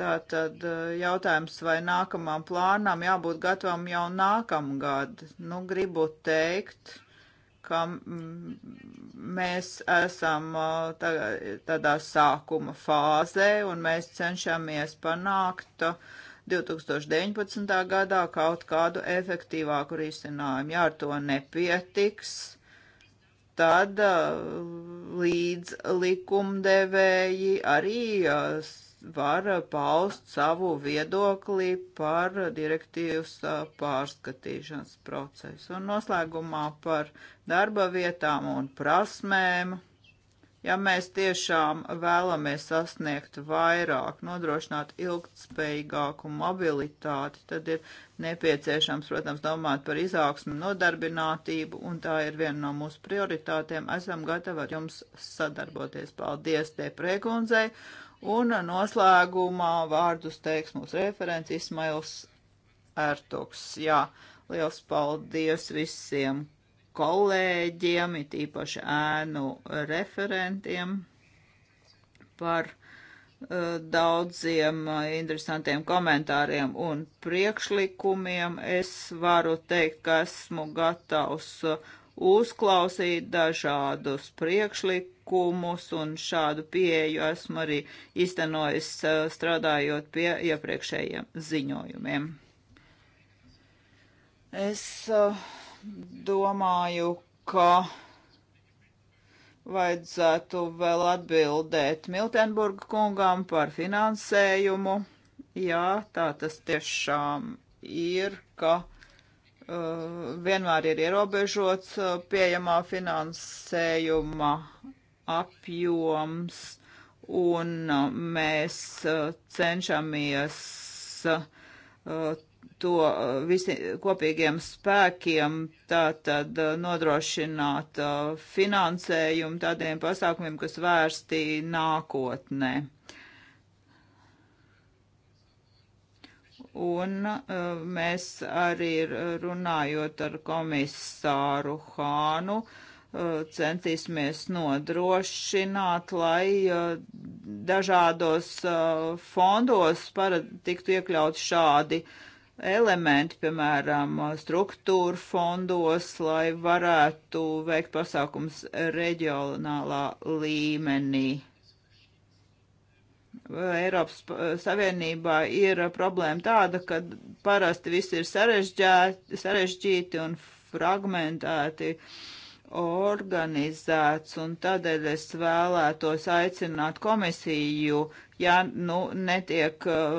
Tātad eh, jautājums, vai nākamam plānam jābūt gatavam jau nākamgad. Nu, gribu teikt, ka mēs esam eh, tādā sākuma fāzē un mēs cenšamies panākt uh, 2019. gadā kaut kādu efektīvāku risinājumu. Ja ar to nepietiks, tad uh, līdz likumdevēji arī uh, var paust savu viedokli par direktīvas uh, pārskatīšanas procesu. Un noslēgumā par darba vietām un prasmēm. Ja mēs tiešām vēlamies sasniegt vairāk, nodrošināt ilgtspējīgāku mobilitāti, tad ir nepieciešams, protams, domāt par izaugsmu, nodarbinātību, un tā ir viena no mūsu prioritātēm. Esam gatavi ar jums sadarboties. Paldies, Deprekundzei! Un noslēgumā vārdus teiks mūsu referents Ismails Ertuks. Jā, liels paldies visiem, kolēģiem, it īpaši ēnu referentiem par uh, daudziem uh, interesantiem komentāriem un priekšlikumiem. Es varu teikt, ka esmu gatavs uh, uzklausīt dažādus priekšlikumus, un šādu pieeju esmu arī iztenojis strādājot pie iepriekšējiem ziņojumiem. Es uh, domāju, ka vajadzētu vēl atbildēt Miltenburga kungam par finansējumu. Jā, tā tas tiešām ir, ka uh, vienmēr ir ierobežots uh, pieejamā finansējuma apjoms, un uh, mēs uh, cenšamies uh, to eh, visi kopīgiem spēkiem tātad eh, nodrošināt eh, finansējumu tādiem pasākumiem, kas vērsti nākotnē. Un mēs arī runājot ar komisāru Hānu, centīsimies nodrošināt, lai dažādos fondos tiktu iekļauts šādi uh, elementi, piemēram, struktūra fondos, lai varētu veikt pasākums reģionālā līmenī. Eiropas Savienībā ir problēma tāda, ka parasti viss ir sarežģīti un fragmentēti. Uh, organizēts, un tādēļ es vēlētos aicināt komisiju, ja nu netiek eh,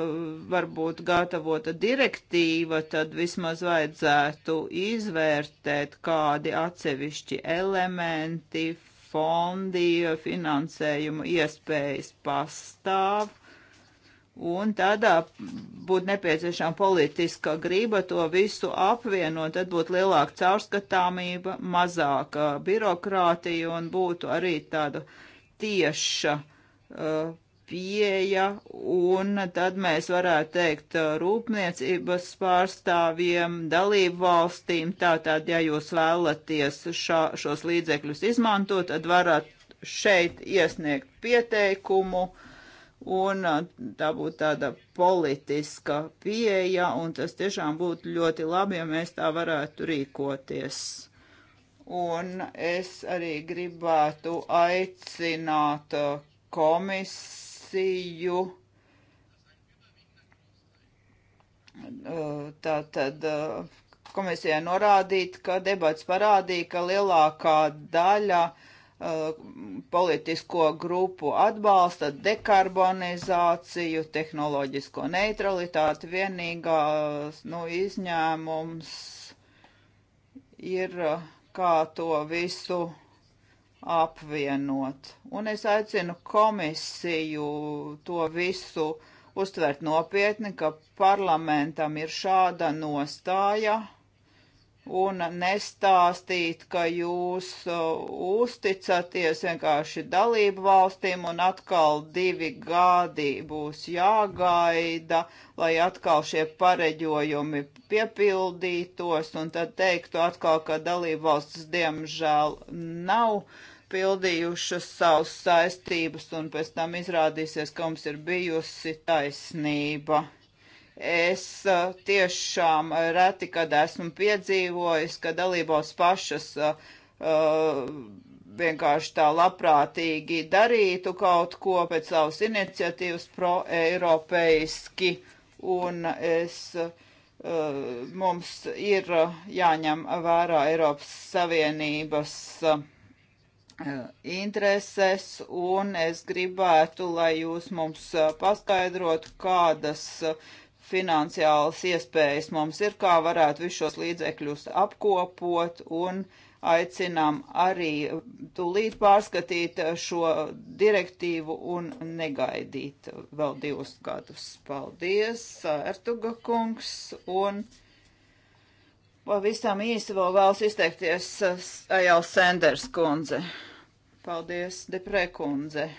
varbūt gatavota direktīva, tad vismaz vajadzētu izvērtēt kādi atsevišķi elementi, fondi, finansējumu iespējas pastāv Un tādā būtu nepieciešama politiska grība to visu apvienot, tad būtu lielāka caurskatāmība, mazāka birokrātija un būtu arī tāda tieša uh, pieeja. Un tad mēs varētu teikt uh, rūpniecības pārstāvjiem, dalību valstīm, tātad, ja jūs vēlaties šā, šos līdzekļus izmantot, tad varat šeit iesniegt pieteikumu un tā būtu tāda politiska pieeja, un tas tiešām būtu ļoti labi, ja mēs tā varētu rīkoties. Un es arī gribētu aicināt komisiju, tā tad komisijai norādīt, ka debats parādīja, ka lielākā daļa uh, politisko grupu atbalsta dekarbonizāciju, tehnoloģisko neutralitāti. Vienīgā nu, izņēmums ir, kā to visu apvienot. Un es aicinu komisiju to visu uztvert nopietni, ka parlamentam ir šāda nostāja un nestāstīt, ka jūs uh, uzticaties vienkārši dalību valstīm un atkal divi gadi būs jāgaida, lai atkal šie pareģojumi piepildītos un tad teiktu atkal, ka dalību valstis diemžēl nav pildījušas savas saistības un pēc tam izrādīsies, ka mums ir bijusi taisnība. Es tiešām reti, kad esmu piedzīvojis, ka dalībās pašas uh, vienkārši tā labprātīgi darītu kaut ko pēc savas iniciatīvas pro-eiropeiski, un es, uh, mums ir jāņem vērā Eiropas Savienības uh, intereses, un es gribētu, lai jūs mums paskaidrotu, kādas uh, finansiālas iespējas mums ir, kā varētu visus šos līdzekļus apkopot un aicinām arī tūlīt pārskatīt šo direktīvu un negaidīt vēl divus gadus. Paldies, Ertuga kungs, un pavisam īsi vēl vēlas izteikties Ajāls Senders kundze. Paldies, Deprē kundze.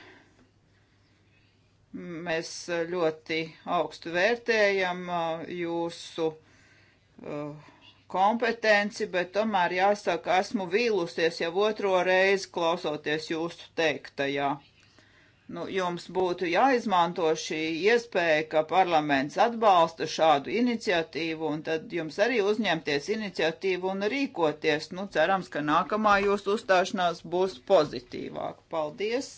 Mēs eh, ļoti augstu vērtējam eh, jūsu eh, kompetenci, bet tomēr jāsaka, esmu vīlusies jau otro reizi klausoties jūsu teiktajā. Nu, jums būtu jāizmanto šī iespēja, ka parlaments atbalsta šādu iniciatīvu, un tad jums arī uzņemties iniciatīvu un rīkoties. Nu, cerams, ka nākamā jūsu uzstāšanās būs pozitīvāka. Paldies!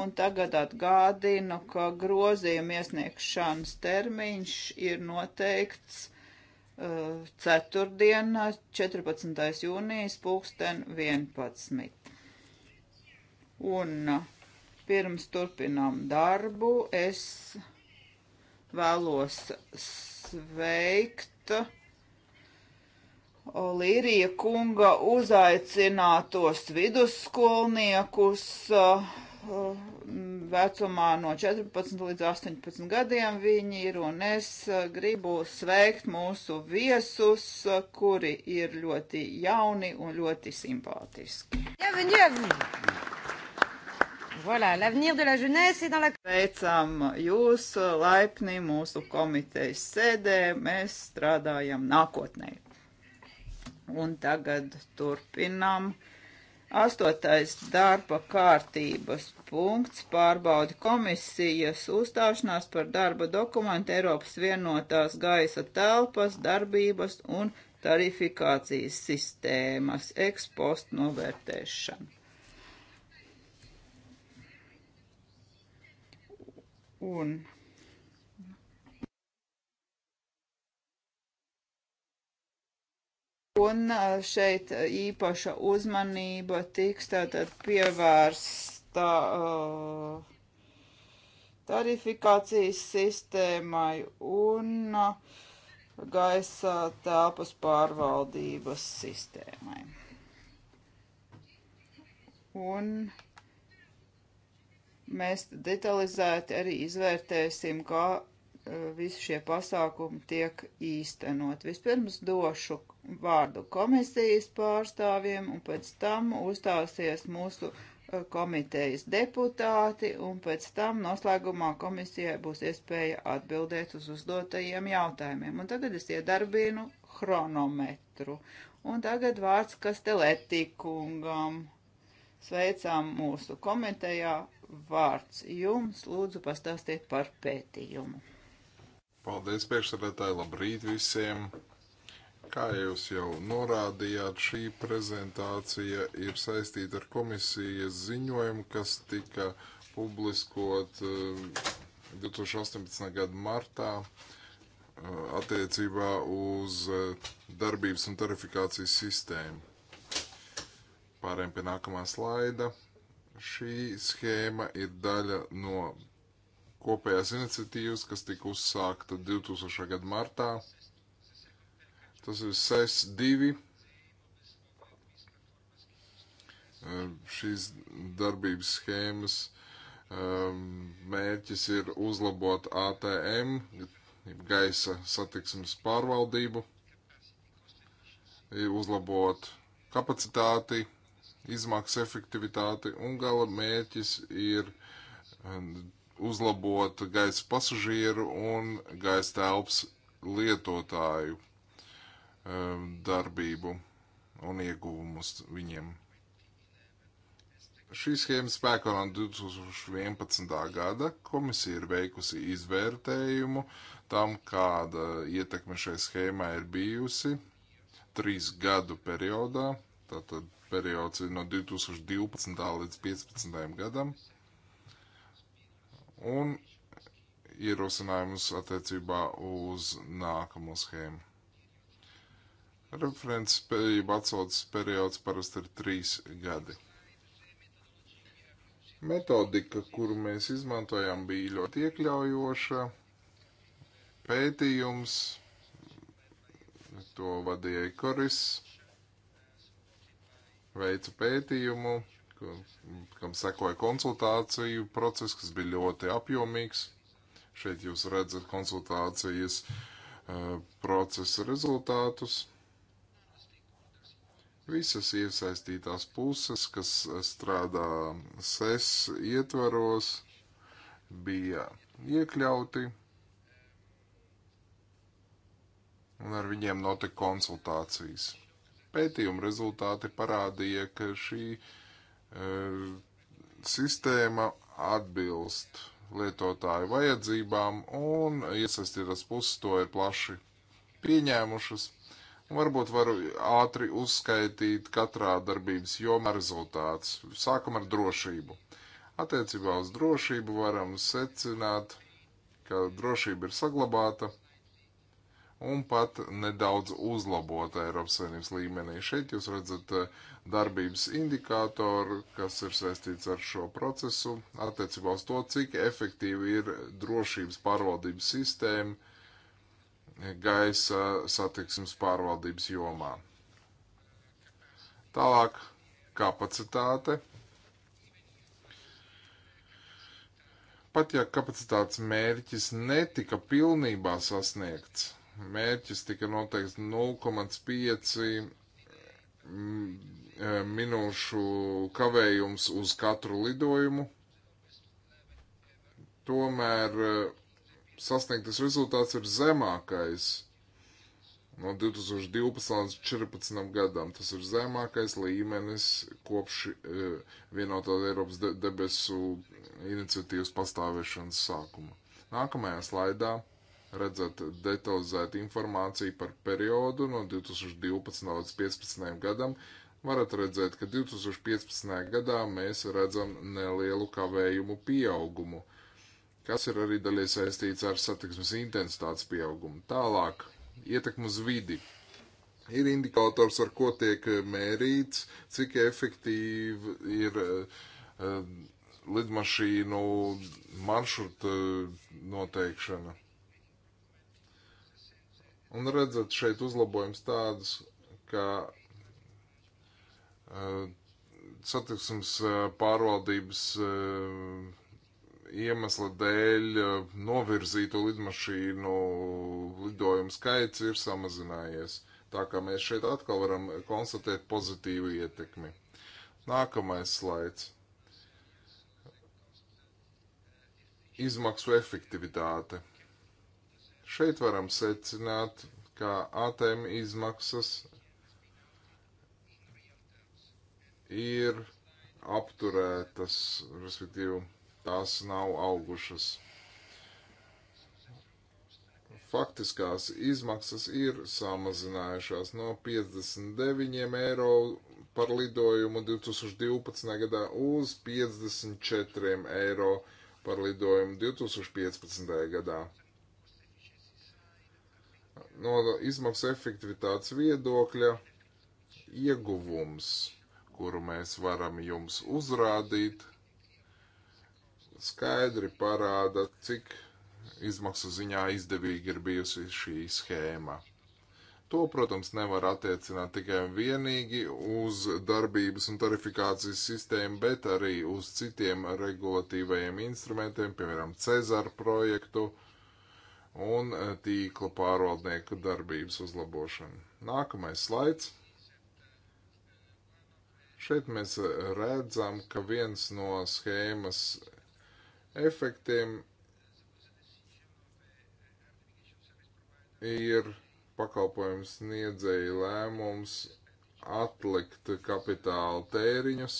un tagad atgādinu, ka grozījuma iesniegšanas termiņš ir noteikts uh, ceturtdienā 14. jūnijas pulksten 11. Un uh, pirms turpinām darbu, es vēlos sveikt uh, Līrija kunga uzaicinātos vidusskolniekus uh, Mm, vecumā no 14 līdz 18 gadiem viņi ir, un es eh, gribu sveikt mūsu viesus, eh, kuri ir ļoti jauni un ļoti simpātiski. Bienvenue à vous! Voilà, l'avenir de la jeunesse est dans la... Veicam jūs eh, laipni mūsu komitejas sēdē, mēs strādājam nākotnē. Un tagad turpinam Astotais darba kārtības punkts pārbaudi komisijas uzstāšanās par darba dokumentu Eiropas vienotās gaisa telpas, darbības un tarifikācijas sistēmas ekspostu novērtēšana. Un Un šeit īpaša uzmanība tiks tātad pievērsta uh, tarifikācijas sistēmai un uh, gaisa tāpas pārvaldības sistēmai. Un mēs detalizēti arī izvērtēsim, kā Eh, visi šie pasākumi tiek īstenot. Vispirms došu vārdu komisijas pārstāvjiem, un pēc tam uzstāsies mūsu eh, komitejas deputāti, un pēc tam noslēgumā komisijai būs iespēja atbildēt uz uzdotajiem jautājumiem. Un tagad es iedarbinu chronometru. Un tagad vārds Kasteletī kungam. Sveicām mūsu komitejā. Vārds jums, lūdzu, pastāstiet par pētījumu. Paldies, priekšsēdētāji, labrīt visiem! Kā jūs jau norādījāt, šī prezentācija ir saistīta ar komisijas ziņojumu, kas tika publiskot 2018. Eh, gada martā eh, attiecībā uz eh, darbības un tarifikācijas sistēmu. Pārējiem pie nākamā slaida. Šī schēma ir daļa no kopējās iniciatīvas, kas tika uzsākta 2000. gada martā. Tas ir SES 2. Ehm, šīs darbības schēmas ehm, mērķis ir uzlabot ATM, gaisa satiksmes pārvaldību, uzlabot kapacitāti, izmaksu efektivitāti un gala mērķis ir ehm, uzlabot gaisa pasažieru un gaisa telpas lietotāju um, darbību un ieguvumus viņiem. Šī schēma spēkā no 2011. gada komisija ir veikusi izvērtējumu tam, kāda ietekme šai schēmai ir bijusi trīs gadu periodā. Tātad periods ir no 2012. līdz 2015. gadam un ierosinājumus attiecībā uz nākamo schēmu. Referents spējība atsaucas periods parasti ir trīs gadi. Metodika, kuru mēs izmantojam, bija ļoti iekļaujoša. Pētījums, to vadīja Koris, veica pētījumu, kam sekoja konsultāciju process, kas bija ļoti apjomīgs. Šeit jūs redzat konsultācijas procesa rezultātus. Visas iesaistītās puses, kas strādā SES e ietvaros, bija iekļauti un ar viņiem notika konsultācijas. Pētījuma rezultāti parādīja, ka šī uh, Ehm, sistēma atbilst lietotāju vajadzībām, un iesaistītās puses to ir plaši pieņēmušas. Varbūt varu ātri uzskaitīt katrā darbības jomā rezultāts. Sākam ar drošību. Attiecībā uz drošību varam secināt, ka drošība ir saglabāta un pat nedaudz uzlabota Eiropas Savienības līmenī. Šeit jūs redzat eh, darbības indikātoru, kas ir saistīts ar šo procesu, attiecībā uz to, cik efektīvi ir drošības pārvaldības sistēma gaisa satiksmes pārvaldības jomā. Tālāk kapacitāte. Pat ja kapacitātes mērķis netika pilnībā sasniegts, mērķis tika noteikts 0,5 mm, e, minūšu kavējums uz katru lidojumu. Tomēr e, sasniegtas rezultāts ir zemākais no 2012. līdz 2014. gadam. Tas ir zemākais līmenis kopš e, vienotā Eiropas debesu iniciatīvas pastāvēšanas sākuma. Nākamajā slaidā redzat detalizētu informāciju par periodu no 2012 līdz 2015 gadam, varat redzēt, ka 2015. gadā mēs redzam nelielu kavējumu pieaugumu, kas ir arī daļai saistīts ar satiksmes intensitātes pieaugumu. Tālāk, ietekmu uz vidi. Ir indikators, ar ko tiek mērīts, cik efektīvi ir uh, lidmašīnu maršruta eh, noteikšana. Un redzat šeit uzlabojums tādus, ka uh, satiksmes e, pārvaldības uh, iemesla dēļ novirzīto lidmašīnu lidojumu skaits ir samazinājies. Tā kā mēs šeit atkal varam konstatēt pozitīvu ietekmi. Nākamais slaids. Izmaksu efektivitāte. Šeit varam secināt, ka ATM izmaksas ir apturētas, respektīvi tās nav augušas. Faktiskās izmaksas ir samazinājušās no 59 eiro par lidojumu 2012. gadā uz 54 eiro par lidojumu 2015. gadā no izmaksu efektivitātes viedokļa ieguvums, kuru mēs varam jums uzrādīt, skaidri parāda, cik izmaksu ziņā izdevīgi ir bijusi šī schēma. To, protams, nevar attiecināt tikai un vienīgi uz darbības un tarifikācijas sistēmu, bet arī uz citiem regulatīvajiem instrumentiem, piemēram, Cezara projektu, uh, un e, tīkla pārvaldnieku darbības uzlabošanu. Nākamais slaids. Šeit mēs e, redzam, ka viens no schēmas efektiem ir pakalpojums sniedzēja lēmums atlikt kapitāla tēriņus,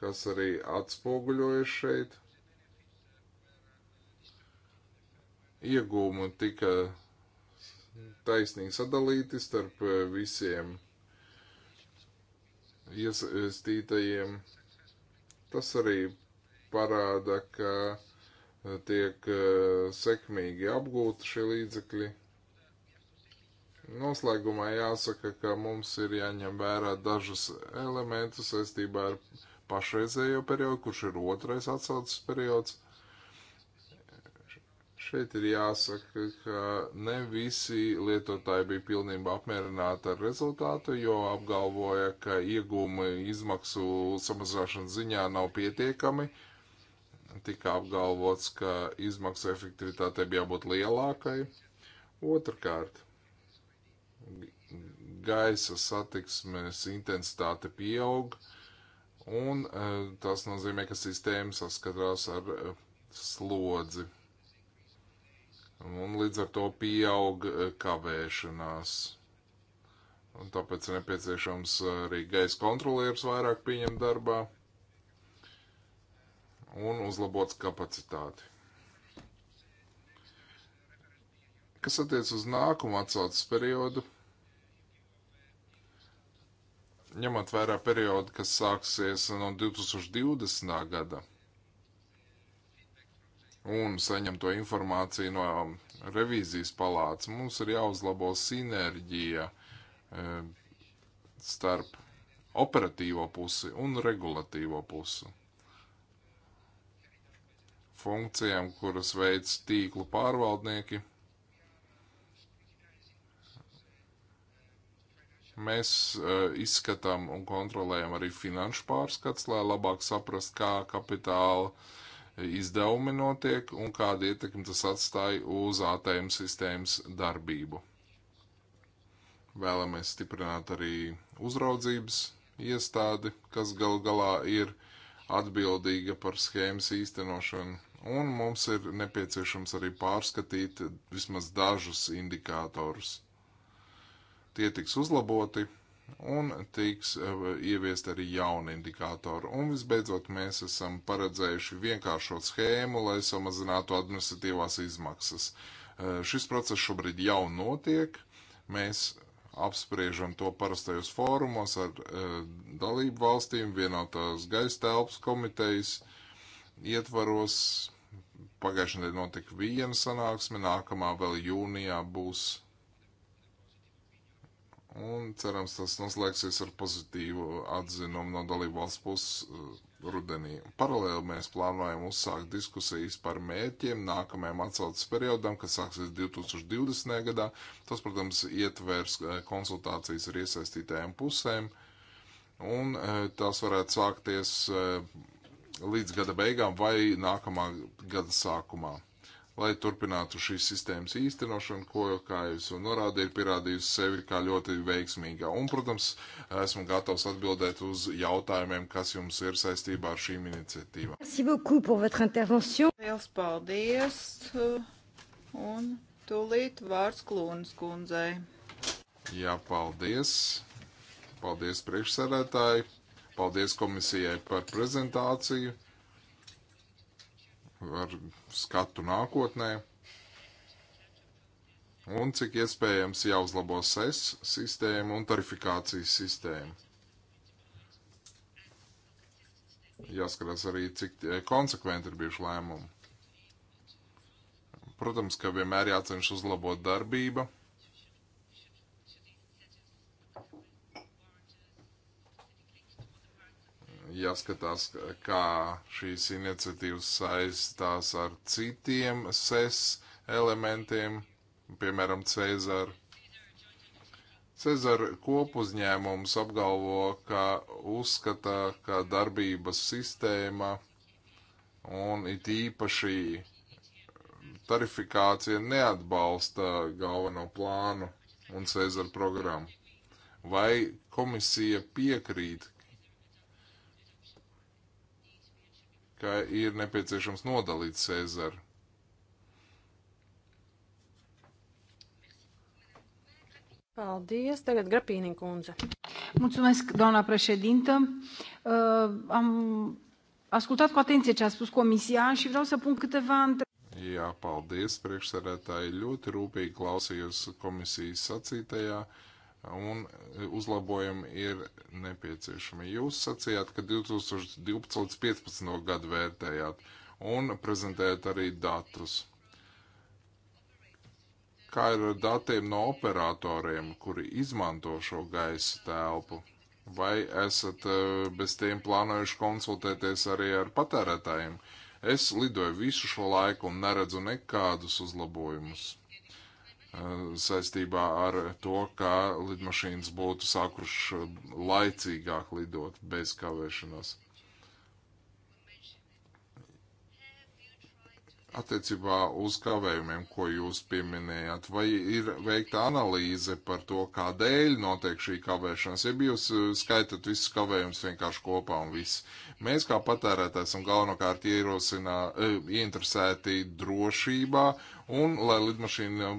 kas arī atspoguļojas šeit – iegūmi tika taisnīgi sadalīti starp eh, visiem iesaistītajiem. Tas arī parāda, ka eh, tiek eh, sekmīgi apgūti šie līdzekļi. Noslēgumā jāsaka, ka mums ir jāņem vērā dažas elementus saistībā ar pašreizējo periodu, kurš ir otrais atsaucas periods. Šeit ir jāsaka, ka ne visi lietotāji bija pilnībā apmierināti ar rezultātu, jo apgalvoja, ka iegūmi izmaksu samazināšanas ziņā nav pietiekami. Tika apgalvots, ka izmaksu efektivitātei bija jābūt lielākai. Otrakārt, gaisa satiksmes intensitāte pieaug, un eh, tas nozīmē, ka sistēma saskarās ar eh, slodzi Un līdz ar to pieaug eh, kavēšanās. Un tāpēc ir nepieciešams eh, arī gaisa kontrolieris vairāk pieņemt darbā un uzlabots kapacitāti. Kas attiec uz nākamo atsaucas periodu, ņemot vērā periodu, kas sāksies no 2020. gada, un saņemto informāciju no revīzijas palāca. Mums ir jāuzlabo sinerģija e, starp operatīvo pusi un regulatīvo pusi. Funkcijām, kuras veic tīklu pārvaldnieki, mēs uh, izskatām un kontrolējam arī finanšu pārskats, lai labāk saprast, kā kapitāla uh, izdevumi notiek un kādu ietekmi tas atstāja uz ATM sistēmas darbību. Vēlamies stiprināt arī uzraudzības iestādi, kas gal galā ir atbildīga par schēmas īstenošanu, un mums ir nepieciešams arī pārskatīt vismaz dažus indikātorus. Tie tiks uzlaboti, un tiks eh, ieviest arī jauni indikātori. Un visbeidzot, mēs esam paredzējuši vienkāršot schēmu, lai samazinātu administratīvās izmaksas. Eh, šis process šobrīd jau notiek. Mēs apspriežam to parastajos fórumos ar eh, dalību valstīm, vienotās gaisa telpas komitejas ietvaros. Pagājušajā nedēļā notika viena sanāksme, nākamā vēl jūnijā būs un cerams tas noslēgsies ar pozitīvu atzinumu no dalību valsts puses eh, rudenī. Paralēli mēs plānojam uzsākt diskusijas par mērķiem nākamajam atsaucas periodam, kas sāksies 2020. gadā. Tas, protams, ietvers eh, konsultācijas ar iesaistītajām pusēm, un eh, tās varētu sākties līdz gada beigām vai nākamā gada sākumā lai turpinātu šīs sistēmas īstenošanu, ko, kā jūs jau norādījāt, ir pierādījusi sevi kā ļoti veiksmīgā. Un, protams, esmu gatavs atbildēt uz jautājumiem, kas jums ir saistībā ar šīm iniciatīvām. Lielas paldies! Un tūlīt vārds Klūnas kundzei. Jā, paldies! Paldies priekšsēdētāji! Paldies komisijai par prezentāciju! ar skatu nākotnē. Un cik iespējams jāuzlabo SES sistēma un tarifikācijas sistēma. Jāskatās arī, cik konsekventi ir bijuši lēmumi. Protams, ka vienmēr jācenšas uzlabot darbība jāskatās, kā šīs iniciatīvas saistās ar citiem SES elementiem, piemēram, Cēzara. Cezara kopuzņēmums apgalvo, ka uzskata, ka darbības sistēma un it īpaši tarifikācija neatbalsta galveno plānu un Cezara programmu. Vai komisija piekrīt, ka ir nepieciešams nodalīt Cēzaru. Paldies, tagad Grapīni kundze. Mulțumesc, doamna președintă. Uh, am ascultat cu atenție ce a spus comisia și vreau să pun câteva întrebări. Jā, paldies, priekšsēdētāji. Ļoti rūpīgi klausījos komisijas sacītajā. Uh, un e, uzlabojumi ir nepieciešami. Jūs sacījāt, ka 2012 līdz 2015 gadu vērtējāt un prezentējāt arī datus. Kā ir ar datiem no operatoriem, kuri izmanto šo gaisa telpu? Vai esat e, bez tiem plānojuši konsultēties arī ar patērētājiem? Es lidoju visu šo laiku un neredzu nekādus uzlabojumus. Eh, saistībā ar to, ka lidmašīnas būtu sākuši eh, laicīgāk lidot bez kavēšanās. Attiecībā uz kavējumiem, ko jūs pieminējāt, vai ir veikta analīze par to, kādēļ notiek šī kavēšanās, ja jūs eh, skaitat visus kavējumus vienkārši kopā un viss. Mēs kā patērētāji esam galvenokārt ierosinā, ieinteresēti drošībā un lai lidmašīna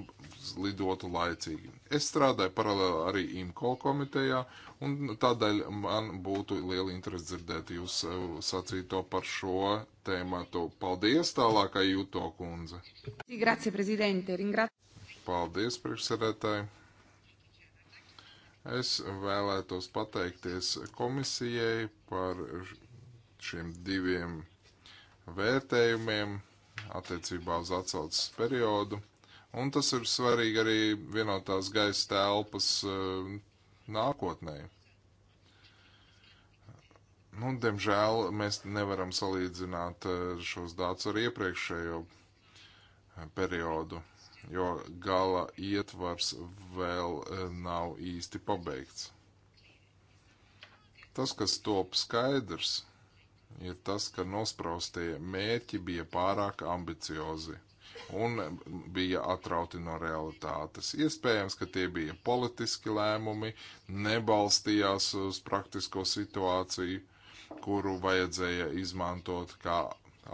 lidotu laicīgi. Es strādāju paralēli arī IMCO komitejā, un tādēļ man būtu liela interese dzirdēt jūs eh, sacīto par šo tēmatu. Paldies tālākai Juto kundze. Grazie, prezidente. Paldies, priekšsēdētāji. Es vēlētos pateikties komisijai par šiem diviem vērtējumiem attiecībā uz atsaucas periodu. Un tas ir svarīgi arī vienotās gaisa telpas uh, nākotnē. Nu, diemžēl mēs nevaram salīdzināt uh, šos datus ar iepriekšējo eh, periodu, jo gala ietvars vēl uh, nav īsti pabeigts. Tas, kas top skaidrs, ir tas, ka nospraustie mērķi bija pārāk ambiciozi un bija atrauti no realitātes. Iespējams, ka tie bija politiski lēmumi, nebalstījās uz praktisko situāciju, kuru vajadzēja izmantot kā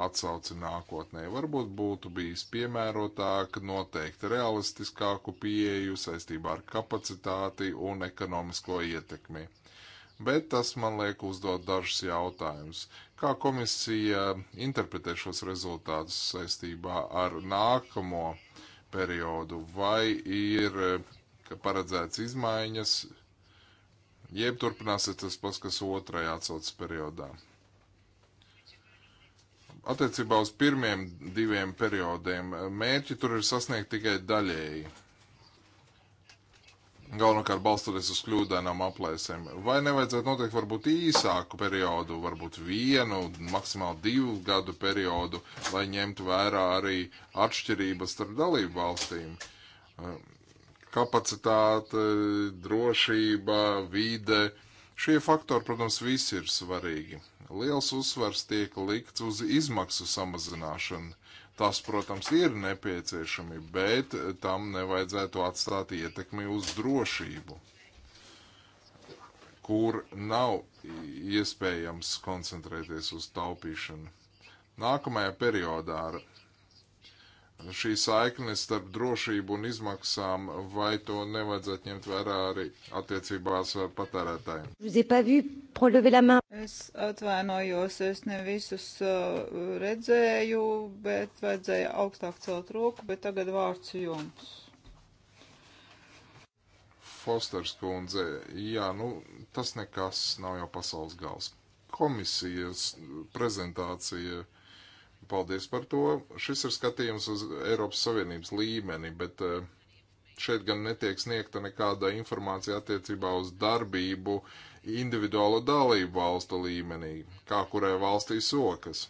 atsauci nākotnē. Varbūt būtu bijis piemērotāk noteikti realistiskāku pieeju saistībā ar kapacitāti un ekonomisko ietekmi bet tas man liek uzdot dažus jautājumus. Kā komisija interpretē šos rezultātus saistībā ar nākamo periodu? Vai ir paredzēts izmaiņas, jeb turpināsiet tas pats, kas otrajā atsaucas periodā? Attiecībā uz pirmiem diviem periodiem mērķi tur ir sasniegt tikai daļēji galvenokārt balstoties uz kļūdainām aplēsēm. Vai nevajadzētu noteikt varbūt īsāku periodu, varbūt vienu, maksimāli divu gadu periodu, lai ņemtu vērā arī atšķirības starp dalību valstīm? Eh, kapacitāte, drošība, vide. Šie faktori, protams, visi ir svarīgi. Liels uzsvars tiek likts uz izmaksu samazināšanu, Tas, protams, ir nepieciešami, bet tam nevajadzētu atstāt ietekmi uz drošību, kur nav iespējams koncentrēties uz taupīšanu. Nākamajā periodā ar šī saikne starp drošību un izmaksām, vai to nevajadzētu ņemt vērā arī attiecībās ar patērētājiem? Es atvainojos, es ne visus uh, redzēju, bet vajadzēja augstāk celt roku, bet tagad vārds jums. Fosters kundze, jā, nu tas nekas nav jau pasaules gals. Komisijas prezentācija uh, Paldies par to. Šis ir skatījums uz Eiropas Savienības līmeni, bet eh, šeit gan netiek sniegta nekāda informācija attiecībā uz darbību individuālo dalību valstu līmenī, kā kurai valstī sokas.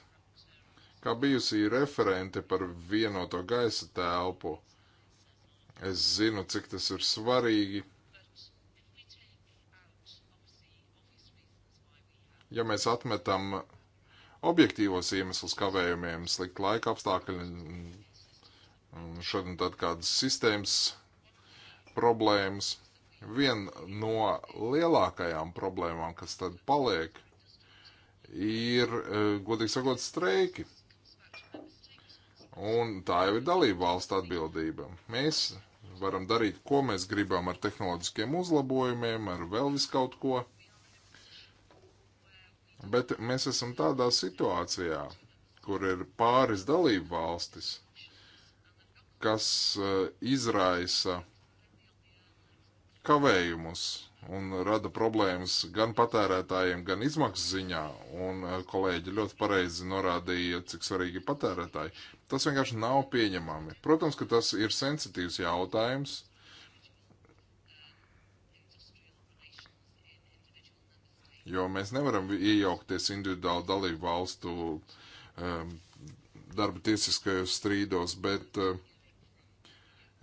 Kā bijusī referente par vienoto gaisa telpu, es zinu, cik tas ir svarīgi. Ja mēs atmetam objektīvos iemeslus kavējumiem, slikti laika apstākļi, šodien tad kādas sistēmas problēmas. Viena no lielākajām problēmām, kas tad paliek, ir, e, godīgi sakot, streiki. Un tā jau ir dalība valsts atbildība. Mēs varam darīt, ko mēs gribam ar tehnoloģiskiem uzlabojumiem, ar vēl viskaut ko. Bet mēs esam tādā situācijā, kur ir pāris dalību valstis, kas eh, izraisa kavējumus un rada problēmas gan patērētājiem, gan izmaksu ziņā. Un eh, kolēģi ļoti pareizi norādīja, cik svarīgi ir patērētāji. Tas vienkārši nav pieņemami. Protams, ka tas ir sensitīvs jautājums, jo mēs nevaram iejaukties individuāli dalību valstu um, darba tiesiskajos strīdos, bet uh,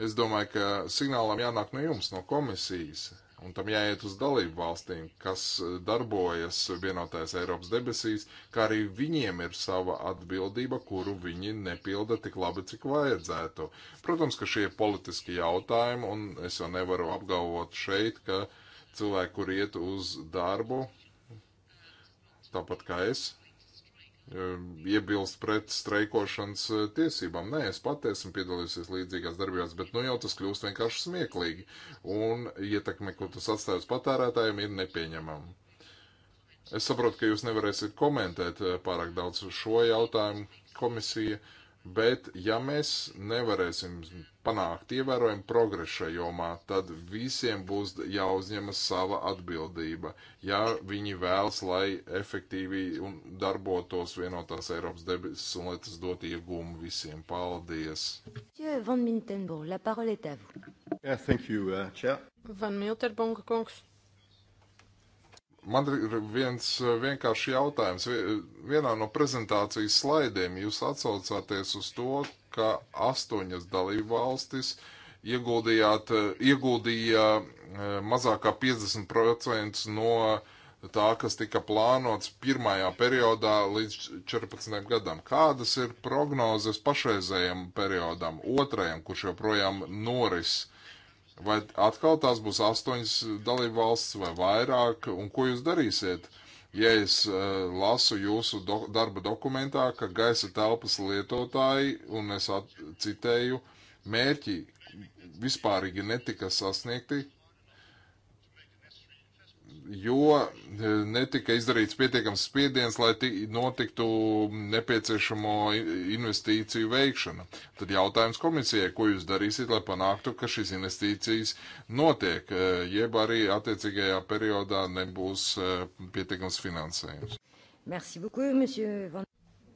es domāju, ka signālam jānāk no jums, no komisijas, un tam jāiet uz dalību valstīm, kas uh, darbojas vienotās Eiropas debesīs, kā arī viņiem ir sava atbildība, kuru viņi nepilda tik labi, cik vajadzētu. Protams, ka šie politiski jautājumi, un es jau nevaru apgalvot šeit, ka cilvēki, kur iet uz darbu, tāpat kā es, um, iebilst pret streikošanas uh, tiesībām. Nē, es pat esmu piedalījusies līdzīgās darbībās, bet nu jau tas kļūst vienkārši smieklīgi. Un ietekme, ko tas atstāj uz patērētājiem, ir nepieņemama. Es saprotu, ka jūs nevarēsiet komentēt uh, pārāk daudz šo jautājumu komisija. Uh, Bet, ja mēs nevarēsim panākt ievērojumu progresu šajā jomā, tad visiem būs jāuzņemas sava atbildība, ja viņi vēlas, lai efektīvi darbotos vienotās Eiropas debesis un lai tas dot iegūmu visiem. Paldies! Van Miltenburg, la parole est à vous. Yeah, thank you, uh, Chair. Van Miltenburg, kungs. Man ir viens eh, vienkārši jautājums. Eh, vienā no prezentācijas slaidiem jūs atsaucāties uz to, ka astoņas dalību valstis eh, ieguldīja mazākā 50% no tā, kas tika plānots pirmajā periodā līdz 14 gadam. Kādas ir prognozes pašreizējam periodam, otrajam, kurš joprojām noris? Vai atkal tās būs astoņas dalību valsts vai vairāk, un ko jūs darīsiet? Ja es uh, lasu jūsu do darba dokumentā, ka gaisa telpas lietotāji, un es citēju, mērķi vispārīgi netika sasniegti, jo e, netika izdarīts pietiekams spiediens, lai notiktu nepieciešamo investīciju veikšana. Tad jautājums komisijai, ko jūs darīsiet, lai panāktu, ka šīs investīcijas notiek, e, jeb arī attiecīgajā periodā nebūs e, pietiekams finansējums. Merci beaucoup, monsieur Van.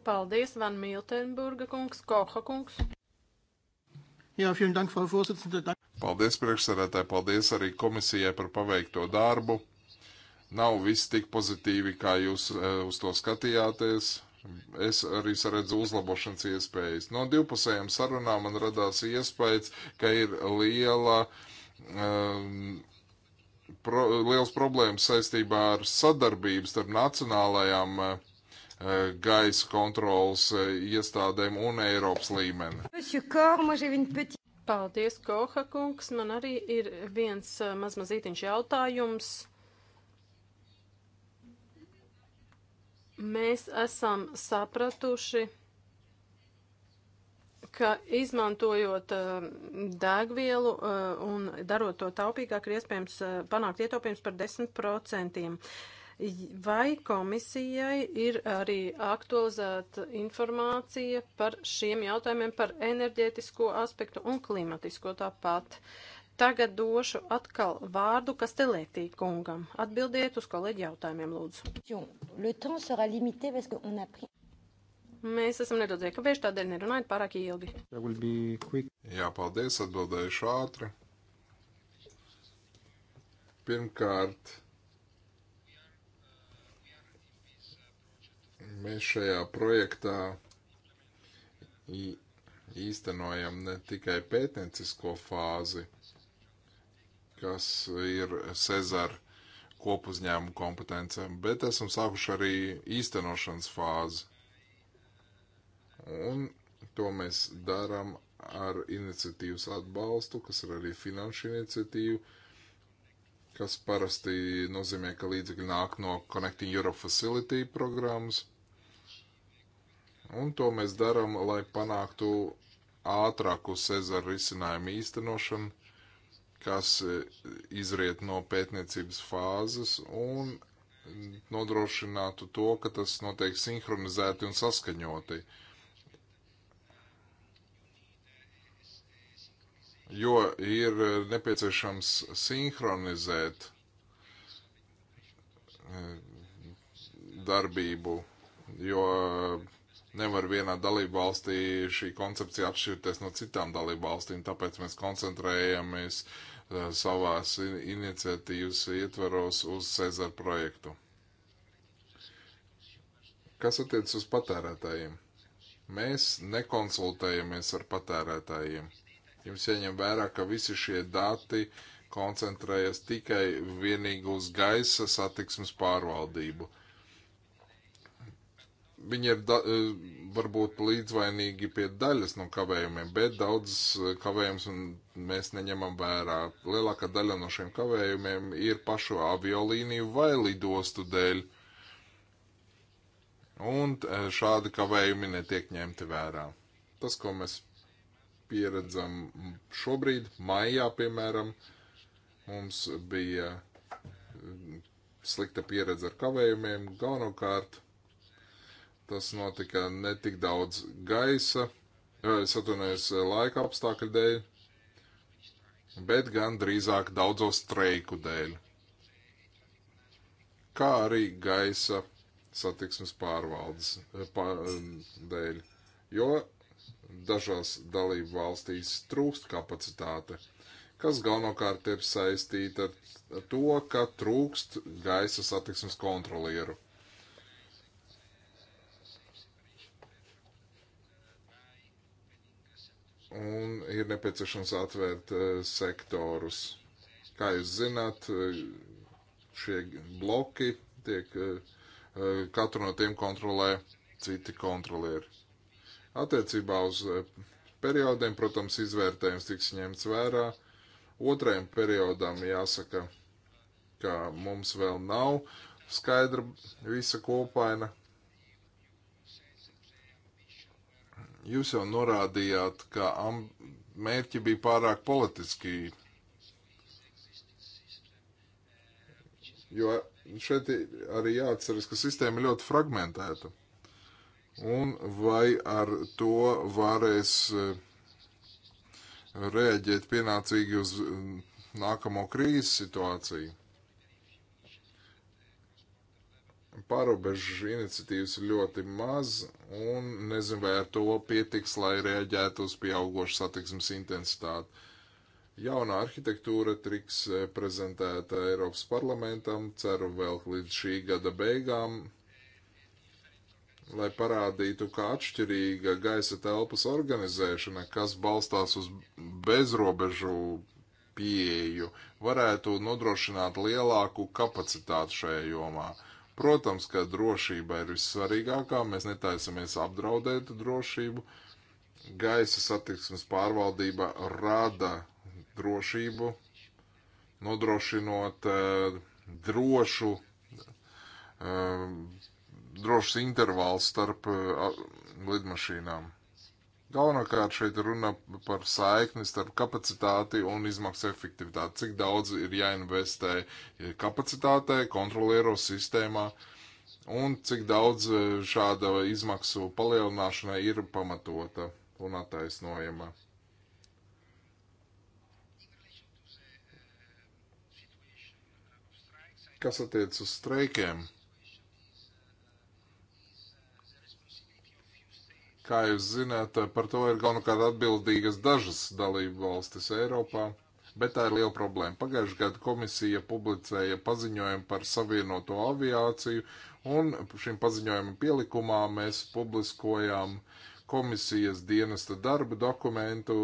Paldies, Van Miltenburga kungs, Koha kungs. Jā, vielen dank, Frau Vorsitzende. Paldies, priekšsarētāji, paldies arī komisijai par paveikto darbu. Nav viss tik pozitīvi, kā jūs eh, uz to skatījāties. Es arī redzu uzlabošanas iespējas. No divpusējām sarunām man radās iespējas, ka ir liela, um, pro, liels problēmas saistībā ar sadarbības starp nacionālajām uh, gaisa kontrolas iestādēm un Eiropas līmeni. Paldies, Koha kungs. Man arī ir viens mazmazītiņš jautājums. Mēs esam sapratuši, ka izmantojot eh, degvielu eh, un darot to taupīgāk, ir iespējams eh, panākt ietaupījums par 10%. Vai komisijai ir arī aktualizēta informācija par šiem jautājumiem, par enerģētisko aspektu un klimatisko tāpat? Uh, Tagad došu atkal vārdu Kastelētī kungam. Atbildiet uz kolēģi jautājumiem, lūdzu. Mēs esam nedaudz iekavējuši, tādēļ nerunājot pārāk ilgi. Jā, paldies, atbildējuši ātri. Pirmkārt, mēs šajā projektā īstenojam ne tikai pētniecisko fāzi, kas ir Cezara kopuzņēmuma kompetence, bet esam sākuši arī īstenošanas fāzi. Un to mēs darām ar iniciatīvas atbalstu, kas ir arī finanšu iniciatīva, kas parasti nozīmē, ka līdzekļi nāk no Connecting Europe Facility programmas. Un to mēs darām, lai panāktu ātrāku Cezara risinājumu īstenošanu kas e, izriet no pētniecības fāzes un nodrošinātu to, ka tas notiek sinhronizēti un saskaņoti. Jo ir e, nepieciešams sinhronizēt e, darbību, jo nevar vienā dalību valstī šī koncepcija atšķirties no citām dalību valstīm, tāpēc mēs koncentrējamies eh, savās iniciatīvas ietveros uz Cezara projektu. Kas attiec uz patērētājiem? Mēs nekonsultējamies ar patērētājiem. Jums jāņem vērā, ka visi šie dati koncentrējas tikai vienīgi uz gaisa satiksmes pārvaldību. Viņi ir da, e, varbūt līdzvainīgi pie daļas no kavējumiem, bet daudzas e, kavējumus mēs neņemam vērā. Lielākā daļa no šiem kavējumiem ir pašu aviolīniju vai lidostu dēļ. Un e, šādi kavējumi netiek ņemti vērā. Tas, ko mēs pieredzam šobrīd, maijā, piemēram, mums bija slikta pieredze ar kavējumiem, galvenokārt Tas notika netik daudz gaisa, es atvainojos eh, laika apstākļu dēļ, bet gan drīzāk daudzo streiku dēļ, kā arī gaisa satiksmes pārvaldes eh, pār, eh, dēļ, jo dažās dalību valstīs trūkst kapacitāte, kas galvenokārt ir saistīta ar to, ka trūkst gaisa satiksmes kontrolieru. un ir nepieciešams atvērt e, sektorus. Kā jūs zināt, e, šie bloki tiek, e, katru no tiem kontrolē citi kontrolieri. Attiecībā uz periodiem, protams, izvērtējums tiks ņemts vērā. Otrajam periodam jāsaka, ka mums vēl nav skaidra visa kopaina, Jūs jau norādījāt, ka mērķi bija pārāk politiski, jo šeit arī jāatceras, ka sistēma ir ļoti fragmentēta. Un vai ar to varēs eh, rēģēt pienācīgi uz eh, nākamo krīzes situāciju? Pārobežu iniciatīvas ir ļoti maz, un nezinu, vai ar to pietiks, lai reaģētu uz pieaugošu satiksmes intensitāti. Jaunā arhitektūra tiks e, prezentēta Eiropas parlamentam, ceru vēl līdz šī gada beigām, lai parādītu, kā atšķirīga gaisa telpas organizēšana, kas balstās uz bezrobežu pieeju, varētu nodrošināt lielāku kapacitātu šajā jomā. Protams, ka drošība ir vissvarīgākā, mēs netaisamies apdraudēt drošību. Gaisa satiksmes pārvaldība rada drošību, nodrošinot uh, drošu, uh, eh, drošs intervāls starp uh, lidmašīnām. Galvenokārt šeit runa par saikni starp kapacitāti un izmaksu efektivitāti. Cik daudz ir jāinvestē kapacitātē, kontrolieru sistēmā un cik daudz e, šāda izmaksu palielināšana ir pamatota un attaisnojama. Kas attiec uz streikiem? Kā jūs zināt, par to ir galvenokārt atbildīgas dažas dalību valstis Eiropā, bet tā ir liela problēma. Pagājušajā gadā komisija publicēja paziņojumu par savienoto aviāciju, un šim paziņojumam pielikumā mēs publiskojām komisijas dienesta darba dokumentu,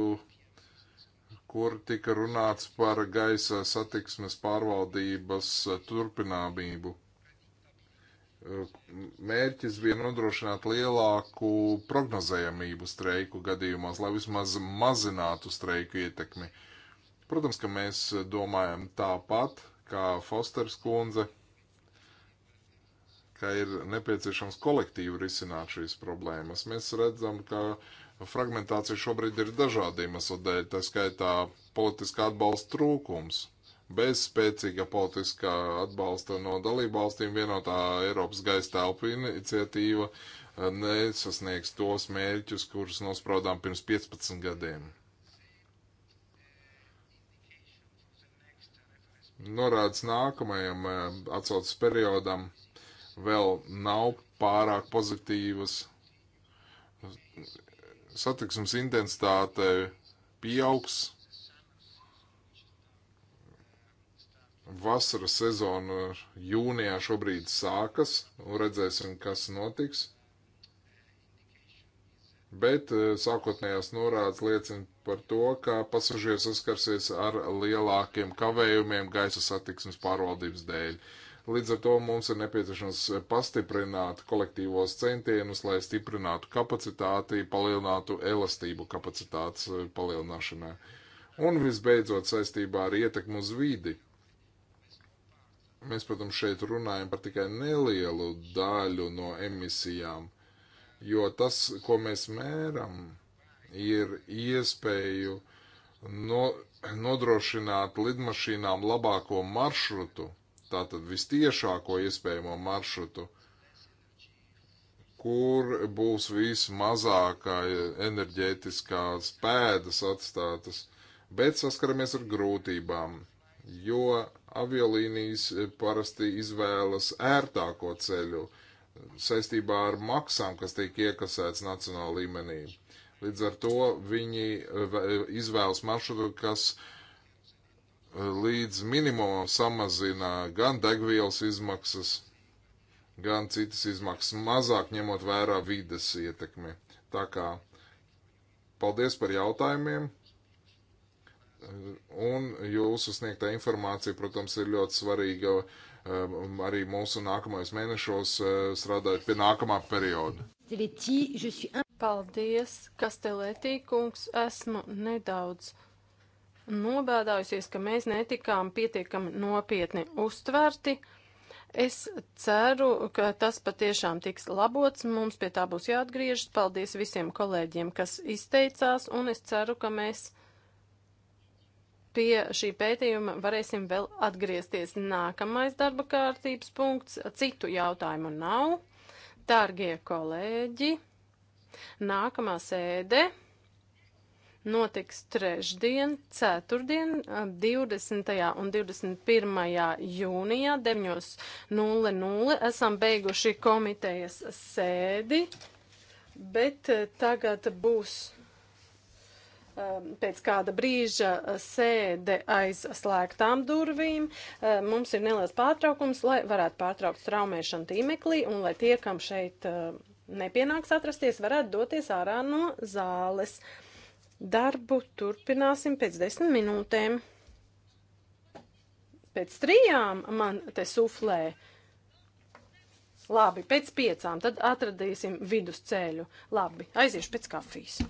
kur tika runāts par gaisa satiksmes pārvaldības turpināmību mērķis bija nodrošināt lielāku prognozējamību streiku gadījumos, lai vismaz mazinātu streiku ietekmi. Protams, ka mēs domājam tāpat, kā Fosters kundze, ka ir nepieciešams kolektīvi risināt šīs problēmas. Mēs redzam, ka fragmentācija šobrīd ir dažādi iemesli dēļ, tā skaitā politiskā atbalsta trūkums Bez spēcīga politiskā atbalsta no dalībvalstīm vienotā Eiropas gaisa telpu iniciatīva eh, nesasniegs tos mērķus, kurus nospraudām pirms 15 gadiem. Norādes nākamajam eh, atsaucas periodam vēl nav pārāk pozitīvas. Satiksmes intensitāte pieaugs Vasaras sezona jūnijā šobrīd sākas, un redzēsim, kas notiks. Bet eh, sākotnējās norādes liecina par to, ka pasažieri saskarsies ar lielākiem kavējumiem gaisa satiksmes pārvaldības dēļ. Līdz ar to mums ir nepieciešams pastiprināt kolektīvos centienus, lai stiprinātu kapacitāti, palielinātu elastību kapacitātes eh, palielināšanai. Un visbeidzot saistībā ar ietekmu uz vidi. Mēs, protams, šeit runājam par tikai nelielu daļu no emisijām, jo tas, ko mēs mēram, ir iespēju no, nodrošināt lidmašīnām labāko maršrutu, tātad vistiešāko iespējamo maršrutu, kur būs vismazākā enerģētiskās pēdas atstātas, bet saskaramies ar grūtībām, jo aviolīnijas e, parasti izvēlas ērtāko ceļu saistībā ar maksām, kas tiek iekasēts nacionāla līmenī. Līdz ar to viņi e, izvēlas maršrutu, kas e, līdz minimumam samazina gan degvielas izmaksas, gan citas izmaksas, mazāk ņemot vērā vides ietekmi. Tā kā paldies par jautājumiem! Un jūsu sniegtā informācija, protams, ir ļoti svarīga um, arī mūsu nākamajos mēnešos uh, strādājot pie nākamā perioda. Paldies, Kastelētī kungs, esmu nedaudz nobēdājusies, ka mēs netikām pietiekami nopietni uztverti. Es ceru, ka tas patiešām tiks labots, mums pie tā būs jāatgriežas. Paldies visiem kolēģiem, kas izteicās, un es ceru, ka mēs Pie šī pētījuma varēsim vēl atgriezties. Nākamais darba kārtības punkts. Citu jautājumu nav. Dārgie kolēģi, nākamā sēde notiks trešdien, ceturtdien, 20. un 21. jūnijā 9.00. Esam beiguši komitejas sēdi, bet tagad būs Um, pēc kāda brīža uh, sēde aiz slēgtām durvīm. Um, mums ir neliels pārtraukums, lai varētu pārtraukt traumēšanu tīmeklī un lai tie, kam šeit um, nepienāks atrasties, varētu doties ārā no zāles. Darbu turpināsim pēc desmit minūtēm. Pēc trijām man te suflē. Labi, pēc piecām tad atradīsim vidusceļu. Labi, aiziešu pēc kafijas.